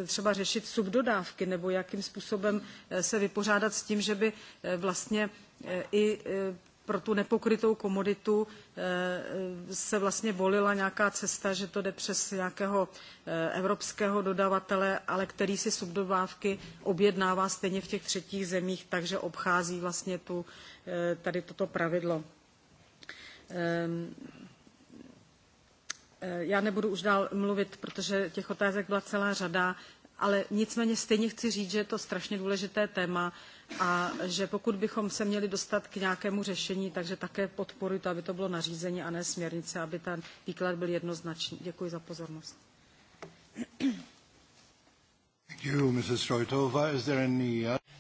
třeba řešit subdodávky nebo jakým způsobem se vypořádat s tím, že by vlastně Eh, i eh, pro tu nepokrytou komoditu eh, se vlastně volila nějaká cesta, že to jde přes nějakého evropského dodavatele, ale který si subdodávky objednává stejně v těch třetích zemích, takže obchází vlastně tu, tady toto pravidlo. Ehm, já nebudu už dál mluvit, protože těch otázek byla celá řada, ale nicméně stejně chci říct, že je to strašně důležité téma a že pokud bychom se měli dostat k nějakému řešení, takže také podporuji to, aby to bylo nařízení a ne směrnice, aby ten výklad byl jednoznačný. Děkuji za pozornost.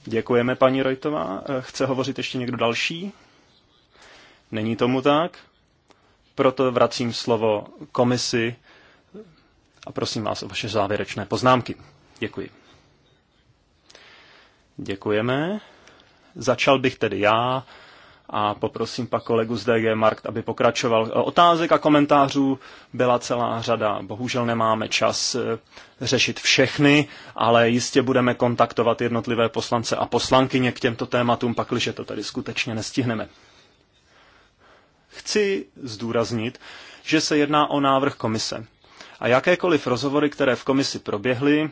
Děkujeme, paní Rojtová. Eh, chce hovořit ještě někdo další? Není tomu tak? Proto vracím slovo komisi a prosím vás o vaše závěrečné poznámky. Děkuji. Děkujeme. Začal bych tedy já a poprosím pak kolegu z DG Markt, aby pokračoval. Otázek a komentářů byla celá řada. Bohužel nemáme čas eh, řešit všechny, ale jistě budeme kontaktovat jednotlivé poslance a poslankyně k těmto tématům, pakliže to tady skutečně nestihneme. Chci zdůraznit, že se jedná o návrh komise. A jakékoliv rozhovory, které v komisi proběhly,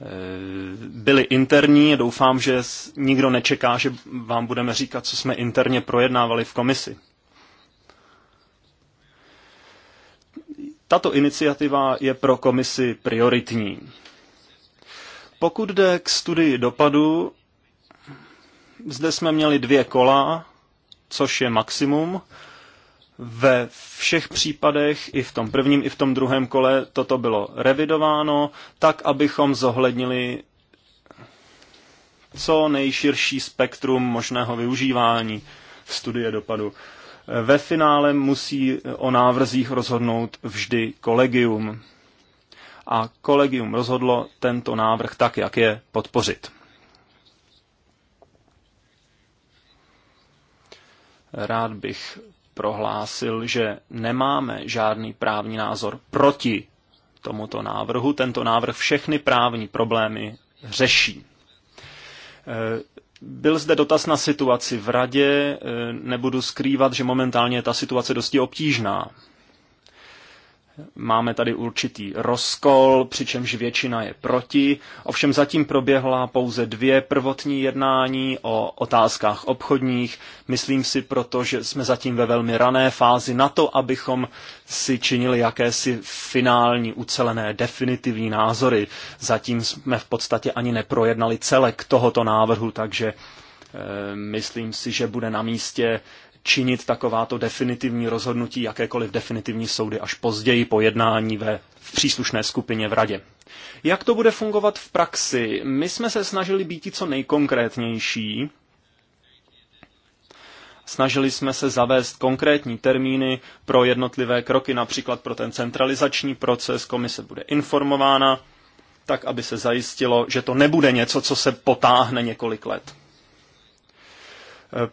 Eh, byly interní. Doufám, že nikdo nečeká, že vám budeme říkat, co jsme interně projednávali v komisi. Tato iniciativa je pro komisi prioritní. Pokud jde k studii dopadu, zde jsme měli dvě kola, což je maximum. Ve všech případech, i v tom prvním, i v tom druhém kole, toto bylo revidováno, tak abychom zohlednili co nejširší spektrum možného využívání studie dopadu. Ve finále musí o návrzích rozhodnout vždy kolegium. A kolegium rozhodlo tento návrh tak, jak je, podpořit. Rád bych prohlásil, že nemáme žádný právní názor proti tomuto návrhu. Tento návrh všechny právní problémy řeší. E, byl zde dotaz na situaci v radě. E, nebudu skrývat, že momentálně je ta situace dosti obtížná. Máme tady určitý rozkol, přičemž většina je proti. Ovšem zatím proběhla pouze dvě prvotní jednání o otázkách obchodních. Myslím si proto, že jsme zatím ve velmi rané fázi na to, abychom si činili jakési finální, ucelené, definitivní názory. Zatím jsme v podstatě ani neprojednali celek tohoto návrhu, takže eh, myslím si, že bude na místě činit takováto definitivní rozhodnutí, jakékoliv definitivní soudy až později po jednání ve v příslušné skupině v radě. Jak to bude fungovat v praxi? My jsme se snažili být co nejkonkrétnější. Snažili jsme se zavést konkrétní termíny pro jednotlivé kroky, například pro ten centralizační proces. Komise bude informována, tak aby se zajistilo, že to nebude něco, co se potáhne několik let.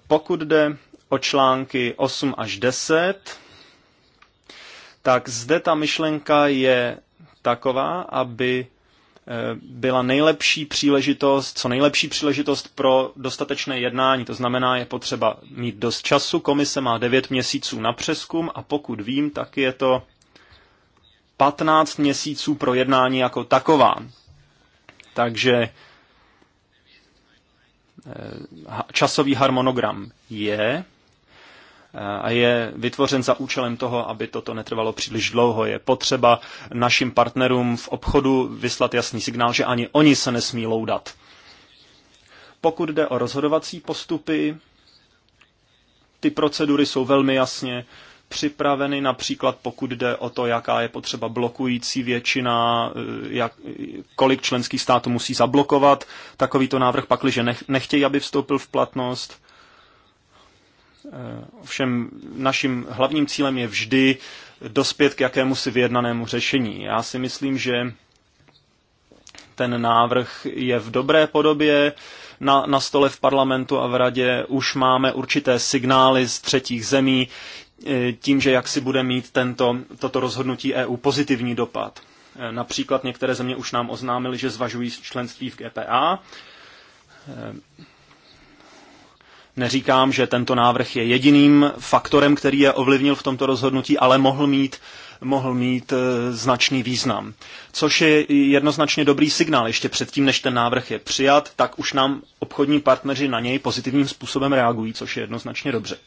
Pokud jde o články 8 až 10, tak zde ta myšlenka je taková, aby eh, byla nejlepší příležitost, co nejlepší příležitost pro dostatečné jednání. To znamená, je potřeba mít dost času. Komise má 9 měsíců na přeskum a pokud vím, tak je to 15 měsíců pro jednání jako taková. Takže eh, časový harmonogram je a je vytvořen za účelem toho, aby toto netrvalo příliš dlouho. Je potřeba našim partnerům v obchodu vyslat jasný signál, že ani oni se nesmí loudat. Pokud jde o rozhodovací postupy, ty procedury jsou velmi jasně připraveny, například pokud jde o to, jaká je potřeba blokující většina, eh, jak, kolik členských států musí zablokovat takovýto návrh, pakliže nechtějí, aby vstoupil v platnost. Eh, ovšem naším hlavním cílem je vždy dospět k jakému si vyjednanému řešení. Já si myslím, že ten návrh je v dobré podobě. Na, na stole v parlamentu a v radě už máme určité signály z třetích zemí eh, tím, že jak si bude mít tento, toto rozhodnutí EU pozitivní dopad. Eh, například některé země už nám oznámily, že zvažují členství v GPA. Neříkám, že tento návrh je jediným faktorem, který je ovlivnil v tomto rozhodnutí, ale mohl mít, mohl mít eh, značný význam. Což je jednoznačně dobrý signál. Ještě předtím, než ten návrh je přijat, tak už nám obchodní partneři na něj pozitivním způsobem reagují, což je jednoznačně dobře.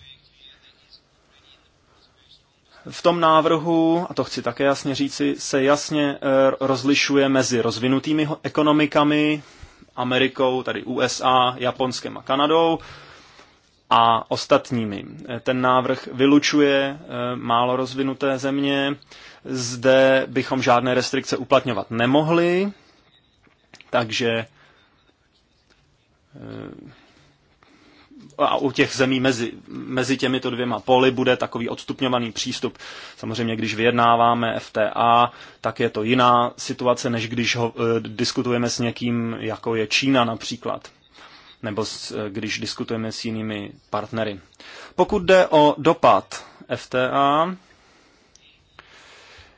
V tom návrhu, a to chci také jasně říci, se jasně eh, rozlišuje mezi rozvinutými ekonomikami, Amerikou, tady USA, Japonskem a Kanadou, a ostatními. Ten návrh vylučuje eh, málo rozvinuté země, zde bychom žádné restrikce uplatňovat nemohli, takže eh, a u těch zemí mezi, mezi těmito dvěma poli bude takový odstupňovaný přístup. Samozřejmě, když vyjednáváme FTA, tak je to jiná situace, než když ho, e, diskutujeme s někým, jako je Čína například nebo s, eh, když diskutujeme s jinými partnery. Pokud jde o dopad FTA,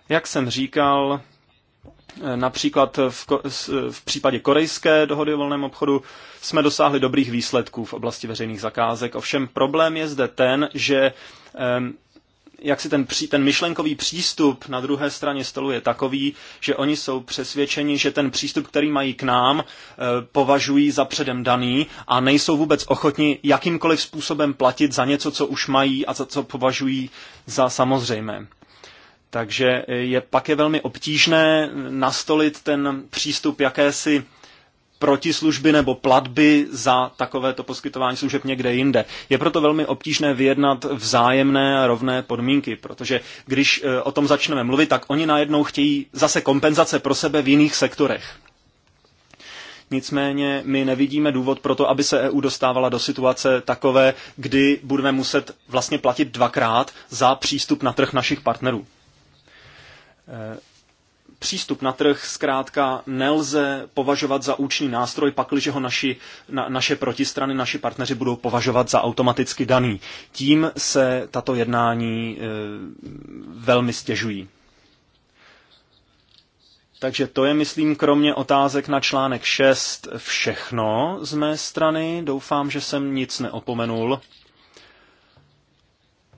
jak jsem říkal, eh, Například v, eh, v případě korejské dohody o volném obchodu jsme dosáhli dobrých výsledků v oblasti veřejných zakázek. Ovšem problém je zde ten, že jak si ten, pří, ten myšlenkový přístup na druhé straně stolu je takový, že oni jsou přesvědčeni, že ten přístup, který mají k nám, eh, považují za předem daný a nejsou vůbec ochotni jakýmkoliv způsobem platit za něco, co už mají a za co považují za samozřejmé. Takže eh, je, pak je velmi obtížné nastolit ten přístup jakési protislužby nebo platby za takovéto poskytování služeb někde jinde. Je proto velmi obtížné vyjednat vzájemné a rovné podmínky, protože když e, o tom začneme mluvit, tak oni najednou chtějí zase kompenzace pro sebe v jiných sektorech. Nicméně my nevidíme důvod pro to, aby se EU dostávala do situace takové, kdy budeme muset vlastně platit dvakrát za přístup na trh našich partnerů. E, přístup na trh zkrátka nelze považovat za účinný nástroj, pakliže ho naši, na, naše protistrany, naši partneři budou považovat za automaticky daný. Tím se tato jednání e, velmi stěžují. Takže to je, myslím, kromě otázek na článek 6 všechno z mé strany. Doufám, že jsem nic neopomenul.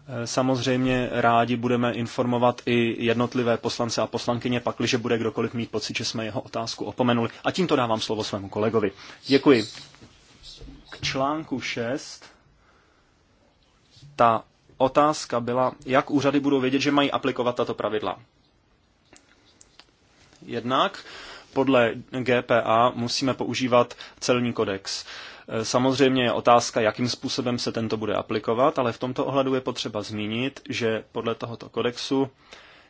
Eh, samozřejmě rádi budeme informovat i jednotlivé poslance a poslankyně, pakliže bude kdokoliv mít pocit, že jsme jeho otázku opomenuli. A tímto dávám slovo svému kolegovi. Děkuji. K článku 6 ta otázka byla, jak úřady budou vědět, že mají aplikovat tato pravidla. Jednak podle GPA musíme používat celní kodex. Eh, samozřejmě je otázka, jakým způsobem se tento bude aplikovat, ale v tomto ohledu je potřeba zmínit, že podle tohoto kodexu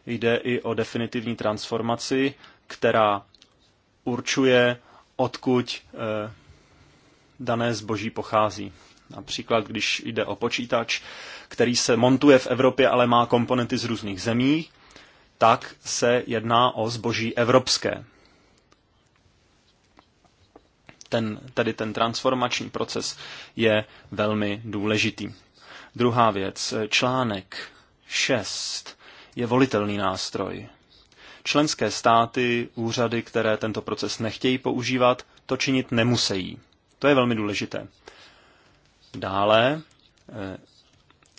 jde i o definitivní transformaci, která určuje, odkud eh, dané zboží pochází. Například, když jde o počítač, který se montuje v Evropě, ale má komponenty z různých zemí, tak se jedná o zboží evropské ten, tedy ten transformační proces je velmi důležitý. Druhá věc, článek 6 je volitelný nástroj. Členské státy, úřady, které tento proces nechtějí používat, to činit nemusí. To je velmi důležité. Dále, eh,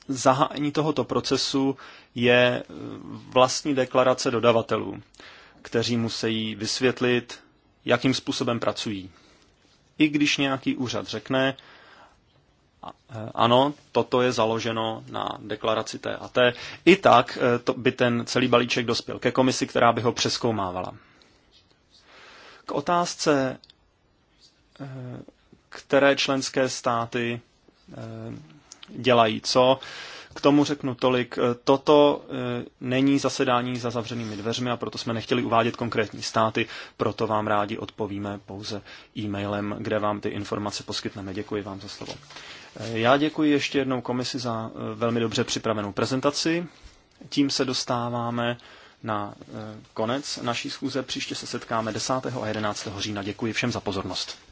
zahájení tohoto procesu je eh, vlastní deklarace dodavatelů, kteří musí vysvětlit, jakým způsobem pracují. I když nějaký úřad řekne, eh, ano, toto je založeno na deklaraci té a té, I tak eh, to by ten celý balíček dospěl ke komisi, která by ho přeskoumávala. K otázce, eh, které členské státy dělají co, k tomu řeknu tolik. E, toto e, není zasedání za zavřenými dveřmi a proto jsme nechtěli uvádět konkrétní státy, proto vám rádi odpovíme pouze e-mailem, kde vám ty informace poskytneme. Děkuji vám za slovo. E, já děkuji ještě jednou komisi za velmi dobře připravenou prezentaci. Tím se dostáváme na konec naší schůze. Příště se setkáme 10. a 11. října. Děkuji všem za pozornost.